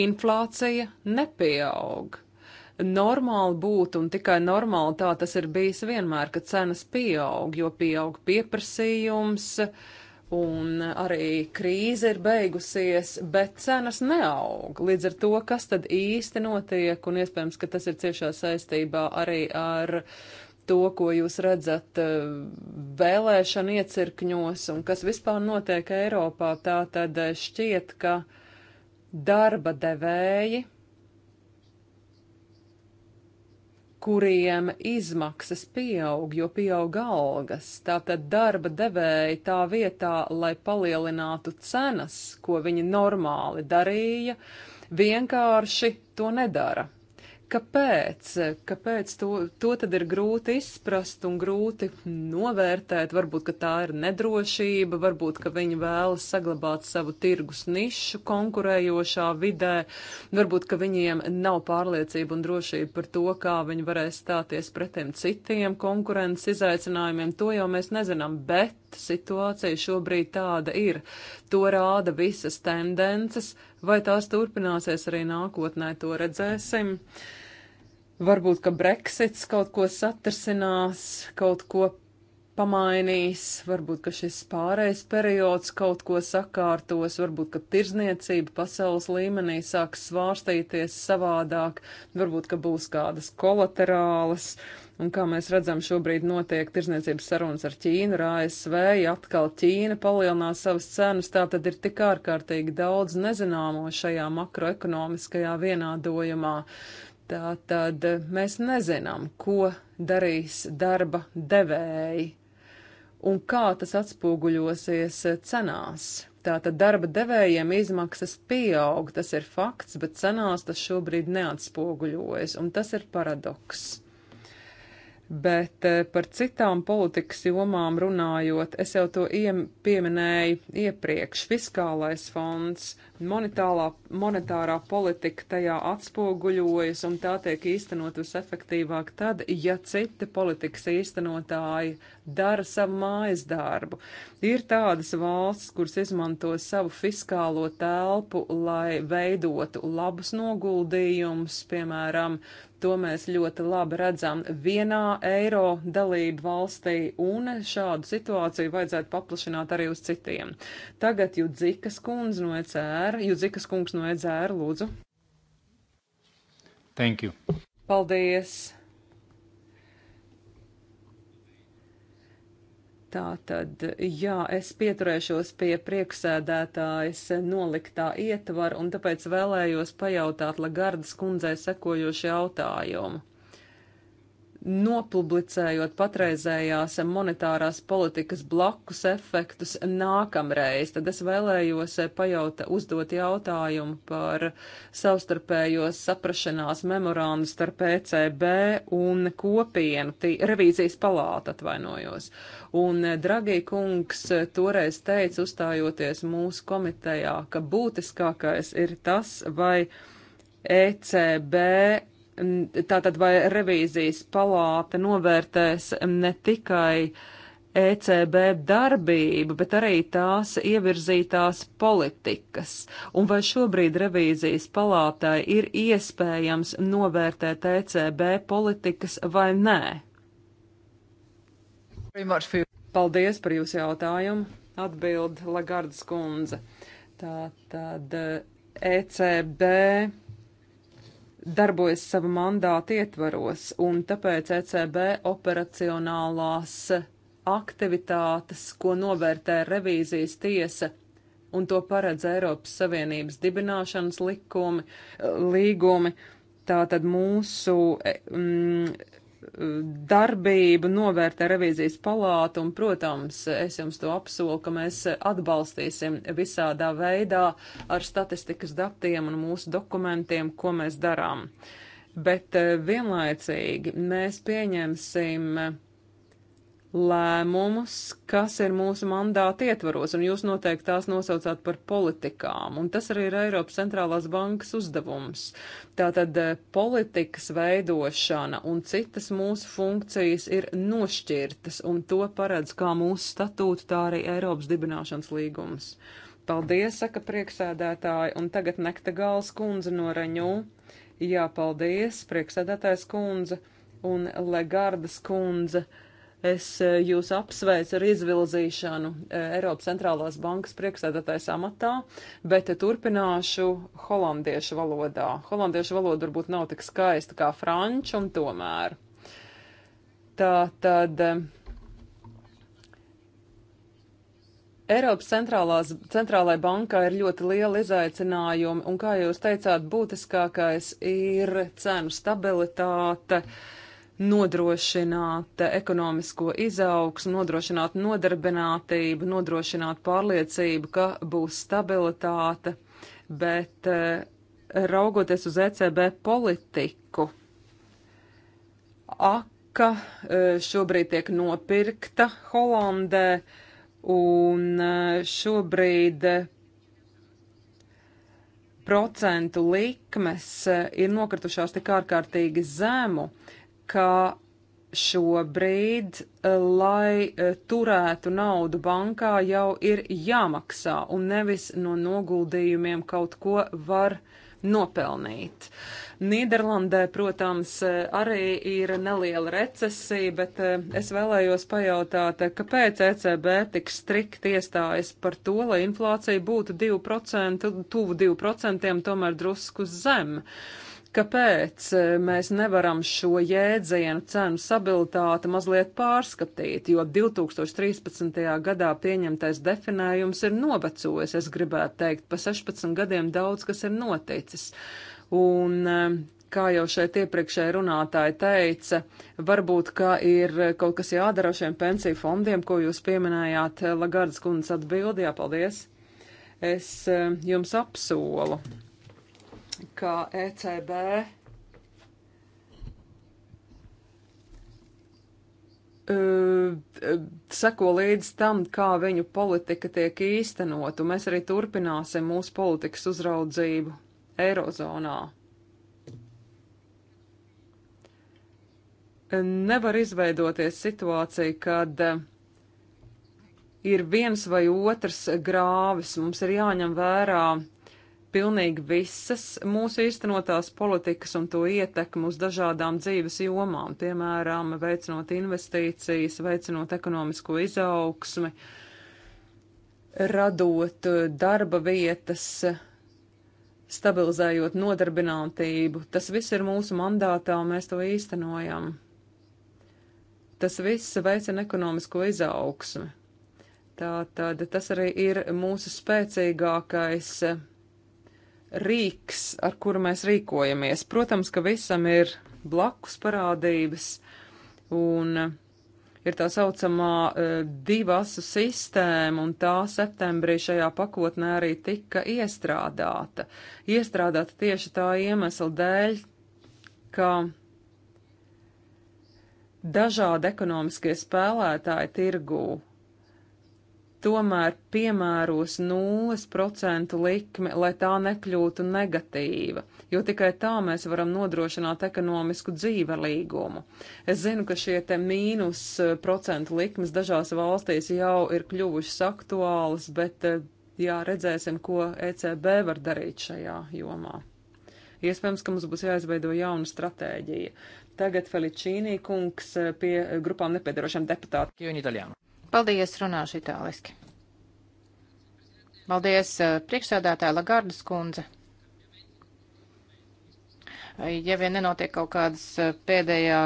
inflācija nepieaug. Normāli būtu, un tikai normāli tā tas ir bijis vienmēr, ka cenas pieaug, jo pieaug pieprasījums, un arī krīze ir beigusies, bet cenas neaug. Līdz ar to, kas tad īsti notiek, un iespējams, ka tas ir ciešā saistībā arī ar uh, to, ko jūs redzat eh, vēlēšana iecirkņos un kas vispār notiek Eiropā, tā tad eh, šķiet, ka darba devēji, kuriem izmaksas pieaug, jo pieaug algas, tātad darba devēji tā vietā, lai palielinātu cenas, ko viņi normāli darīja, vienkārši to nedara. Kāpēc? Kāpēc to, to tad ir grūti izprast un grūti novērtēt? Varbūt, ka tā ir nedrošība, varbūt, ka viņi vēlas saglabāt savu tirgus nišu konkurējošā vidē, varbūt, ka viņiem nav pārliecība un drošība par to, kā viņi varēs stāties pretiem citiem konkurences izaicinājumiem. To jau mēs nezinām, bet situācija šobrīd tāda ir. To rāda visas tendences Vai tās turpināsies arī nākotnē, to redzēsim. Varbūt, ka Brexits kaut ko satrasinās, kaut ko pamainīs, varbūt, ka šis pārējais periods kaut ko sakārtos, varbūt, ka tirzniecība pasaules līmenī sāks svārstīties savādāk, varbūt, ka būs kādas kolaterālas, un kā mēs redzam, šobrīd notiek tirzniecības sarunas ar Ķīnu, ar ASV, ja atkal Ķīna palielinās savas cenas, tā tad ir tik ārkārtīgi daudz nezināmo šajā makroekonomiskajā vienādojumā. Tā tad mēs nezinām, ko darīs darba devēji un kā tas atspoguļosies cenās. Tātad darba devējiem izmaksas pieaug, tas ir fakts, bet cenās tas šobrīd neatspoguļojas, un tas ir paradoks. Bet eh, par citām politikas jomām runājot, es jau to iem, pieminēju iepriekš. Fiskālais fonds, monetārā, monetārā politika tajā atspoguļojas un tā tiek īstenot visefektīvāk tad, ja citi politikas īstenotāji dara savu mājas darbu. Ir tādas valsts, kuras izmanto savu fiskālo telpu, lai veidotu labus noguldījumus, piemēram, uh, To mēs ļoti labi redzam vienā eiro dalību valstī, un šādu situāciju vajadzētu paplašināt arī uz citiem. Tagad Judzikas kundze no ECR, Judzikas kungs no ECR, lūdzu. Thank you. Paldies! Tātad, jā, es pieturēšos pie prieksēdētājas noliktā ietvara un tāpēc vēlējos pajautāt Lagardas kundzei sekojošu jautājumu nopublicējot patreizējās monetārās politikas blakus efektus nākamreiz, tad es vēlējos eh, pajauta uzdot jautājumu par savstarpējo saprašanās memorandu starp ECB un kopienu, tī, revīzijas palāta atvainojos. Un eh, Dragī kungs eh, toreiz teica, uzstājoties mūsu komitejā, ka būtiskākais ir tas, vai ECB tātad vai revīzijas palāta novērtēs ne tikai ECB darbību, bet arī tās ievirzītās politikas, un vai šobrīd revīzijas palātai ir iespējams novērtēt ECB politikas vai nē? Paldies par jūsu jautājumu, atbild Lagardas kundze. Tā tad ECB darbojas sava mandāta ietvaros, un tāpēc ECB operacionālās aktivitātes, ko novērtē revīzijas tiesa, un to paredz Eiropas Savienības dibināšanas likumi, eh, līgumi, tātad mūsu mm, darbību novērtē revīzijas palāta, un, protams, es jums to apsolu, ka mēs atbalstīsim visādā veidā ar statistikas datiem un mūsu dokumentiem, ko mēs darām. Bet eh, vienlaicīgi mēs pieņemsim lēmumus, kas ir mūsu mandāta ietvaros, un jūs noteikti tās nosaucāt par politikām, un tas arī ir Eiropas centrālās bankas uzdevums. Tātad eh, politikas veidošana un citas mūsu funkcijas ir nošķirtas, un to paredz kā mūsu statūta, tā arī Eiropas dibināšanas līgums. Paldies, saka prieksēdētāji, un tagad nekta gals kundze no Reņū. Jā, paldies, prieksēdētājs kundze un Legardas kundze. Uh, Es eh, jūs apsveicu ar izvilzīšanu eh, Eiropas centrālās bankas priekšsēdētājas amatā, bet turpināšu holandiešu valodā. Holandiešu valoda varbūt nav tik skaista kā franču, un tomēr. Tā tad. Eh, Eiropas centrālās, centrālajai bankai ir ļoti liela izaicinājuma, un, kā jūs teicāt, būtiskākais ir cenu stabilitāte. Uh, nodrošināt ekonomisko izaugsmu, nodrošināt nodarbinātību, nodrošināt pārliecību, ka būs stabilitāte, bet eh, raugoties uz ECB politiku, aka eh, šobrīd tiek nopirkta Holandē un eh, šobrīd procentu likmes ir nokritušās tik ārkārtīgi zemu, ka šobrīd, lai eh, turētu naudu bankā, jau ir jāmaksā un nevis no noguldījumiem kaut ko var nopelnīt. Nīderlandē, protams, arī ir neliela recesija, bet eh, es vēlējos pajautāt, eh, kāpēc ECB tik strikt iestājas par to, lai inflācija būtu 2%, tuvu 2%, tomēr drusku zem. Uh, Kāpēc e, mēs nevaram šo jēdzienu cenu stabilitāti mazliet pārskatīt, jo 2013. gadā pieņemtais definējums ir novecojis, es gribētu teikt, pa 16 gadiem daudz kas ir noticis. Un e, kā jau šeit iepriekšēji runātāji teica, varbūt, ka ir kaut kas jādara ar šiem pensiju fondiem, ko jūs pieminējāt Lagardas kundas atbildījā. Paldies! Es e, jums apsolu, ka ECB seko līdz tam, kā viņu politika tiek īstenot, un mēs arī turpināsim mūsu politikas uzraudzību Eirozonā. Nevar izveidoties situācija, kad ir viens vai otrs grāvis. Mums ir jāņem vērā pilnīgi visas mūsu īstenotās politikas un to ietekmu uz dažādām dzīves jomām, piemēram, veicinot investīcijas, veicinot ekonomisko izaugsmi, radot eh, darba vietas, stabilizējot nodarbinātību. Tas viss ir mūsu mandātā un mēs to īstenojam. Tas viss veicina ekonomisko izaugsmi. Tā tad tas arī ir mūsu spēcīgākais eh, rīks, ar kuru mēs rīkojamies. Protams, ka visam ir blakus parādības un eh, ir tā saucamā eh, divasu sistēma, un tā septembrī šajā pakotnē arī tika iestrādāta. Iestrādāta tieši tā iemesla dēļ, ka dažādi ekonomiskie spēlētāji tirgū tomēr piemēros 0% likme, lai tā nekļūtu negatīva, jo tikai tā mēs varam nodrošināt ekonomisku dzīvelīgumu. Es zinu, ka šie te mīnus eh, procentu likmes dažās valstīs jau ir kļuvušas aktuālas, bet eh, jā, redzēsim, ko ECB var darīt šajā jomā. Iespējams, ka mums būs jāizveido jauna stratēģija. Tagad Feličīnī kungs eh, pie grupām nepiedarošiem deputātiem. Paldies, runāšu itāliski. Paldies, eh, priekšsēdētāja Lagardas kundze ja vien nenotiek kaut kādas eh, pēdējā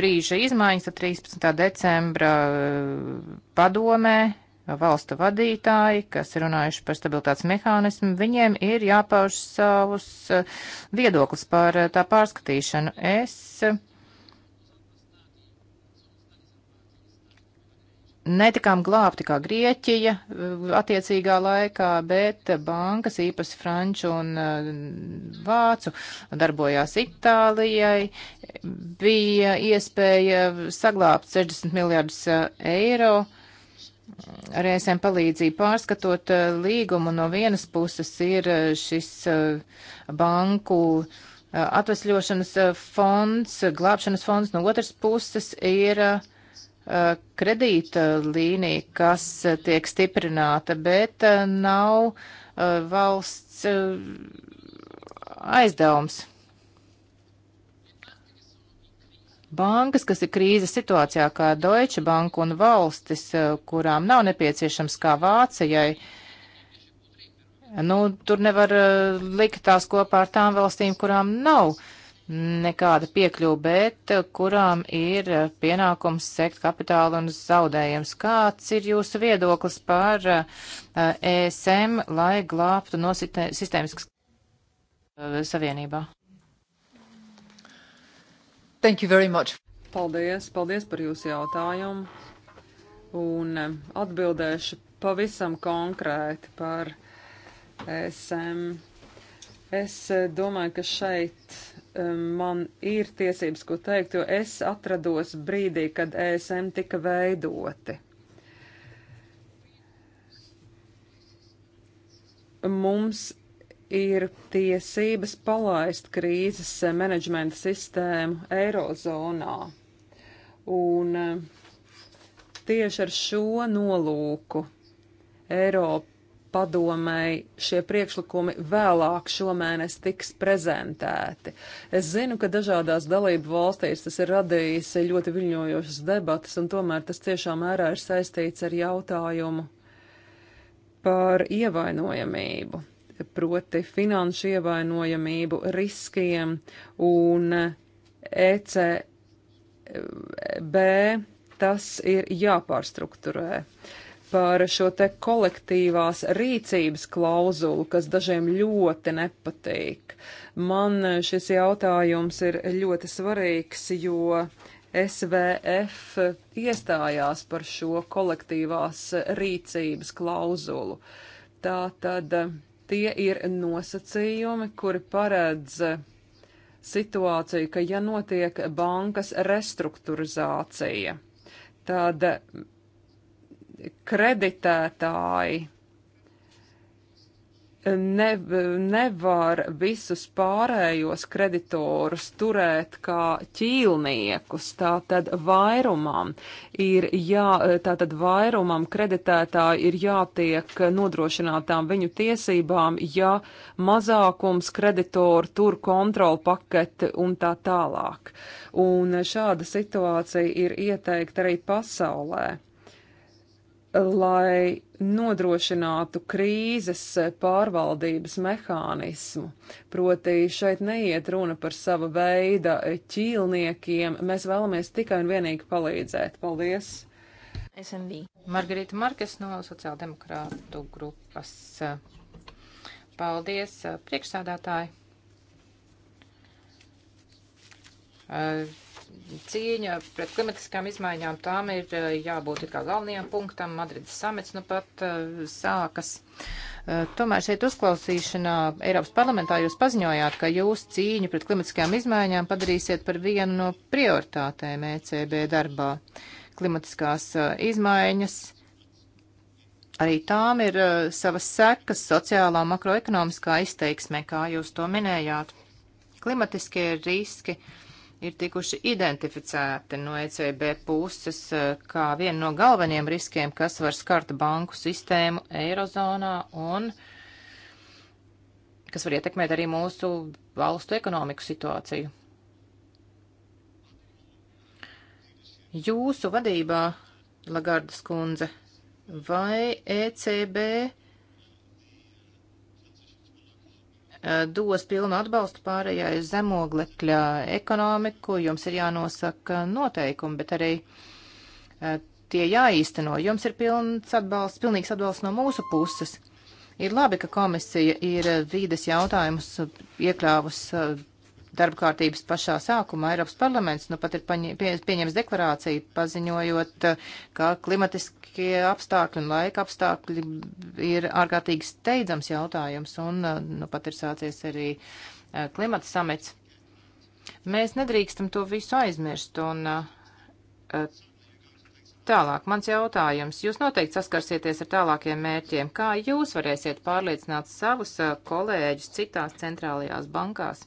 brīža izmaiņas, tad 13. decembra eh, padomē valstu vadītāji, kas runājuši par stabilitātes mehānismu, viņiem ir jāpauž savus viedoklis par tā pārskatīšanu. Es netikām glābti kā Grieķija eh, attiecīgā laikā, bet bankas īpaši Franču un eh, Vācu darbojās Itālijai. Bija iespēja saglābt 60 miljardus eh, eiro. Arī esam palīdzību pārskatot līgumu no vienas puses ir šis banku atvesļošanas fonds, glābšanas fonds, no otras puses ir uh, kredīta līnija, kas tiek stiprināta, bet eh, nav eh, valsts eh, aizdevums. Bankas, kas ir krīzes situācijā, kā Deutsche Bank un valstis, kurām nav nepieciešams kā Vācijai, nu, tur nevar likt tās kopā ar tām valstīm, kurām nav uh, nekāda piekļuva, bet eh, kurām ir eh, pienākums sekt kapitālu un zaudējums. Kāds ir jūsu viedoklis par ESM, eh, e lai glābtu no sistēmiskas savienībā? Thank you very much. Paldies, paldies par jūsu jautājumu. Un atbildēšu pavisam konkrēti par ESM. Es domāju, ka šeit Um, man ir tiesības, ko teikt, jo es atrados brīdī, kad ESM tika veidoti. Mums ir tiesības palaist krīzes menedžmenta sistēmu Eirozonā. Un uh, tieši ar šo nolūku Eiropa padomēji šie priekšlikumi vēlāk šomēnes tiks prezentēti. Es zinu, ka dažādās dalību valstīs tas ir radījis ļoti viļņojošas debatas, un tomēr tas tiešām ērā ir saistīts ar jautājumu par ievainojamību, proti finanšu ievainojamību, riskiem un ECB. Tas ir jāpārstruktūrē. Uh, par šo te kolektīvās rīcības klauzulu, kas dažiem ļoti nepatīk. Man šis jautājums ir ļoti svarīgs, jo SVF iestājās par šo kolektīvās rīcības klauzulu. Tā tad eh, tie ir nosacījumi, kuri paredz eh, situāciju, ka ja notiek bankas restruktūrizācija, tad kreditētāji ne, nevar visus pārējos kreditorus turēt kā ķīlniekus. Tātad vairumam ir jā, tātad vairumam kreditētāji ir jātiek nodrošinātām viņu tiesībām, ja mazākums kreditoru tur kontrolu paketi un tā tālāk. Un šāda situācija ir ieteikta arī pasaulē lai nodrošinātu krīzes pārvaldības mehānismu. Proti, šeit neiet runa par sava veida ķīlniekiem. Mēs vēlamies tikai un vienīgi palīdzēt. Paldies! SMV. Margarita Markes no sociāldemokrātu grupas. Paldies, priekšsādātāji! cīņa pret klimatiskām izmaiņām, tām ir eh, jābūt kā galvenajam punktam. Madrides samets nu pat eh, sākas. Eh, tomēr šeit uzklausīšanā Eiropas parlamentā jūs paziņojāt, ka jūs cīņu pret klimatiskām izmaiņām padarīsiet par vienu no prioritātēm ECB darbā. Klimatiskās izmaiņas arī tām ir savas sekas sociālā makroekonomiskā izteiksmē, kā jūs to minējāt klimatiskie riski ir tikuši identificēti no ECB puses eh, kā viena no galvenajiem riskiem, kas var skart banku sistēmu Eirozonā un kas var ietekmēt arī mūsu valstu ekonomiku situāciju. Jūsu vadībā, Lagardas kundze, vai ECB Eh, dos pilnu atbalstu pārējai uz zemoglekļa ekonomiku, jums ir jānosaka noteikumi, bet arī eh, tie jāīsteno. Jums ir pilns atbalsts, pilnīgs atbalsts no mūsu puses. Ir labi, ka komisija ir eh, vīdes jautājumus iekļāvus darba kārtības pašā sākumā Eiropas parlaments nu pat ir pieņems deklarāciju, paziņojot, ka klimatiskie apstākļi un laika apstākļi ir ārkārtīgi steidzams jautājums, un nu pat ir sācies arī eh, klimata samets. Mēs nedrīkstam to visu aizmirst, un eh, Tālāk, mans jautājums. Jūs noteikti saskarsieties ar tālākiem mērķiem. Kā jūs varēsiet pārliecināt savus eh, kolēģus citās centrālajās bankās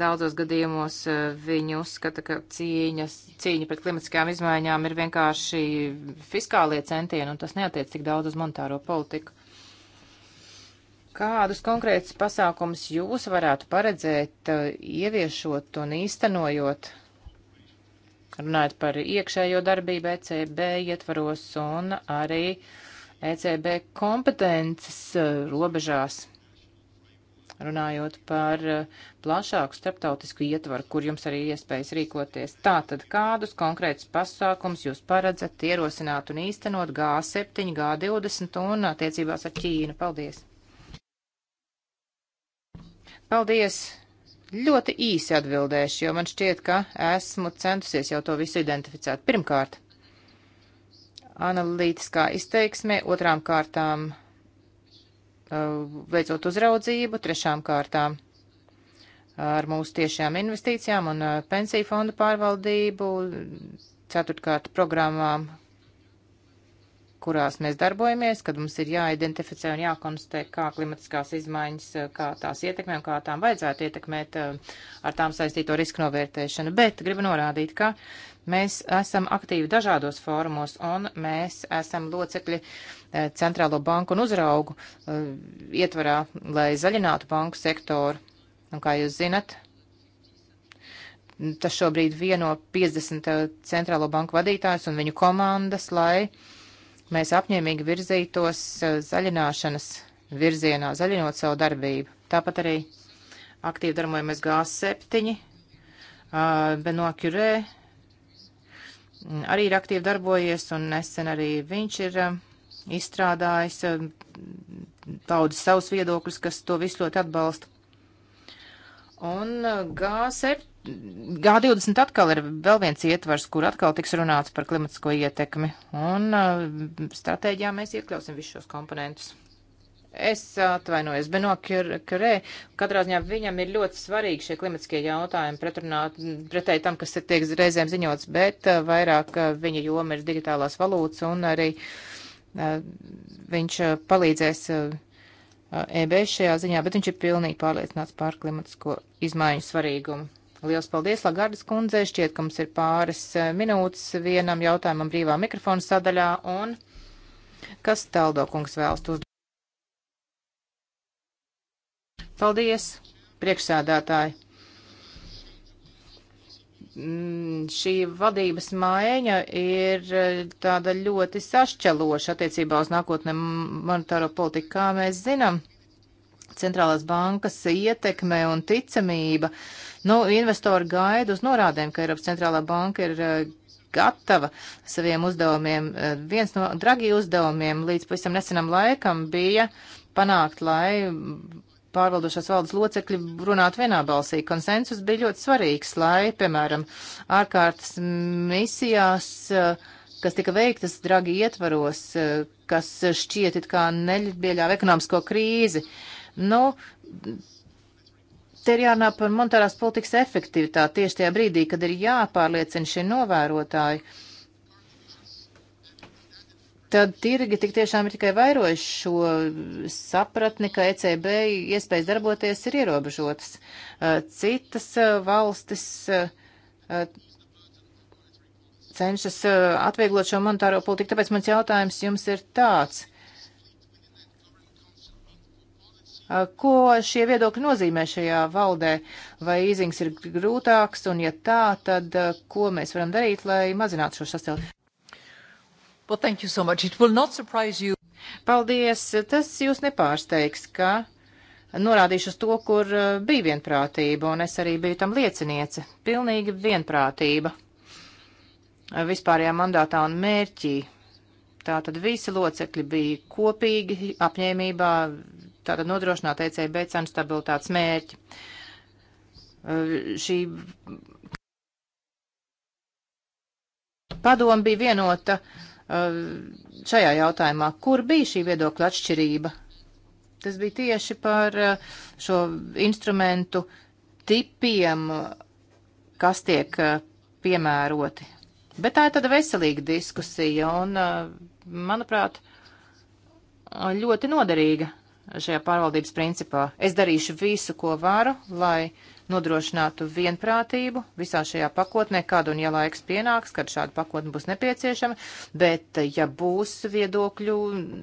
Daudzos gadījumos eh, viņi uzskata, ka cīņas, cīņa pret klimatiskajām izmaiņām ir vienkārši fiskālie centieni, un tas neatiec tik daudz uz monetāro politiku. Kādus konkrētus pasākumus jūs varētu paredzēt, eh, ieviešot un īstenojot, runājot par iekšējo darbību ECB ietvaros un arī ECB kompetences eh, robežās? runājot par eh, plašāku starptautisku ietvaru, kur jums arī ir iespējas rīkoties. Tātad, kādus konkrētus pasākums jūs paredzat ierosināt un īstenot G7, G20 un attiecībās ar Ķīnu? Paldies! Paldies! Ļoti īsi atbildēšu, jo man šķiet, ka esmu centusies jau to visu identificēt. Pirmkārt, analītiskā izteiksme, otrām kārtām Eh, veicot uzraudzību trešām kārtām ar mūsu tiešām investīcijām un eh, pensiju fondu pārvaldību, ceturtkārt programmām, kurās mēs darbojamies, kad mums ir jāidentificē un jākonstatē, kā klimatiskās izmaiņas, eh, kā tās ietekmē un kā tām vajadzētu ietekmēt ar tām saistīto risku novērtēšanu. Bet gribu norādīt, ka uh, Mēs esam aktīvi dažādos fórumos, un mēs esam locekļi e, centrālo banku un uzraugu e, ietvarā, lai zaļinātu banku sektoru. Un kā jūs zinat, tas šobrīd vieno 50 e, centrālo banku vadītājus un viņu komandas, lai mēs apņēmīgi virzītos zaļināšanas virzienā, zaļinot savu darbību. Tāpat arī aktīvi darbojamies G7, Benoit Curé, arī ir aktīvi darbojies, un nesen arī viņš ir um, izstrādājis daudz um, savus viedokļus, kas to visu ļoti atbalsta. Un G7, uh, G20 atkal ir vēl viens ietvars, kur atkal tiks runāts par klimatisko ietekmi, un uh, stratēģijā mēs iekļausim visus šos komponentus. Es atvainojos, Beno Kerē, katrā ziņā viņam ir ļoti svarīgi šie klimatiskie jautājumi pretrunāt, pretēji tam, kas tiek reizēm ziņots, bet uh, vairāk uh, viņa joma ir digitālās valūtas un arī uh, viņš palīdzēs EB šajā ziņā, bet viņš ir pilnīgi pārliecināts par klimatisko izmaiņu svarīgumu. Liels paldies, Lagardas kundze, šķiet, ka mums ir pāris minūtes vienam jautājumam brīvā mikrofona sadaļā un kas Taldo kungs vēlas uzdot? Paldies, priekšsēdētāji! Mm, šī vadības maiņa ir eh, tāda ļoti sašķeloša attiecībā uz nākotnē monetāro politiku, kā mēs zinām. Centrālās bankas ietekme un ticamība. Nu, investori gaida uz norādēm, ka Eiropas centrālā banka ir eh, gatava saviem uzdevumiem. Eh, viens no dragi uzdevumiem līdz pavisam nesenam laikam bija panākt, lai pārvaldošās valdes locekļi runātu vienā balsī. Konsensus bija ļoti svarīgs, lai, piemēram, ārkārtas misijās, eh, kas tika veiktas dragi ietvaros, eh, kas šķiet it kā neļļļāva ekonomisko krīzi. Nu, Te ir jārunā par monetārās politikas efektivitāti tieši tajā brīdī, kad ir jāpārliecina šie novērotāji. Uh, tad tirgi tik tiešām ir tikai vairojuši šo sapratni, ka ECB iespējas darboties ir ierobežotas. Uh, citas uh, valstis uh, cenšas atvieglot šo monetāro politiku, tāpēc mans jautājums jums ir tāds. Ko šie viedokļi nozīmē šajā valdē? Vai īzings ir grūtāks, un ja tā, tad ko mēs varam darīt, lai mazinātu šo sastāvdu? Well, thank you so much. It will not surprise you. Paldies. Tas jūs nepārsteigs, ka norādīšu uz to, kur uh, bija vienprātība, un es arī biju tam lieciniece. Pilnīgi vienprātība uh, vispārējā mandātā un mērķī. Tātad visi locekļi bija kopīgi apņēmībā, tātad nodrošināt ECB cenu stabilitātes mērķi. Uh, šī padoma bija vienota uh, Uh, šajā jautājumā. Kur bija šī viedokļa atšķirība? Tas bija tieši par uh, šo instrumentu tipiem, uh, kas tiek piemēroti. Bet tā ir tāda veselīga diskusija un, manuprāt, ļoti noderīga šajā pārvaldības principā. Es darīšu visu, ko varu, lai uh, nodrošinātu vienprātību visā šajā pakotnē, kādu un ja laiks pienāks, kad šāda pakotne būs nepieciešama, bet eh, ja būs viedokļu,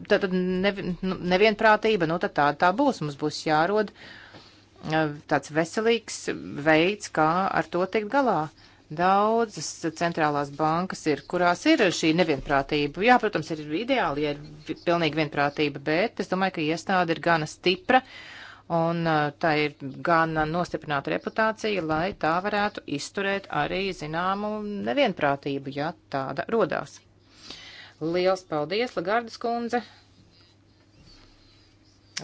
tad nevi, nu, nevienprātība, nu tad tā, tā būs, mums būs jārod eh, tāds veselīgs veids, kā ar to tikt galā daudzas centrālās bankas ir, kurās ir šī nevienprātība. Jā, protams, ir ideāli, ja ir pilnīga vienprātība, bet es domāju, ka iestāde ir gana stipra. Uh, Un uh, tā ir gan nostiprināta reputācija, lai tā varētu izturēt arī zināmu nevienprātību, ja tāda rodās. Liels paldies, Lagardas kundze!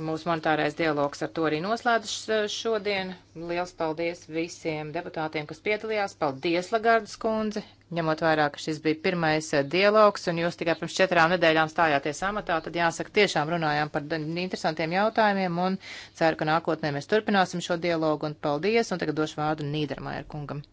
Mūsu monetārais dialogs ar to arī noslēdzas eh, šodien. Liels paldies visiem deputātiem, kas piedalījās. Paldies, Lagardas kundze, ņemot vairāk, ka šis bija pirmais eh, dialogs, un jūs tikai pirms četrām nedēļām stājāties amatā, tad jāsaka, tiešām runājām par interesantiem jautājumiem, un ceru, ka nākotnē mēs turpināsim šo dialogu, un paldies, un tagad došu vārdu Nīdermājer kungam.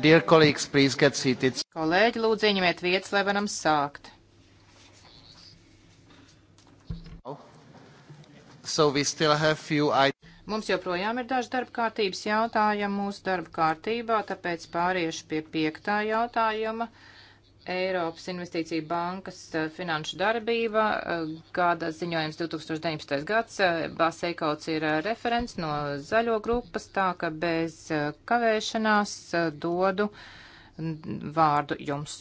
Dear colleagues, please get seated. Kolēģi, lūdzu, ieņemiet vietas, lai varam sākt. So we still have few Mums joprojām ir daži darba kārtības jautājumi mūsu darba kārtībā, tāpēc pāriešu pie piektā jautājuma. Uh, Eiropas Investīcija bankas eh, finanšu darbība, eh, gada ziņojums 2019. gads. Eh, Bāseikauts ir referents no zaļo grupas, tā ka bez kavēšanās dodu vārdu jums.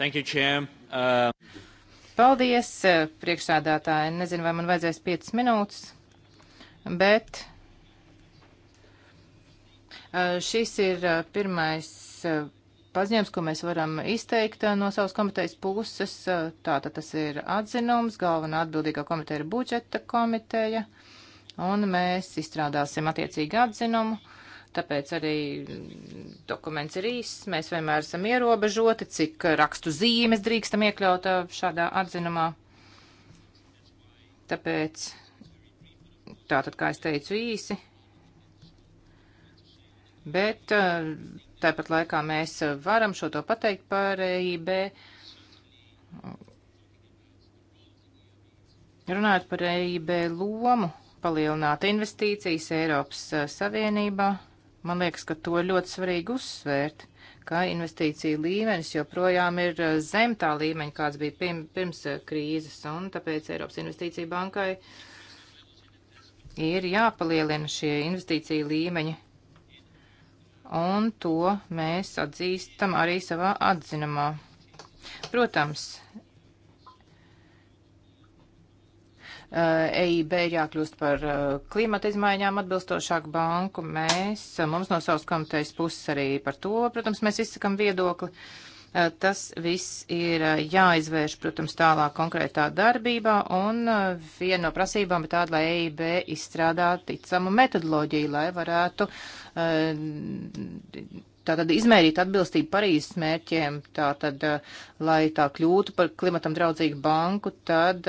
Thank you, Chair. Uh... Paldies, priekšsādātāji. Nezinu, vai man vajadzēs 5 minūtes, bet šis ir pirmais paziņojums, ko mēs varam izteikt eh, no savas komitejas puses. Eh, tātad tas ir atzinums, galvenā atbildīgā komiteja ir budžeta komiteja, un mēs izstrādāsim attiecīgi atzinumu. Tāpēc arī dokuments ir īsts. Mēs vienmēr esam ierobežoti, cik rakstu zīmes drīkstam iekļaut eh, šādā atzinumā. Tāpēc, tātad, kā es teicu, īsi. Bet uh, Tāpat laikā mēs varam šo to pateikt par EIB. Runājot par EIB lomu, palielināt investīcijas Eiropas Savienībā, man liekas, ka to ļoti svarīgi uzsvērt ka investīcija līmenis joprojām ir zem tā līmeņa, kāds bija pirms, pirms krīzes, un tāpēc Eiropas investīcija bankai ir jāpalielina šie investīcija līmeņi un to mēs atzīstam arī savā atzinumā. Protams, EIB eh, e ir jākļūst par eh, klimata izmaiņām atbilstošāku banku. Mēs, eh, mums no savas komitejas puses arī par to, protams, mēs izsakam viedokli. Uh, Eh, tas viss ir eh, jāizvērš, protams, tālāk konkrētā darbībā, un eh, viena no prasībām ir tāda, lai EIB izstrādā ticamu metodoloģiju, lai varētu tātad izmērīt atbilstību Parīzes mērķiem, tātad, lai tā kļūtu par klimatam draudzīgu banku, tad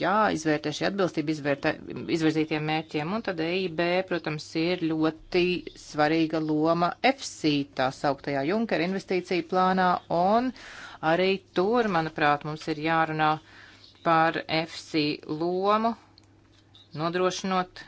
jāizvērtē šī atbilstība izvērtē, izvirzītiem mērķiem, un tad EIB, protams, ir ļoti svarīga loma FC, tā sauktajā Junkera investīcija plānā, un arī tur, manuprāt, mums ir jārunā par FC lomu, nodrošinot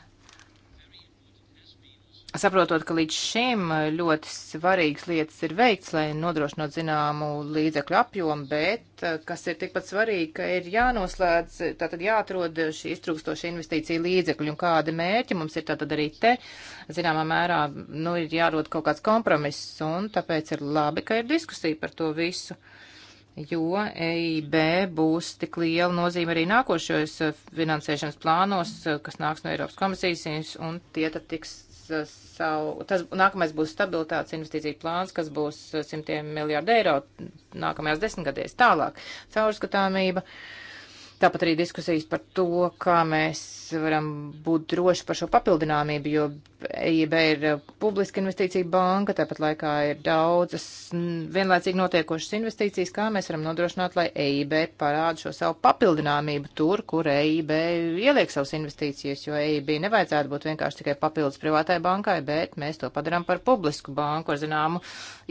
Saprotot, ka līdz šim ļoti svarīgas lietas ir veikts, lai nodrošinātu zināmu līdzekļu apjomu, bet eh, kas ir tikpat svarīgi, ka ir jānoslēdz, tātad jāatrod šī iztrūkstoša investīcija līdzekļi un kādi mērķi mums ir tātad arī te, zināmā mērā, nu, ir jārod kaut kāds kompromiss un tāpēc ir labi, ka ir diskusija par to visu jo EIB būs tik liela nozīme arī nākošajos eh, finansēšanas plānos, eh, kas nāks no Eiropas komisijas, un tie tad tiks Uh, savu, tas nākamais būs stabilitātes investīcija plāns, kas būs uh, simtiem miljārdu eiro nākamajās desmitgadēs. Tālāk, caurskatāmība. Uh, Tāpat arī diskusijas par to, kā mēs varam būt droši par šo papildināmību, jo EIB ir publiska investīcija banka, tāpat laikā ir daudzas vienlaicīgi notiekošas investīcijas, kā mēs varam nodrošināt, lai EIB parāda šo savu papildināmību tur, kur EIB ieliek savas investīcijas, jo EIB nevajadzētu būt vienkārši tikai papildus privātai bankai, bet mēs to padarām par publisku banku ar zināmu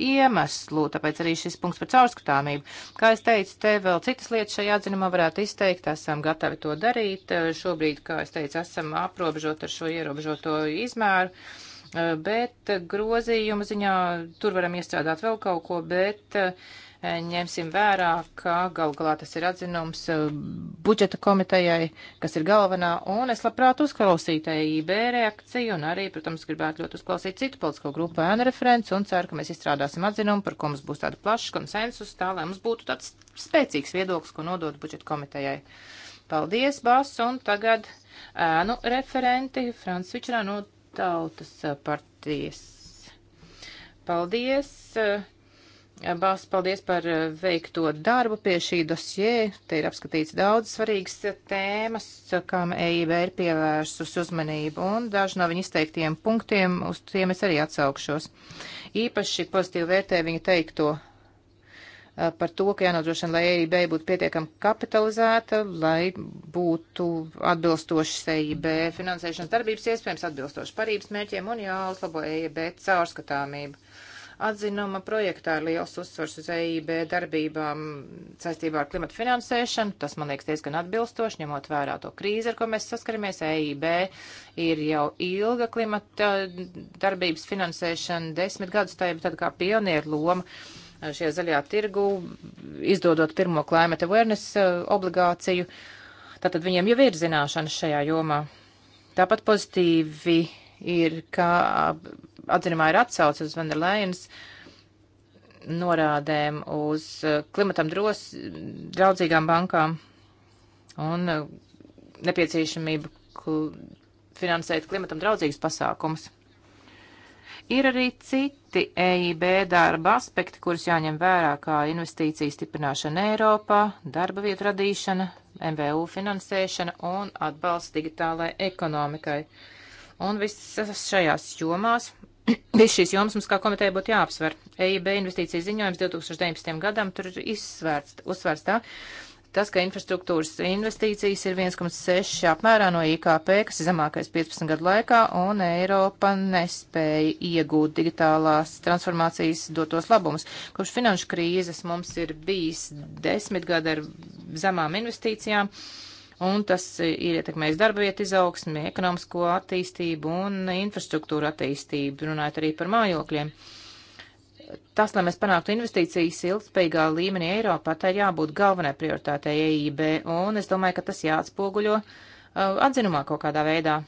iemeslu, tāpēc arī šis punkts par caurskatāmību. Kā es teicu, te vēl citas lietas šajā atzinumā varētu izteikt teikt, esam gatavi to darīt. Eh, šobrīd, kā es teicu, esam aprobežot ar šo ierobežoto izmēru, eh, bet grozījuma ziņā tur varam iestrādāt vēl kaut ko, bet uh, ņemsim vērā, ka gal galā tas ir atzinums eh, budžeta komitejai, kas ir galvenā, un es labprāt uzklausītu EIB reakciju, un arī, protams, gribētu ļoti uzklausīt citu politisko grupu ēnu referents, un ceru, ka mēs izstrādāsim atzinumu, par ko mums būs tāda plaša konsensus, tā lai mums būtu tāds spēcīgs viedoklis, ko nodot budžeta komitejai. Paldies, Bas, un tagad ēnu referenti Frans Vičrā no Tautas partijas. Paldies! Uh, Balsts paldies par eh, veikto darbu pie šī dosie. Te ir apskatīts daudz svarīgas tēmas, kam EIB ir pievērsus uzmanību, un daži no viņa izteiktiem punktiem, uz tiem es arī atsaukšos. Īpaši pozitīvi vērtē viņa teikto eh, par to, ka jānodrošina, lai EIB būtu pietiekami kapitalizēta, lai būtu atbilstošas EIB finansēšanas darbības iespējams, atbilstoši parības mērķiem un jāuzlabo EIB caurskatāmību. Atzinuma projektā ir liels uzsvars uz EIB darbībām saistībā ar klimatu finansēšanu. Tas, man liekas, diezgan atbilstoši, ņemot vērā to krīzi, ar ko mēs saskaramies. EIB ir jau ilga klimata darbības finansēšana, desmit gadus tā jau tad kā pionieru loma šajā zaļajā tirgu, izdodot pirmo climate awareness e, obligāciju. Tātad viņiem jau ir zināšanas šajā jomā. Tāpat pozitīvi ir, ka atzinumā ir atsauce uz Vanderlainas norādēm uz eh, klimatam dros, draudzīgām bankām un eh, nepieciešamību kl finansēt klimatam draudzīgus pasākumus. Ir arī citi EIB darba aspekti, kurus jāņem vērā, kā investīcija stiprināšana Eiropā, darba vietu radīšana, MVU finansēšana un atbalsts digitālai ekonomikai. Uh, Un visas šajās jomās, visas šīs jomas mums kā komiteja būtu jāapsver. EIB investīcija ziņojums 2019. gadam tur ir izsvērts, uzsvērts tā, tas, ka infrastruktūras investīcijas ir 1,6 apmērā no IKP, kas ir zemākais 15 gadu laikā, un Eiropa nespēja iegūt digitālās transformācijas dotos labumus. Kopš finanšu krīzes mums ir bijis desmit gadi ar zemām investīcijām. Uh, un tas ir ietekmējis darba vietu izaugsmi, ekonomisko attīstību un infrastruktūru attīstību, runājot arī par mājokļiem. Tas, lai mēs panāktu investīcijas ilgspējīgā līmenī Eiropā, tā ir jābūt galvenai prioritātei EIB, un es domāju, ka tas jāatspoguļo uh, atzinumā kaut kādā veidā.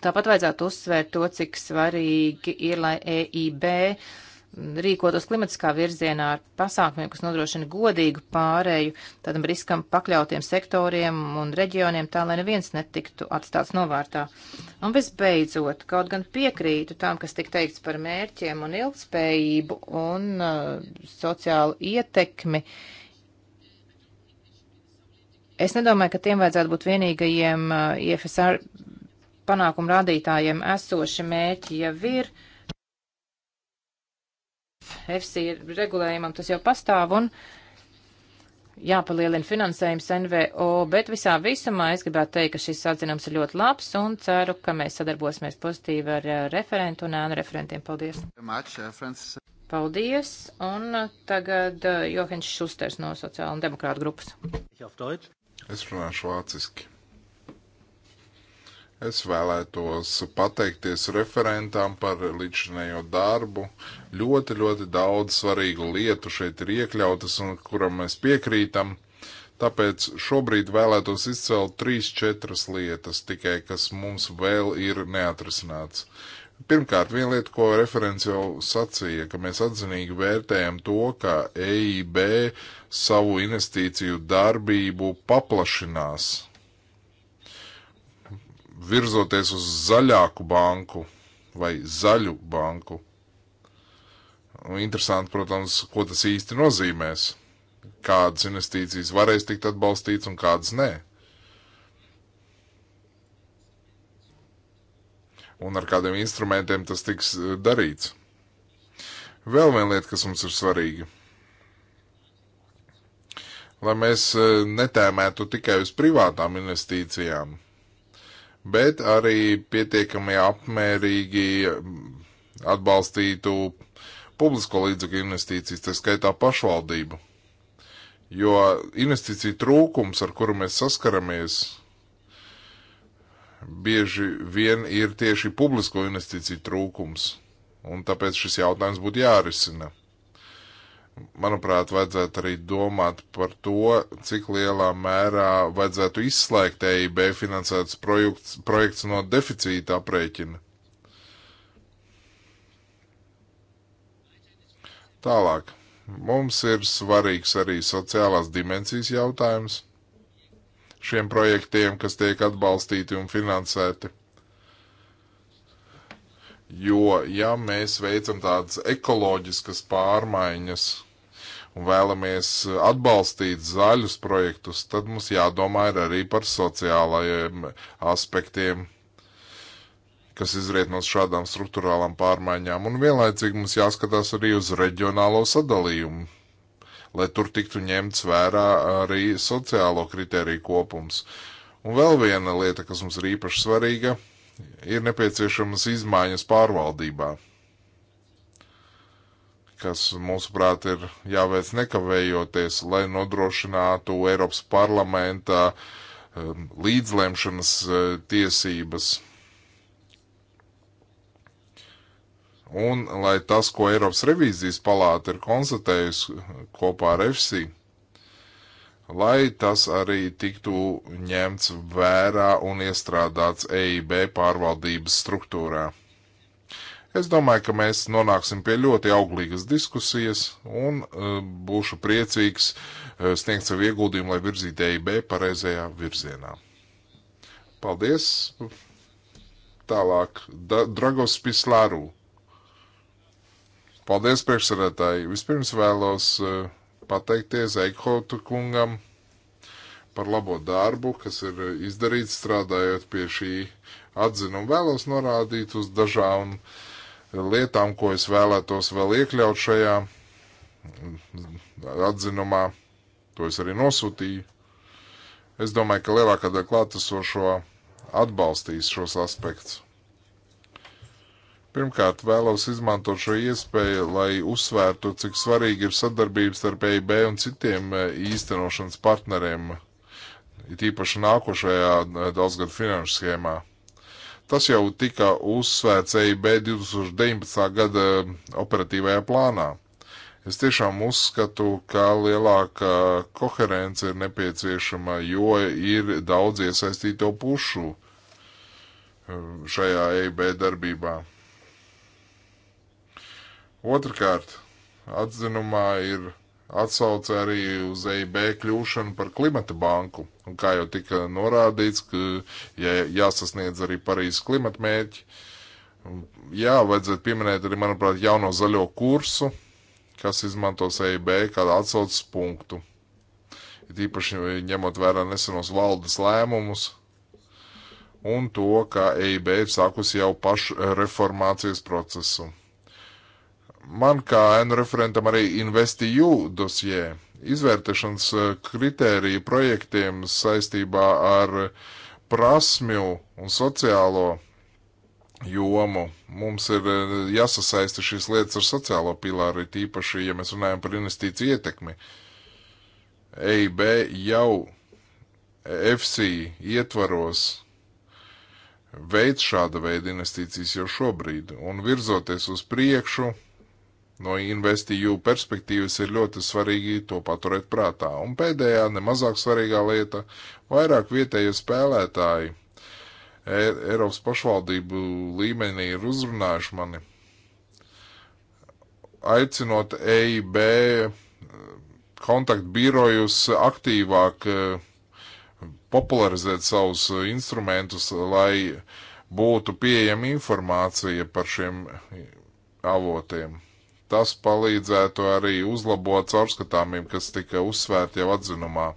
Tāpat vajadzētu uzsvērt to, cik svarīgi ir, lai EIB uh, rīkotos klimatiskā virzienā ar pasākumiem, kas nodrošina godīgu pārēju tādam riskam pakļautiem sektoriem un reģioniem, tā lai neviens netiktu atstāts novārtā. Un visbeidzot, kaut gan piekrītu tam, kas tik teikts par mērķiem un ilgspējību un uh, sociālu ietekmi, es nedomāju, ka tiem vajadzētu būt vienīgajiem uh, IFSR panākumu rādītājiem esoši mērķi, ja ir. Uh, FC regulējumam tas jau pastāv un jāpalielina finansējums NVO, bet visā visumā es gribētu teikt, ka šis atzinums ir ļoti labs un ceru, ka mēs sadarbosimies pozitīvi ar referentu un ēnu referentiem. Paldies! Paldies! Un tagad eh, Johans Šusters no Sociāla un Demokrāta grupas. Es runāšu vāciski. Es vēlētos pateikties referentām par līdzinējo darbu. Ļoti, ļoti daudz svarīgu lietu šeit ir iekļautas un kuram mēs piekrītam. Tāpēc šobrīd vēlētos izcelt trīs, četras lietas tikai, kas mums vēl ir neatrisināts. Pirmkārt, viena lieta, ko referents jau sacīja, ka mēs atzinīgi vērtējam to, ka EIB savu investīciju darbību paplašinās virzoties uz zaļāku banku vai zaļu banku. Nu, interesanti, protams, ko tas īsti nozīmēs. Kādas investīcijas varēs tikt atbalstīts un kādas nē. Un ar kādiem instrumentiem tas tiks eh, darīts. Vēl viena lieta, kas mums ir svarīga. Lai mēs eh, netēmētu tikai uz privātām investīcijām bet arī pietiekami apmērīgi mm, atbalstītu publisko līdzekļu investīcijas, tā skaitā pašvaldību. Jo investīcija trūkums, ar kuru mēs saskaramies, bieži vien ir tieši publisko investīciju trūkums, un tāpēc šis jautājums būtu jārisina manuprāt, vajadzētu arī domāt par to, cik lielā mērā vajadzētu izslēgt EIB finansētas projekts, projekts no deficīta aprēķina. Tālāk. Mums ir svarīgs arī sociālās dimensijas jautājums šiem projektiem, kas tiek atbalstīti un finansēti. Jo, ja mēs veicam tādas ekoloģiskas pārmaiņas un vēlamies atbalstīt zaļus projektus, tad mums jādomā ir arī par sociālajiem aspektiem, kas izriet no šādām struktūrālām pārmaiņām. Un vienlaicīgi mums jāskatās arī uz reģionālo sadalījumu, lai tur tiktu ņemts vērā arī sociālo kritēriju kopums. Un vēl viena lieta, kas mums ir īpaši svarīga, ir ir nepieciešamas izmaiņas pārvaldībā, kas, mūsuprāt, ir jāveic nekavējoties, lai nodrošinātu Eiropas parlamenta um, līdzlemšanas uh, tiesības. Un lai tas, ko Eiropas revīzijas palāta ir konstatējusi kopā ar FSI, lai tas arī tiktu ņemts vērā un iestrādāts EIB pārvaldības struktūrā. Es domāju, ka mēs nonāksim pie ļoti auglīgas diskusijas un uh, būšu priecīgs uh, sniegt savu ieguldījumu, lai virzītu EIB pareizajā virzienā. Paldies! Tālāk, da Dragos Pislāru. Paldies priekšsarētāji! Vispirms vēlos uh, pateikties Eikhauta kungam par labo darbu, kas ir izdarīts strādājot pie šī atzinuma. Vēlos norādīt uz dažām lietām, ko es vēlētos vēl iekļaut šajā atzinumā. To es arī nosūtīju. Es domāju, ka lielākā daļa klātesošo atbalstīs šos aspektus. Pirmkārt, vēlos izmantot šo iespēju, lai uzsvērtu, cik svarīgi ir sadarbības starp EIB un citiem e, īstenošanas partneriem, it īpaši nākošajā e, daudzgadu finanšu schēmā. Tas jau tika uzsvērts EIB 2019. gada e, operatīvajā plānā. Es tiešām uzskatu, ka lielāka koherence ir nepieciešama, jo ir daudz iesaistīto pušu šajā EIB darbībā Otrakārt, atzinumā ir atsauce arī uz EIB kļūšanu par klimata banku. Un kā jau tika norādīts, ka ja jāsasniedz arī Parīzes klimata mērķi. Jā, vajadzētu pieminēt arī, manuprāt, jauno zaļo kursu, kas izmantos EIB kā atsauces punktu. It īpaši ņemot vērā nesenos valdes lēmumus un to, ka EIB ir sākusi jau pašu eh, reformācijas procesu man kā ēnu referentam arī InvestEU dosjē izvērtēšanas eh, kritēriju projektiem saistībā ar prasmju un sociālo jomu. Mums ir eh, jāsasaista šīs lietas ar sociālo pilāru, tīpaši, ja mēs runājam par investīciju ietekmi. EIB jau FC ietvaros veids šāda veida investīcijas jau šobrīd, un virzoties uz priekšu, No investīju perspektīvas ir ļoti svarīgi to paturēt prātā. Un pēdējā, nemazāk svarīgā lieta - vairāk vietējie spēlētāji. Ei Eiropas pašvaldību līmenī ir uzrunājuši mani, aicinot EIB e, kontaktbirojus aktīvāk e, popularizēt savus instrumentus, lai būtu pieejama informācija par šiem avotiem. Tas palīdzētu arī uzlabot caurskatāmību, kas tika uzsvērta jau atzinumā.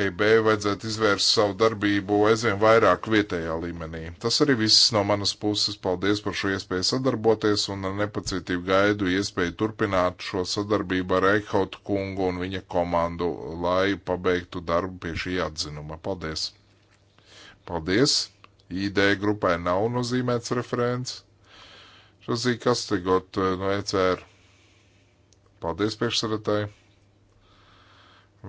EIB vajadzētu izvērst savu darbību aizvien vairāk vietējā līmenī. Tas arī viss no manas puses. Paldies par šo iespēju sadarboties un ar nepacietību gaidu iespēju turpināt šo sadarbību ar Eikhotu kungu un viņa komandu, lai pabeigtu darbu pie šī atzinuma. Paldies! Paldies! ID grupai nav nozīmēts referents. Rozī Kastigot eh, no ECR. Paldies priekšsaratai.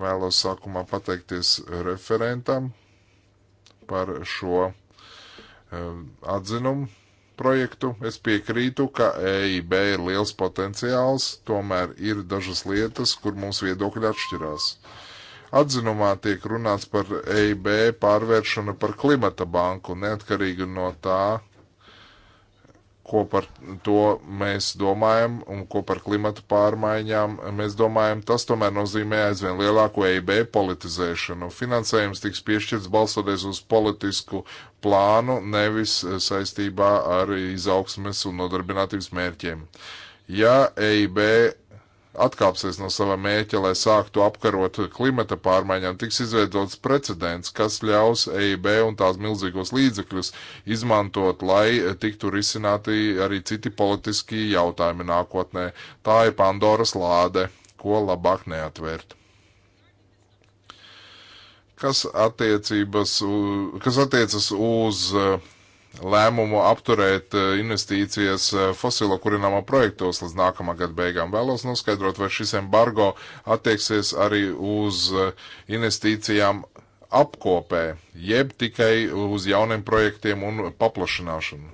Vēlos sākumā pateikties referentam par šo eh, atzinumu projektu. Es piekrītu, ka EIB ir liels potenciāls, tomēr ir dažas lietas, kur mums viedokļi atšķirās. Atzinumā tiek runāts par EIB pārvēršanu par klimata banku, neatkarīgi no tā, ko par to mēs domājam un ko par klimatu pārmaiņām mēs domājam, tas tomēr nozīmē aizvien lielāko EIB politizēšanu. Finansējums tiks piešķirts balsoties uz politisku plānu, nevis saistībā ar izaugsmes un nodarbinātības mērķiem. Ja EIB atkāpsies no sava mēķa, lai sāktu apkarot klimata pārmaiņām, tiks izveidots precedents, kas ļaus EIB un tās milzīgos līdzekļus izmantot, lai tiktu risināti arī citi politiski jautājumi nākotnē. Tā ir Pandoras lāde, ko labāk neatvērt kas, attiecības, kas attiecas uz lēmumu apturēt eh, investīcijas eh, fosilo kurināmā projektos līdz nākamā gada beigām. Vēlos noskaidrot, vai šis embargo attieksies arī uz eh, investīcijām apkopē, jeb tikai uz jauniem projektiem un paplašināšanu.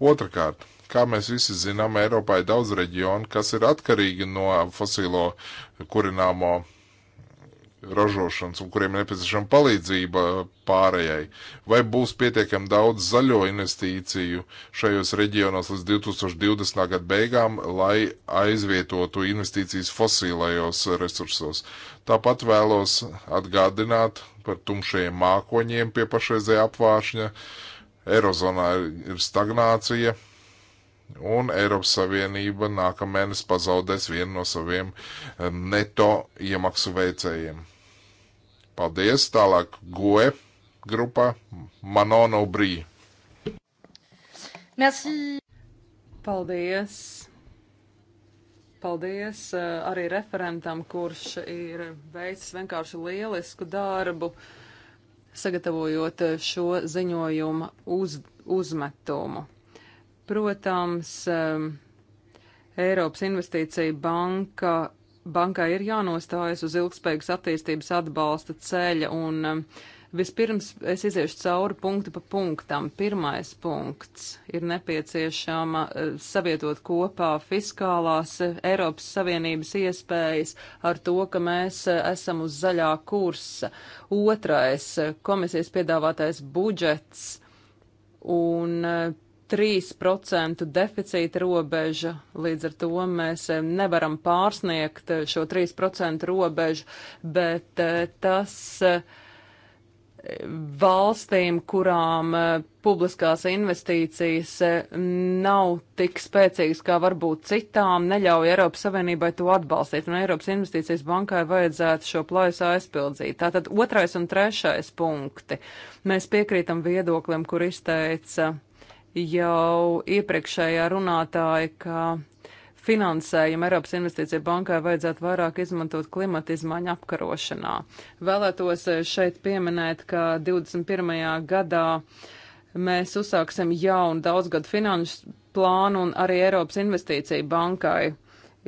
Otrakārt, kā mēs visi zinām, Eiropā ir daudz reģionu, kas ir atkarīgi no fosilo kurināmo ražošanas un kuriem nepieciešama palīdzība pārējai? Vai būs pietiekami daudz zaļo investīciju šajos reģionos līdz 2020. gada beigām, lai aizvietotu investīcijas fosīlajos resursos? Tāpat vēlos atgādināt par tumšajiem mākoņiem pie pašreizējā apvāršņa. Eirozonā ir stagnācija, un Eiropas Savienība nākamēnes pazaudēs vienu no saviem neto iemaksu veicējiem. Paldies. Tālāk GOE grupā Manono Brī. Merci. Paldies. Paldies eh, arī referentam, kurš ir veicis vienkārši lielisku darbu, sagatavojot eh, šo ziņojumu uz, uzmetumu. Protams, eh, Eiropas Investīcija banka bankai ir jānostājas uz ilgspējīgas attīstības atbalsta ceļa un uh, Vispirms es iziešu cauri punktu pa punktam. Pirmais punkts ir nepieciešama uh, savietot kopā fiskālās uh, Eiropas Savienības iespējas ar to, ka mēs uh, esam uz zaļā kursa. Otrais - komisijas piedāvātais budžets. Un 3% deficīta robeža, līdz ar to mēs eh, nevaram pārsniegt eh, šo 3% robežu, bet eh, tas valstīm, kurām publiskās investīcijas nav tik spēcīgas kā varbūt citām, neļauj Eiropas Savienībai to atbalstīt, un Eiropas Investīcijas bankai vajadzētu šo plaisu aizpildzīt. Tātad otrais un trešais punkti. Mēs piekrītam viedoklim, kur izteica jau iepriekšējā runātāja, ka finansējumu Eiropas Investīcija bankai vajadzētu vairāk izmantot klimata izmaiņu apkarošanā. Vēlētos šeit pieminēt, ka 21. gadā mēs uzsāksim jaunu daudzgadu finanšu plānu un arī Eiropas Investīcija bankai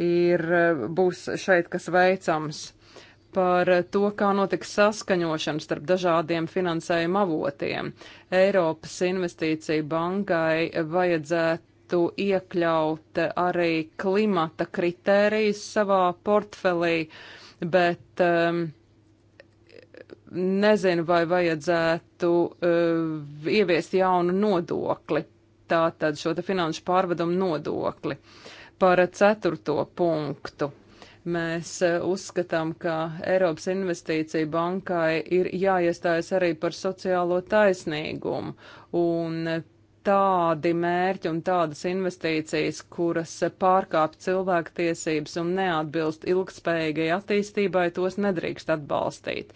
ir, būs šeit kas veicams par to, kā notiks saskaņošana starp dažādiem finansējuma avotiem. Eiropas investīcija bankai vajadzētu iekļaut arī klimata kritērijas savā portfelī, bet um, nezinu, vai vajadzētu uh, ieviest jaunu nodokli, tātad šo te finanšu pārvedumu nodokli par ceturto punktu Mēs eh, uzskatām, ka Eiropas investīcija bankai ir jāiestājas arī par sociālo taisnīgumu un tādi mērķi un tādas investīcijas, kuras pārkāp cilvēktiesības un neatbilst ilgspējīgai attīstībai, tos nedrīkst atbalstīt.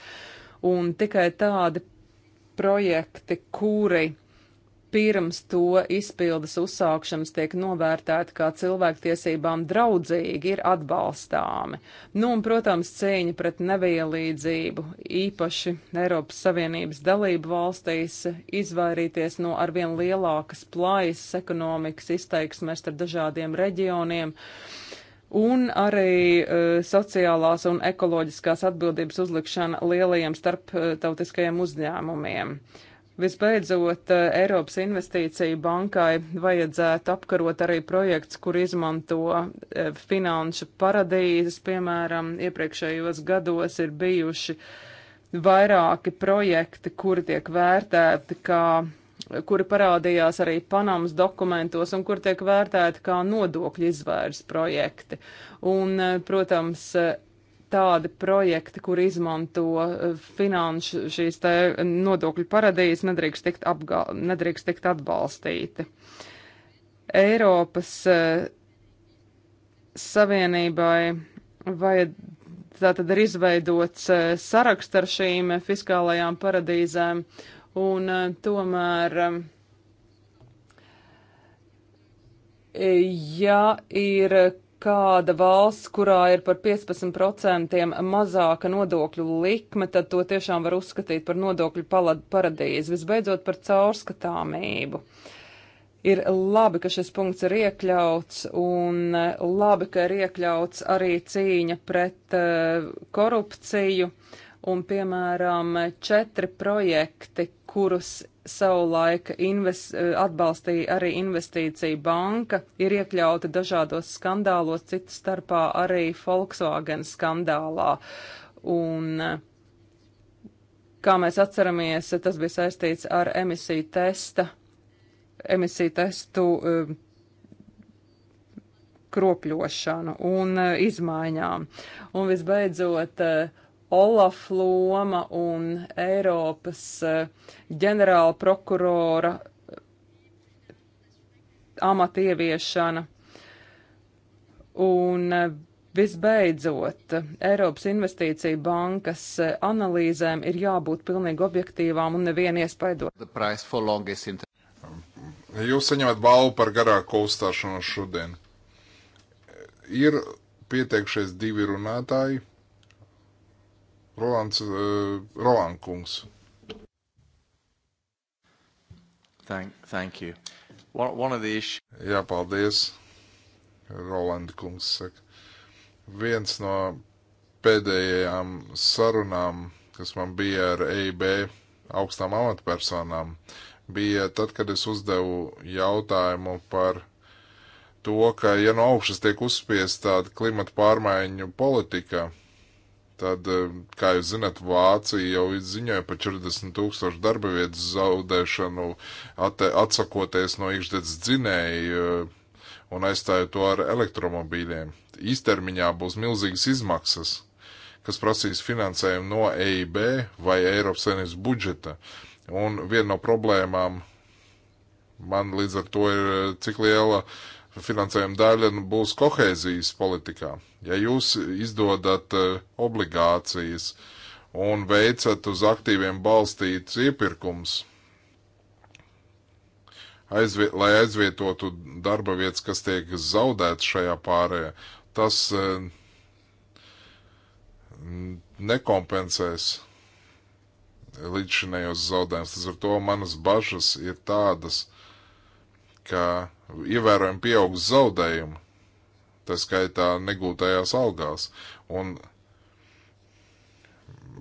Un tikai tādi projekti, kuri pirms to izpildes uzsākšanas tiek novērtēti kā cilvēktiesībām draudzīgi, ir atbalstāmi. Nu, un, protams, cīņa pret nevienlīdzību, īpaši Eiropas Savienības dalību valstīs, izvairīties no arvien lielākas plaisas ekonomikas izteiksmēs ar dažādiem reģioniem un arī uh, sociālās un ekoloģiskās atbildības uzlikšana lielajiem starptautiskajiem uzņēmumiem. Uh, Visbeidzot, eh, Eiropas investīcija bankai vajadzētu apkarot arī projekts, kur izmanto eh, finanšu paradīzes. Piemēram, iepriekšējos gados ir bijuši vairāki projekti, kuri tiek vērtēti kā kuri parādījās arī Panamas dokumentos un kur tiek vērtēti kā nodokļu izvērs projekti. Un, eh, protams, tādi projekti, kur izmanto eh, finanšu šīs te nodokļu paradīzes, nedrīkst tikt, apgal, nedrīkst tikt atbalstīti. Eiropas eh, Savienībai vajad, tātad ir izveidots eh, saraksts ar šīm fiskālajām paradīzēm, un tomēr, ja ir kāda valsts, kurā ir par 15% mazāka nodokļu likme, tad to tiešām var uzskatīt par nodokļu paradīzi. Visbeidzot, par caurskatāmību. Ir labi, ka šis punkts ir iekļauts, un eh, labi, ka ir iekļauts arī cīņa pret uh, korupciju, un, piemēram, četri projekti, kurus savulaika invest, eh, atbalstīja arī investīcija banka, ir iekļauta dažādos skandālos, citas starpā arī Volkswagen skandālā. Un, kā mēs atceramies, tas bija saistīts ar emisiju testa, emisiju testu uh, kropļošanu un uh, izmaiņām. Un visbeidzot, uh, Olaf loma un Eiropas eh, ģenerāla prokurora eh, amata ieviešana. Un eh, visbeidzot, Eiropas investīcija bankas analīzēm ir jābūt pilnīgi objektīvām un nevienu iespaidot. Jūs saņemat balvu par garāko uzstāšanos šodien. Ir pieteikšies divi runātāji. Rolands, uh, Roland kungs. Thank, thank you. One, one of the issues. Jā, paldies. Rolanda kungs saka. Viens no pēdējām sarunām, kas man bija ar EIB augstām amatpersonām, bija tad, kad es uzdevu jautājumu par to, ka ja no augšas tiek uzspiesta tāda klimata pārmaiņu politika, Tad, eh, kā jūs zināt, Vācija jau ziņoja par 40 tūkstošu darba vietas zaudēšanu, atsakoties no iekšdedzes dzinēju eh, un aizstāja to ar elektromobīļiem. Īstermiņā būs milzīgas izmaksas, kas prasīs finansējumu no EIB vai Eiropas Savienības budžeta. Un viena no problēmām man līdz ar to ir, eh, cik liela uh, finansējuma daļa nu, būs kohēzijas politikā. Ja jūs izdodat eh, obligācijas un veicat uz aktīviem balstītas iepirkums, aizvi lai aizvietotu darba vietas, kas tiek zaudētas šajā pārējā, tas eh, nekompensēs līdz šinējos zaudējumus. Tas ar to manas bažas ir tādas, ka ievērojami pieaugs zaudējumi, tā skaitā negūtajās algās. Un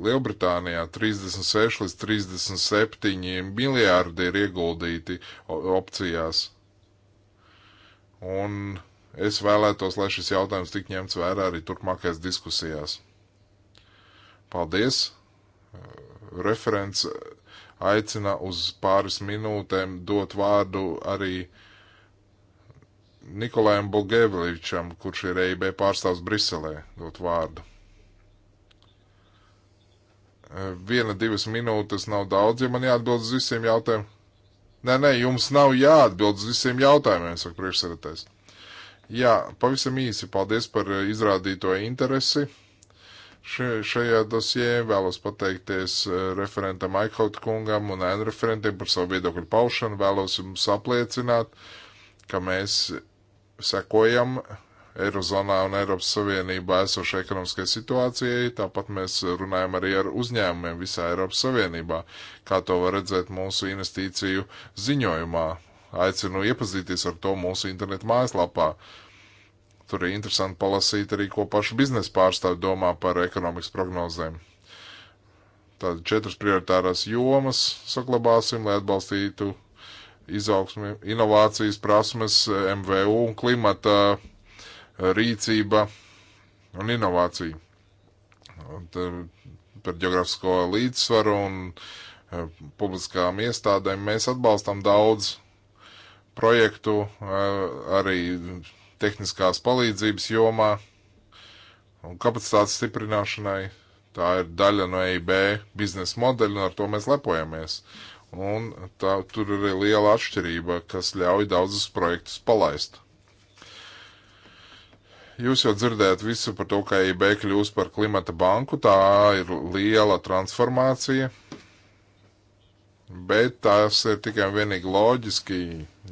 Lielbritānijā 36 līdz 37 miljārdi ir ieguldīti opcijās. Un es vēlētos, lai šis jautājums tik ņemts vērā arī turpmākajās diskusijās. Paldies! Referents aicina uz pāris minūtēm dot vārdu arī uh, Nikolajam Bulgēvičam, kurš ir EIB pārstāvs Briselē, dot vārdu. Eh, viena, divas minūtes nav daudz, ja man jāatbild uz visiem jautājumiem. Nē, nē, jums nav jāatbild uz visiem jautājumiem, saka priekšsēdētājs. Jā, pavisam īsi paldies par eh, izrādīto interesi. Še, šajā dosjē vēlos pateikties eh, referentam Aikaut kungam un ēnu referentiem par savu viedokļu paušanu. Vēlos jums apliecināt, ka mēs sekojam Eirozonā un Eiropas Savienībā esošai ekonomiskajai situācijai, tāpat mēs runājam arī ar uzņēmumiem visā Eiropas Savienībā, kā to var redzēt mūsu investīciju ziņojumā. Aicinu iepazīties ar to mūsu internetu mājaslapā. Tur ir interesanti palasīt arī, ko pašu biznesa pārstāvi domā par ekonomikas prognozēm. Tātad četras prioritārās jomas saglabāsim, lai atbalstītu izaugsmi, inovācijas prasmes, MVU un klimata eh, rīcība un inovācija. Un par geogrāfisko līdzsvaru un eh, publiskām iestādēm mēs atbalstam daudz projektu eh, arī tehniskās palīdzības jomā un kapacitātes stiprināšanai. Tā ir daļa no EIB biznesa modeļa, un ar to mēs lepojamies. Uh, Un tā, tur ir arī liela atšķirība, kas ļauj daudzus projektus palaist. Jūs jau dzirdējat visu par to, ka EIB kļūs par klimata banku. Tā ir liela transformācija. Bet tas ir tikai un vienīgi loģiski,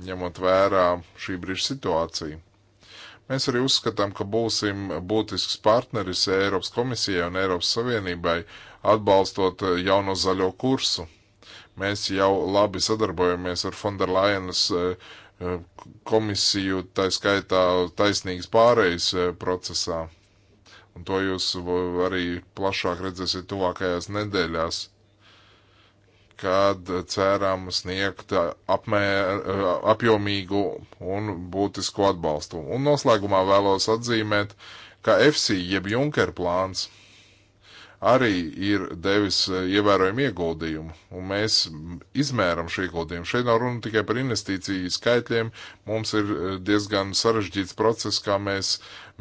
ņemot vērā šī brīža situāciju. Mēs arī uzskatām, ka būsim būtisks partneris Eiropas komisijai un Eiropas Savienībai atbalstot jauno zaļo kursu Mēs jau labi sadarbojamies ar Fonderlajenas eh, komisiju, tā skaitā taisnīgas pārejas eh, procesā. Un to jūs arī plašāk redzēsiet tuvākajās nedēļās, kad ceram sniegt eh, apmēr, apjomīgu un būtisku atbalstu. Un noslēgumā vēlos atzīmēt, ka FC jeb Junker plāns – arī ir devis eh, ievērojumu ieguldījumu, un mēs izmēram šo ieguldījumu. Šeit nav runa tikai par investīciju skaitļiem, mums ir eh, diezgan sarežģīts process, kā mēs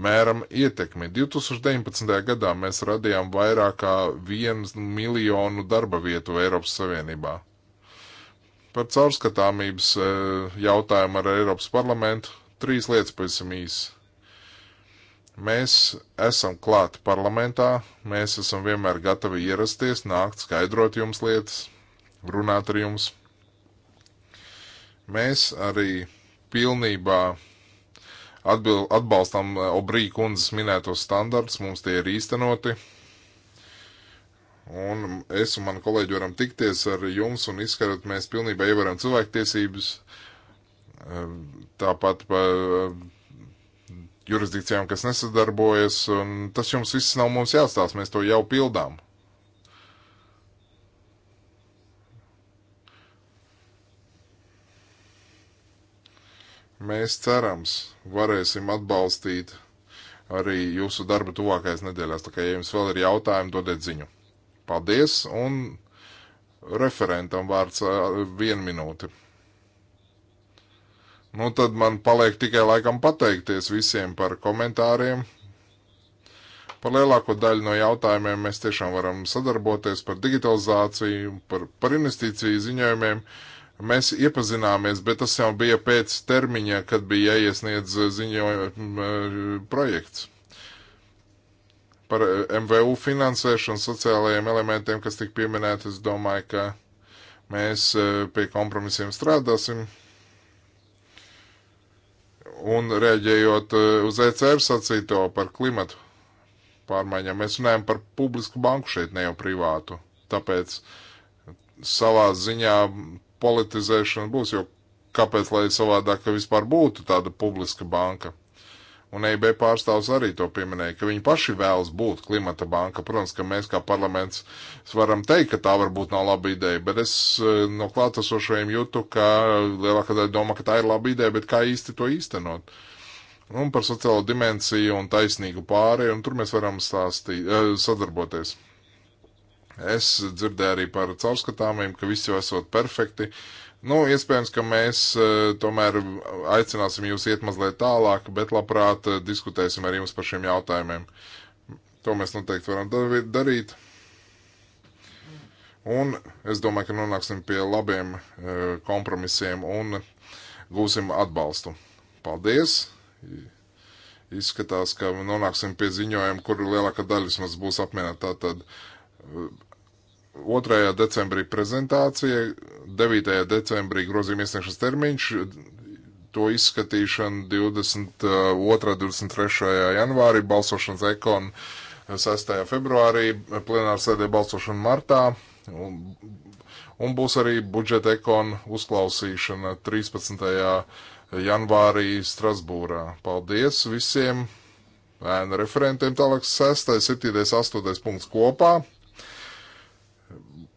mēram ietekmi. 2019. gadā mēs radījām vairāk kā vienu miljonu darba vietu Eiropas Savienībā. Par caurskatāmības eh, jautājumu ar Eiropas parlamentu trīs lietas pavisam īsi Mēs esam klāt parlamentā, mēs esam vienmēr gatavi ierasties, nākt, skaidrot jums lietas, runāt ar jums. Mēs arī pilnībā atbil, atbalstam eh, Obrī kundzes minētos standarts, mums tie ir īstenoti. Un es un mani kolēģi varam tikties ar jums un izskatot, mēs pilnībā ievaram cilvēktiesības, eh, tāpat pa jurisdikcijām, kas nesadarbojas, un tas jums viss nav mums jāstāsta, mēs to jau pildām. Mēs cerams varēsim atbalstīt arī jūsu darbu tuvākais nedēļās, tā kā ja jums vēl ir jautājumi, dodiet ziņu. Paldies, un referentam vārds vienu minūti. Nu, tad man paliek tikai laikam pateikties visiem par komentāriem. Par lielāko daļu no jautājumiem mēs tiešām varam sadarboties par digitalizāciju, par, par investīciju ziņojumiem. Mēs iepazināmies, bet tas jau bija pēc termiņa, kad bija jāiesniedz ziņojuma projekts par eh, MVU finansēšanu, sociālajiem elementiem, kas tika pieminēti. Es domāju, ka mēs eh, pie kompromisiem strādāsim. Un reaģējot e, uz ECR sacīto par klimatu pārmaiņām, mēs runājam par publisku banku šeit, ne jau privātu. Tāpēc savā ziņā politizēšana būs, jo kāpēc lai savādāk vispār būtu tāda publiska banka? un EIB pārstāvs arī to pieminēja, ka viņi paši vēlas būt klimata banka. Protams, ka mēs kā parlaments varam teikt, ka tā varbūt nav laba ideja, bet es e, no klātesošajiem jūtu, ka lielākā daļa domā, ka tā ir laba ideja, bet kā īsti to īstenot. Un par sociālo dimensiju un taisnīgu pārēju, un tur mēs varam stāstīt, e, sadarboties. Es dzirdēju arī par caurskatāmiem, ka visi jau esot perfekti, uh, Nu, iespējams, ka mēs e, tomēr aicināsim jūs iet mazliet tālāk, bet labprāt e, diskutēsim ar jums par šiem jautājumiem. To mēs noteikti varam darīt. Un es domāju, ka nonāksim pie labiem e, kompromisiem un gūsim atbalstu. Paldies! Izskatās, ka nonāksim pie ziņojuma, kur lielākā daļa mums būs apmierināta. Tātad 2. decembrī prezentācija, 9. decembrī grozījuma iesniegšanas termiņš, to izskatīšana 22. 23. janvārī, balsošanas ekon 6. februārī, plenāra sēdē balsošana martā, un, un būs arī budžeta ekon uzklausīšana 13. janvārī Strasbūrā. Paldies visiem! Ēna referentiem tālāk 6, 7, 8 punkts kopā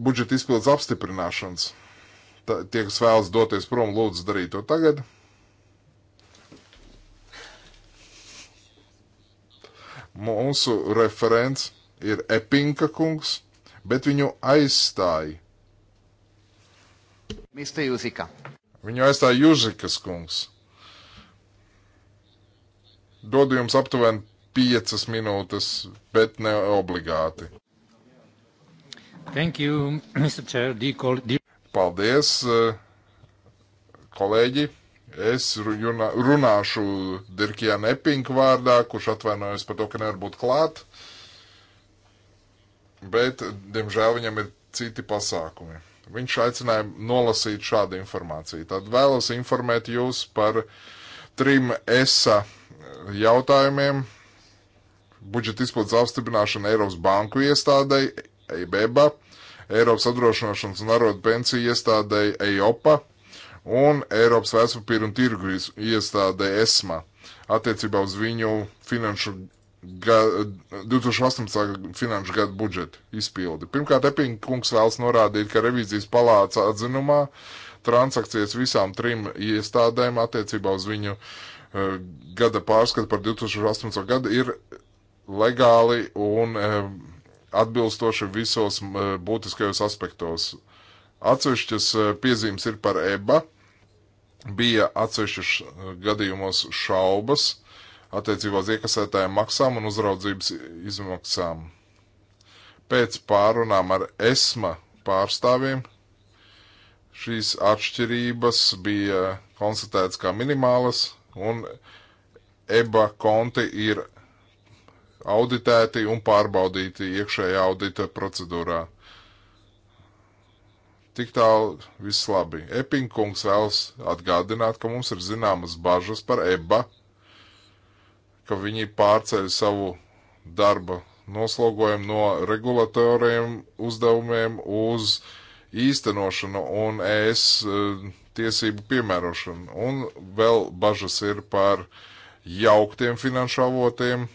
budžeta izpildes apstiprināšanas. Tā, tie, kas vēlas doties prom, lūdzu darīt to tagad. Mūsu referents ir Epinka kungs, bet viņu aizstāja. Mr. Jūzika. Viņu aizstāja Jūzikas kungs. Dodu jums aptuveni piecas minūtes, bet ne obligāti. Thank you, Mr. Chair, dear Paldies, eh, kolēģi. Es runāšu Dirkijā Nepinku vārdā, kurš atvainojas par to, ka nevar būt klāt. Bet, diemžēl, viņam ir citi pasākumi. Viņš aicināja nolasīt šādu informāciju. Tad vēlos informēt jūs par trim ESA jautājumiem. Budžeta izpildes apstiprināšana Eiropas banku iestādei, EIBEBA, Eiropas apdrošināšanas un arodu pensiju iestādei EIOPA un Eiropas vēstpapīru un tirgu iestādei ESMA attiecībā uz viņu finanšu ga, 2018. finanšu gadu budžetu izpildi. Pirmkārt, Epinga kungs vēlas norādīt, ka revīzijas palāca atzinumā transakcijas visām trim iestādēm attiecībā uz viņu uh, gada pārskatu par 2018. gadu ir legāli un uh, atbilstoši visos būtiskajos aspektos. Atsevišķas e, piezīmes ir par EBA, bija atsevišķas e, gadījumos šaubas attiecībā uz iekasētājiem maksām un uzraudzības izmaksām. Pēc pārunām ar ESMA pārstāvjiem šīs atšķirības bija konstatētas kā minimālas un EBA konti ir auditēti un pārbaudīti iekšējā audita procedūrā. Tik tālu viss labi. Epinkungs vēlas atgādināt, ka mums ir zināmas bažas par EBA, ka viņi pārceļ savu darba noslogojumu no regulatoriem uzdevumiem uz īstenošanu un ES e, tiesību piemērošanu. Un vēl bažas ir par jauktiem finanšu avotiem,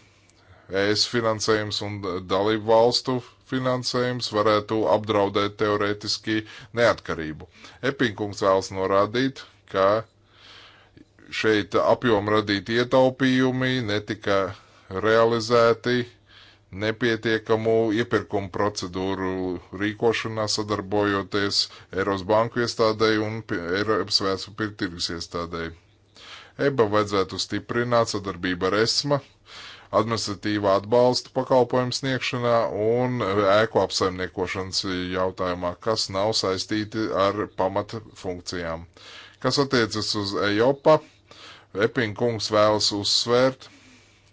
ES finansējums un dalību valstu finansējums varētu apdraudēt teoretiski neatkarību. Epinkungs vēlas norādīt, ka šeit apjoma radīti ietaupījumi netika realizēti nepietiekamu iepirkumu procedūru rīkošanā sadarbojoties Eiros banku iestādēji un Eiropas vēstu pirktirgus iestādēji. EBA vajadzētu stiprināt sadarbību ar ESMA, administratīvā atbalsta pakalpojumu sniegšanā un ēku apsaimniekošanas jautājumā, kas nav saistīti ar pamata funkcijām. Kas attiecas uz EIOPA, Epinga kungs vēlas uzsvērt,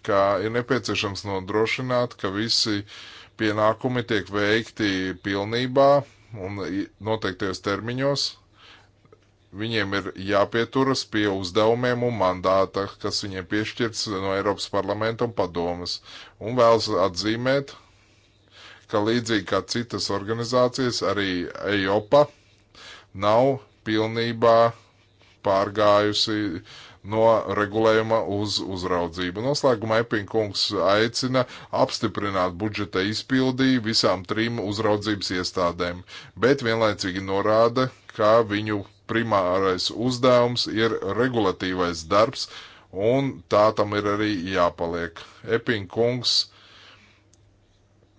ka ir nepieciešams nodrošināt, ka visi pienākumi tiek veikti pilnībā un noteiktajos termiņos, Viņiem ir jāpieturas pie uzdevumiem un mandāta, kas viņiem piešķirts no Eiropas parlamenta un padomas. Un vēlas atzīmēt, ka līdzīgi kā citas organizācijas, arī EIOPA nav pilnībā pārgājusi no regulējuma uz uzraudzību. Noslēgumā Epinkungs aicina apstiprināt budžeta izpildīju visām trim uzraudzības iestādēm, bet vienlaicīgi norāda, ka viņu primārais uzdevums ir regulatīvais darbs, un tā tam ir arī jāpaliek. Epinga kungs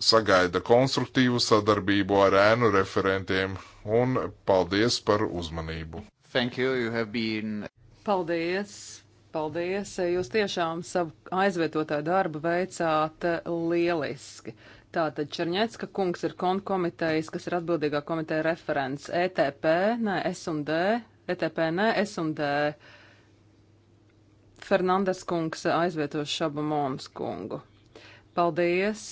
sagaida konstruktīvu sadarbību ar ēnu referentiem, un paldies par uzmanību. Thank you, you have been... Paldies! Paldies! Jūs tiešām savu aizvietotāju darbu veicāt eh, lieliski. Tātad Černiecka kungs ir konkomitejas, kas ir atbildīgā komiteja referents. ETP, nē, S&D, ETP, nē, S&D. Fernandes kungs aizvietos Šabu Mons kungu. Paldies!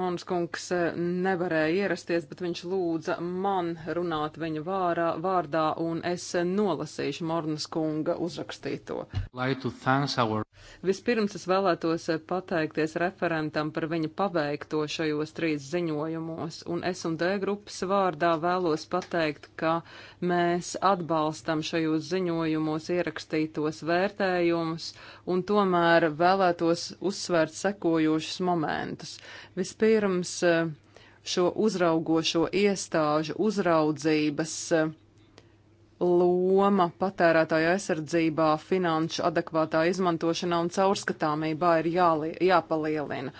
Mons kungs nevarēja ierasties, bet viņš lūdza man runāt viņa vārā, vārdā, un es nolasīšu Mornas kunga uzrakstīto. Like our... Vispirms es vēlētos eh, pateikties referentam par viņa paveikto šajos trīs ziņojumos, un es un D grupas vārdā vēlos pateikt, ka mēs atbalstam šajos ziņojumos ierakstītos vērtējumus, un tomēr vēlētos uzsvērt sekojošus momentus. Vispirms eh, šo uzraugošo iestāžu uzraudzības eh, loma patērētāju aizsardzībā, finanšu adekvātā izmantošanā un caurskatāmībā ir jāli, jāpalielina.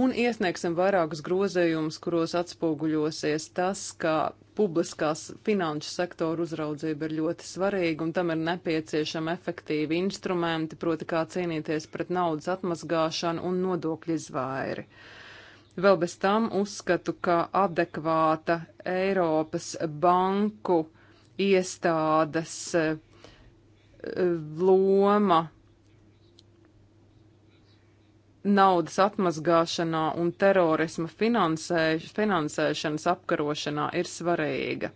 Un iesniegsim vairākus grozējumus, kuros atspoguļosies tas, ka publiskās finanšu sektora uzraudzība ir ļoti svarīga un tam ir nepieciešama efektīvi instrumenti, proti kā cīnīties pret naudas atmazgāšanu un nodokļu izvairi. Vēl bez tam uzskatu, ka adekvāta Eiropas banku uh, iestādes e, e, loma naudas atmazgāšanā un terorisma finansēš, finansēšanas apkarošanā ir svarīga.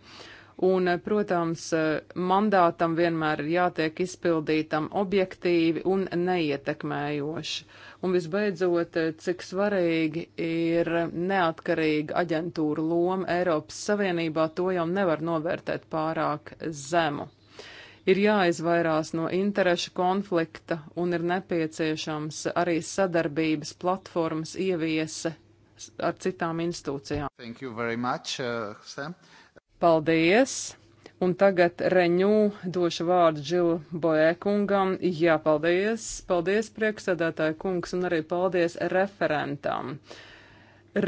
Un, e, protams, mandātam vienmēr ir jātiek izpildītam objektīvi un neietekmējoši. Un visbeidzot, eh, cik svarīgi ir neatkarīga aģentūra loma Eiropas Savienībā, to jau nevar novērtēt pārāk zemu. Ir jāizvairās no interešu konflikta un ir nepieciešams arī sadarbības platformas ieviese ar citām institūcijām. Much, uh, Sam. Paldies! Un tagad Reņū došu vārdu Džilu Bojēkungam. Jā, paldies, paldies priekšsēdētāju kungs un arī paldies referentam.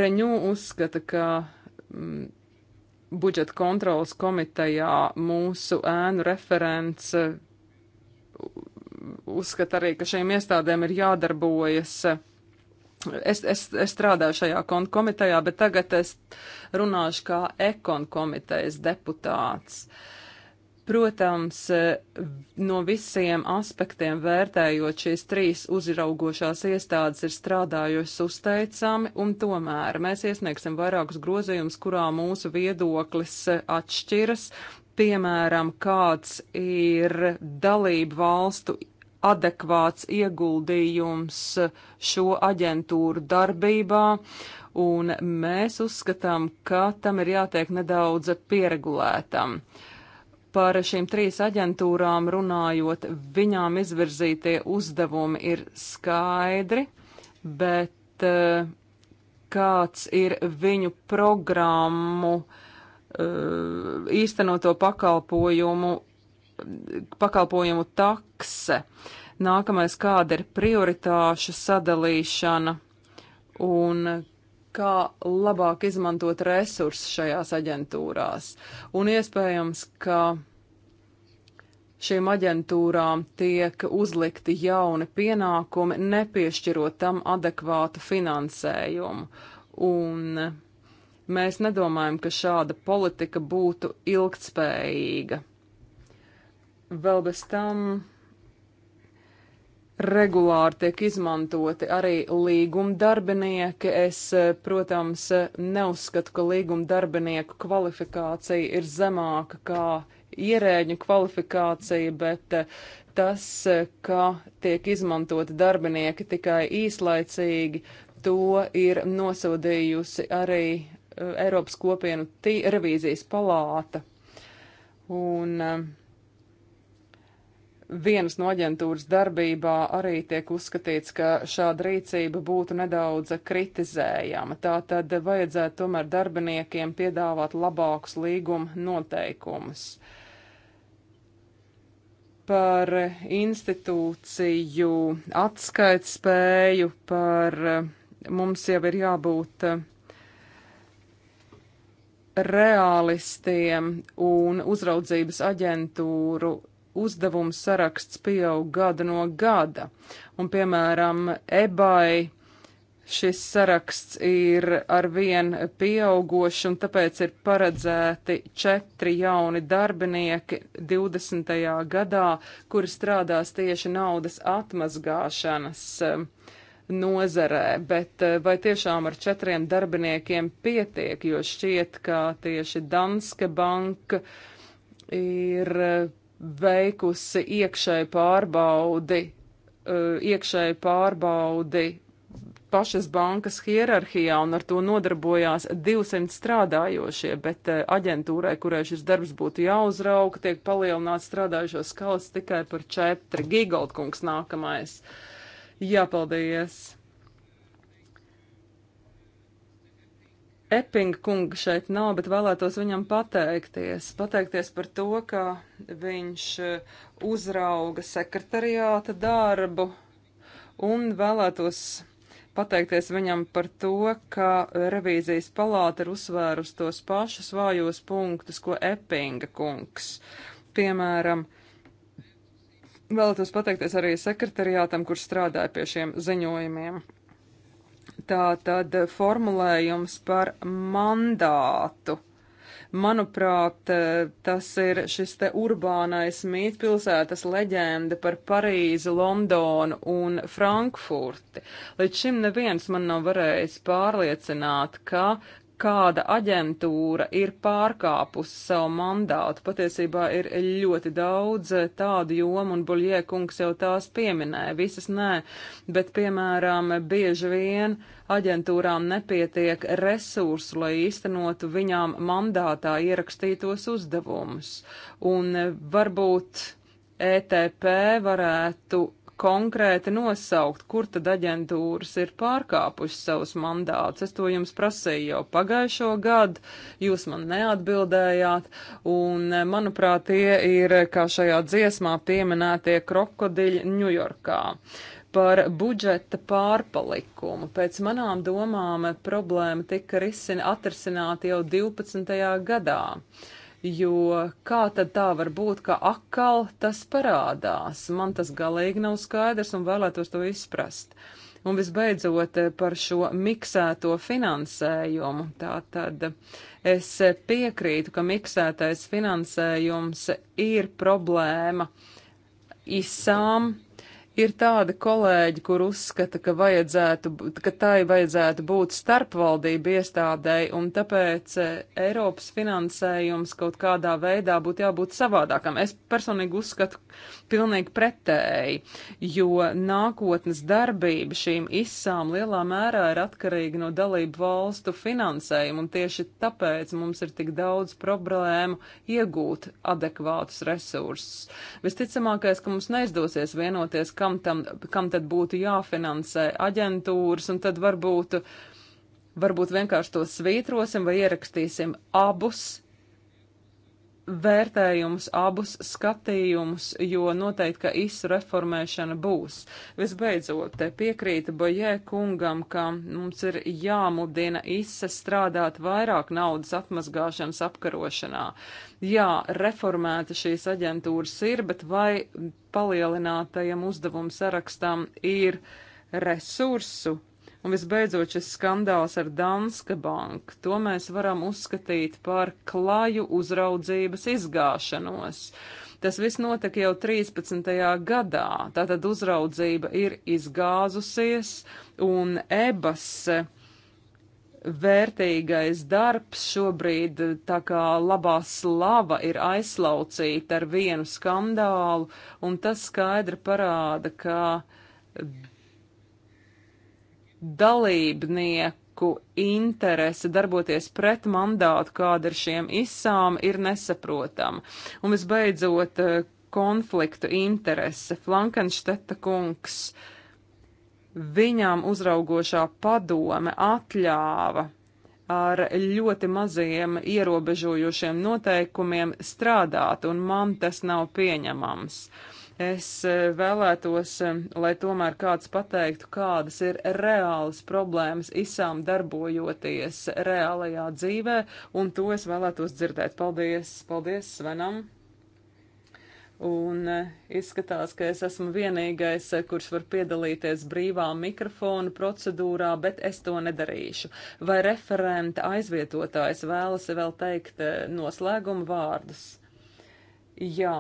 Reņū uzskata, ka mm, budžeta kontrolas komitejā mūsu ēnu referents eh, uzskata arī, ka šīm iestādēm ir jādarbojas Es, es, es strādāju šajā komitejā, bet tagad es runāšu kā ekon komitejas deputāts. Protams, no visiem aspektiem vērtējot šīs trīs uzraugošās iestādes ir strādājusi uzteicami, un tomēr mēs iesniegsim vairākus grozījumus, kurā mūsu viedoklis atšķiras. Piemēram, kāds ir dalību valstu adekvāts ieguldījums šo aģentūru darbībā, un mēs uzskatām, ka tam ir jātiek nedaudz pieregulētam. Par šīm trīs aģentūrām runājot, viņām izvirzītie uzdevumi ir skaidri, bet uh, kāds ir viņu programmu uh, īstenoto pakalpojumu pakalpojumu takse. Nākamais, kāda ir prioritāšu sadalīšana un kā labāk izmantot resursus šajās aģentūrās. Un iespējams, ka šīm aģentūrām tiek uzlikti jauni pienākumi, nepiešķirot tam adekvātu finansējumu. Un mēs nedomājam, ka šāda politika būtu ilgtspējīga vēl bez tam regulāri tiek izmantoti arī līgumdarbinieki. Es, protams, neuzskatu, ka līgumdarbinieku kvalifikācija ir zemāka kā ierēģu kvalifikācija, bet tas, ka tiek izmantoti darbinieki tikai īslaicīgi, to ir nosodījusi arī eh, Eiropas kopienu revīzijas palāta. Un uh, vienas no aģentūras darbībā arī tiek uzskatīts, ka šāda rīcība būtu nedaudz kritizējama. Tā tad vajadzētu tomēr darbiniekiem piedāvāt labākus līguma noteikumus. Par institūciju atskaitspēju, par mums jau ir jābūt realistiem un uzraudzības aģentūru uzdevumu saraksts pieaug gada no gada. Un, piemēram, ebai šis saraksts ir arvien pieaugošs, un tāpēc ir paredzēti četri jauni darbinieki 20. gadā, kuri strādās tieši naudas atmazgāšanas um, nozarē, bet uh, vai tiešām ar četriem darbiniekiem pietiek, jo šķiet, ka tieši Danske banka ir uh, veikusi iekšēju pārbaudi, eh, iekšēju pārbaudi pašas bankas hierarhijā, un ar to nodarbojās 200 strādājošie, bet eh, aģentūrai, kurai šis darbs būtu jāuzrauga, tiek palielināts strādājošo skalas tikai par 4. Gigoldkungs nākamais. Jā, paldies! Epinga kunga šeit nav, bet vēlētos viņam pateikties. Pateikties par to, ka viņš eh, uzrauga sekretariāta darbu un vēlētos pateikties viņam par to, ka revīzijas palāta ir uzsvērusi tos pašus vājos punktus, ko Epinga kungs. Piemēram, vēlētos pateikties arī sekretariātam, kurš strādāja pie šiem ziņojumiem. Tā tad formulējums par mandātu. Manuprāt, tas ir šis te urbānais mītpilsētas leģenda par Parīzi, Londonu un Frankfurti. Līdz šim neviens man nav varējis pārliecināt, ka kāda aģentūra ir pārkāpusi savu mandātu. Patiesībā ir ļoti daudz tādu jomu, un Buļie kungs jau tās pieminēja, visas nē, bet, piemēram, bieži vien aģentūrām nepietiek resursu, lai īstenotu viņām mandātā ierakstītos uzdevumus. Un varbūt ETP varētu konkrēti nosaukt, kur tad aģentūras ir pārkāpušas savus mandātus. Es to jums prasīju jau pagājušo gadu, jūs man neatbildējāt, un, eh, manuprāt, tie ir, kā šajā dziesmā pieminētie krokodiļi Ņujorkā. Par budžeta pārpalikumu. Pēc manām domām eh, problēma tika risina, atrisināta jau 12. gadā. Uh, jo kā tad tā var būt, ka atkal tas parādās? Man tas galīgi nav skaidrs un vēlētos to izprast. Un visbeidzot par šo miksēto finansējumu. Tātad es piekrītu, ka miksētais finansējums ir problēma izsām Ir tādi kolēģi, kur uzskata, ka, vajadzētu, ka tai vajadzētu būt starpvaldību iestādēji, un tāpēc e, Eiropas finansējums kaut kādā veidā būtu jābūt savādākam. Es personīgi uzskatu pilnīgi pretēji, jo nākotnes darbība šīm izsām lielā mērā ir atkarīga no dalību valstu finansējuma, un tieši tāpēc mums ir tik daudz problēmu iegūt adekvātus resursus. Visticamākais, ka mums neizdosies vienoties, kā kam, tam, kam tad būtu jāfinansē aģentūras, un tad varbūt, varbūt vienkārši to svītrosim vai ierakstīsim abus vērtējumus, abus skatījumus, jo noteikti, ka ISU reformēšana būs. Visbeidzot, piekrīta Bojē kungam, ka mums ir jāmudina ISA strādāt vairāk naudas atmazgāšanas apkarošanā. Jā, reformēta šīs aģentūras ir, bet vai palielinātajam uzdevumu sarakstam ir resursu Un visbeidzot šis skandāls ar Danske banku, to mēs varam uzskatīt par klaju uzraudzības izgāšanos. Tas viss notika jau 13. gadā, tātad uzraudzība ir izgāzusies un ebas vērtīgais darbs šobrīd, tā kā labā slava ir aizslaucīta ar vienu skandālu, un tas skaidri parāda, ka dalībnieku interese darboties pret mandātu, kāda ir šiem izsām, ir nesaprotama. Un visbeidzot, eh, konfliktu interese. Flankenšteta kungs, viņām uzraugošā padome atļāva ar ļoti maziem ierobežojošiem noteikumiem strādāt, un man tas nav pieņemams. Uh, Es e, vēlētos, e, lai tomēr kāds pateiktu, kādas ir reālas problēmas izsām darbojoties reālajā dzīvē, un to es vēlētos dzirdēt. Paldies, paldies Svenam! Un e, izskatās, ka es esmu vienīgais, kurš var piedalīties brīvā mikrofona procedūrā, bet es to nedarīšu. Vai referenta aizvietotājs vēlas vēl teikt noslēguma vārdus? Jā,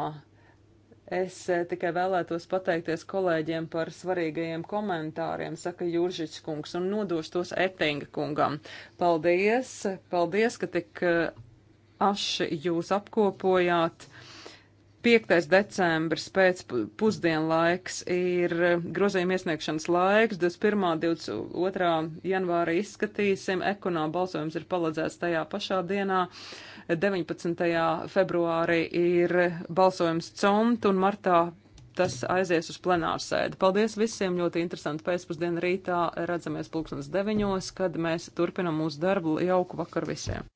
Es eh, tikai vēlētos pateikties kolēģiem par svarīgajiem komentāriem, saka Juržiņš kungs, un nodošu tos Etinga kungam. Paldies, paldies, ka tik eh, aši jūs apkopojāt. 5. decembris pēc pusdienlaiks ir eh, grozījuma iesniegšanas laiks, 21. 22. janvāra izskatīsim, ekonā balsojums ir paredzēts tajā pašā dienā. Uh, 19. februārī ir balsojums COMT un martā tas aizies uz plenārsēdi. Paldies visiem, ļoti interesanti pēcpusdienu rītā. Redzamies pulkstens deviņos, kad mēs turpinam mūsu darbu. Jauku vakaru visiem!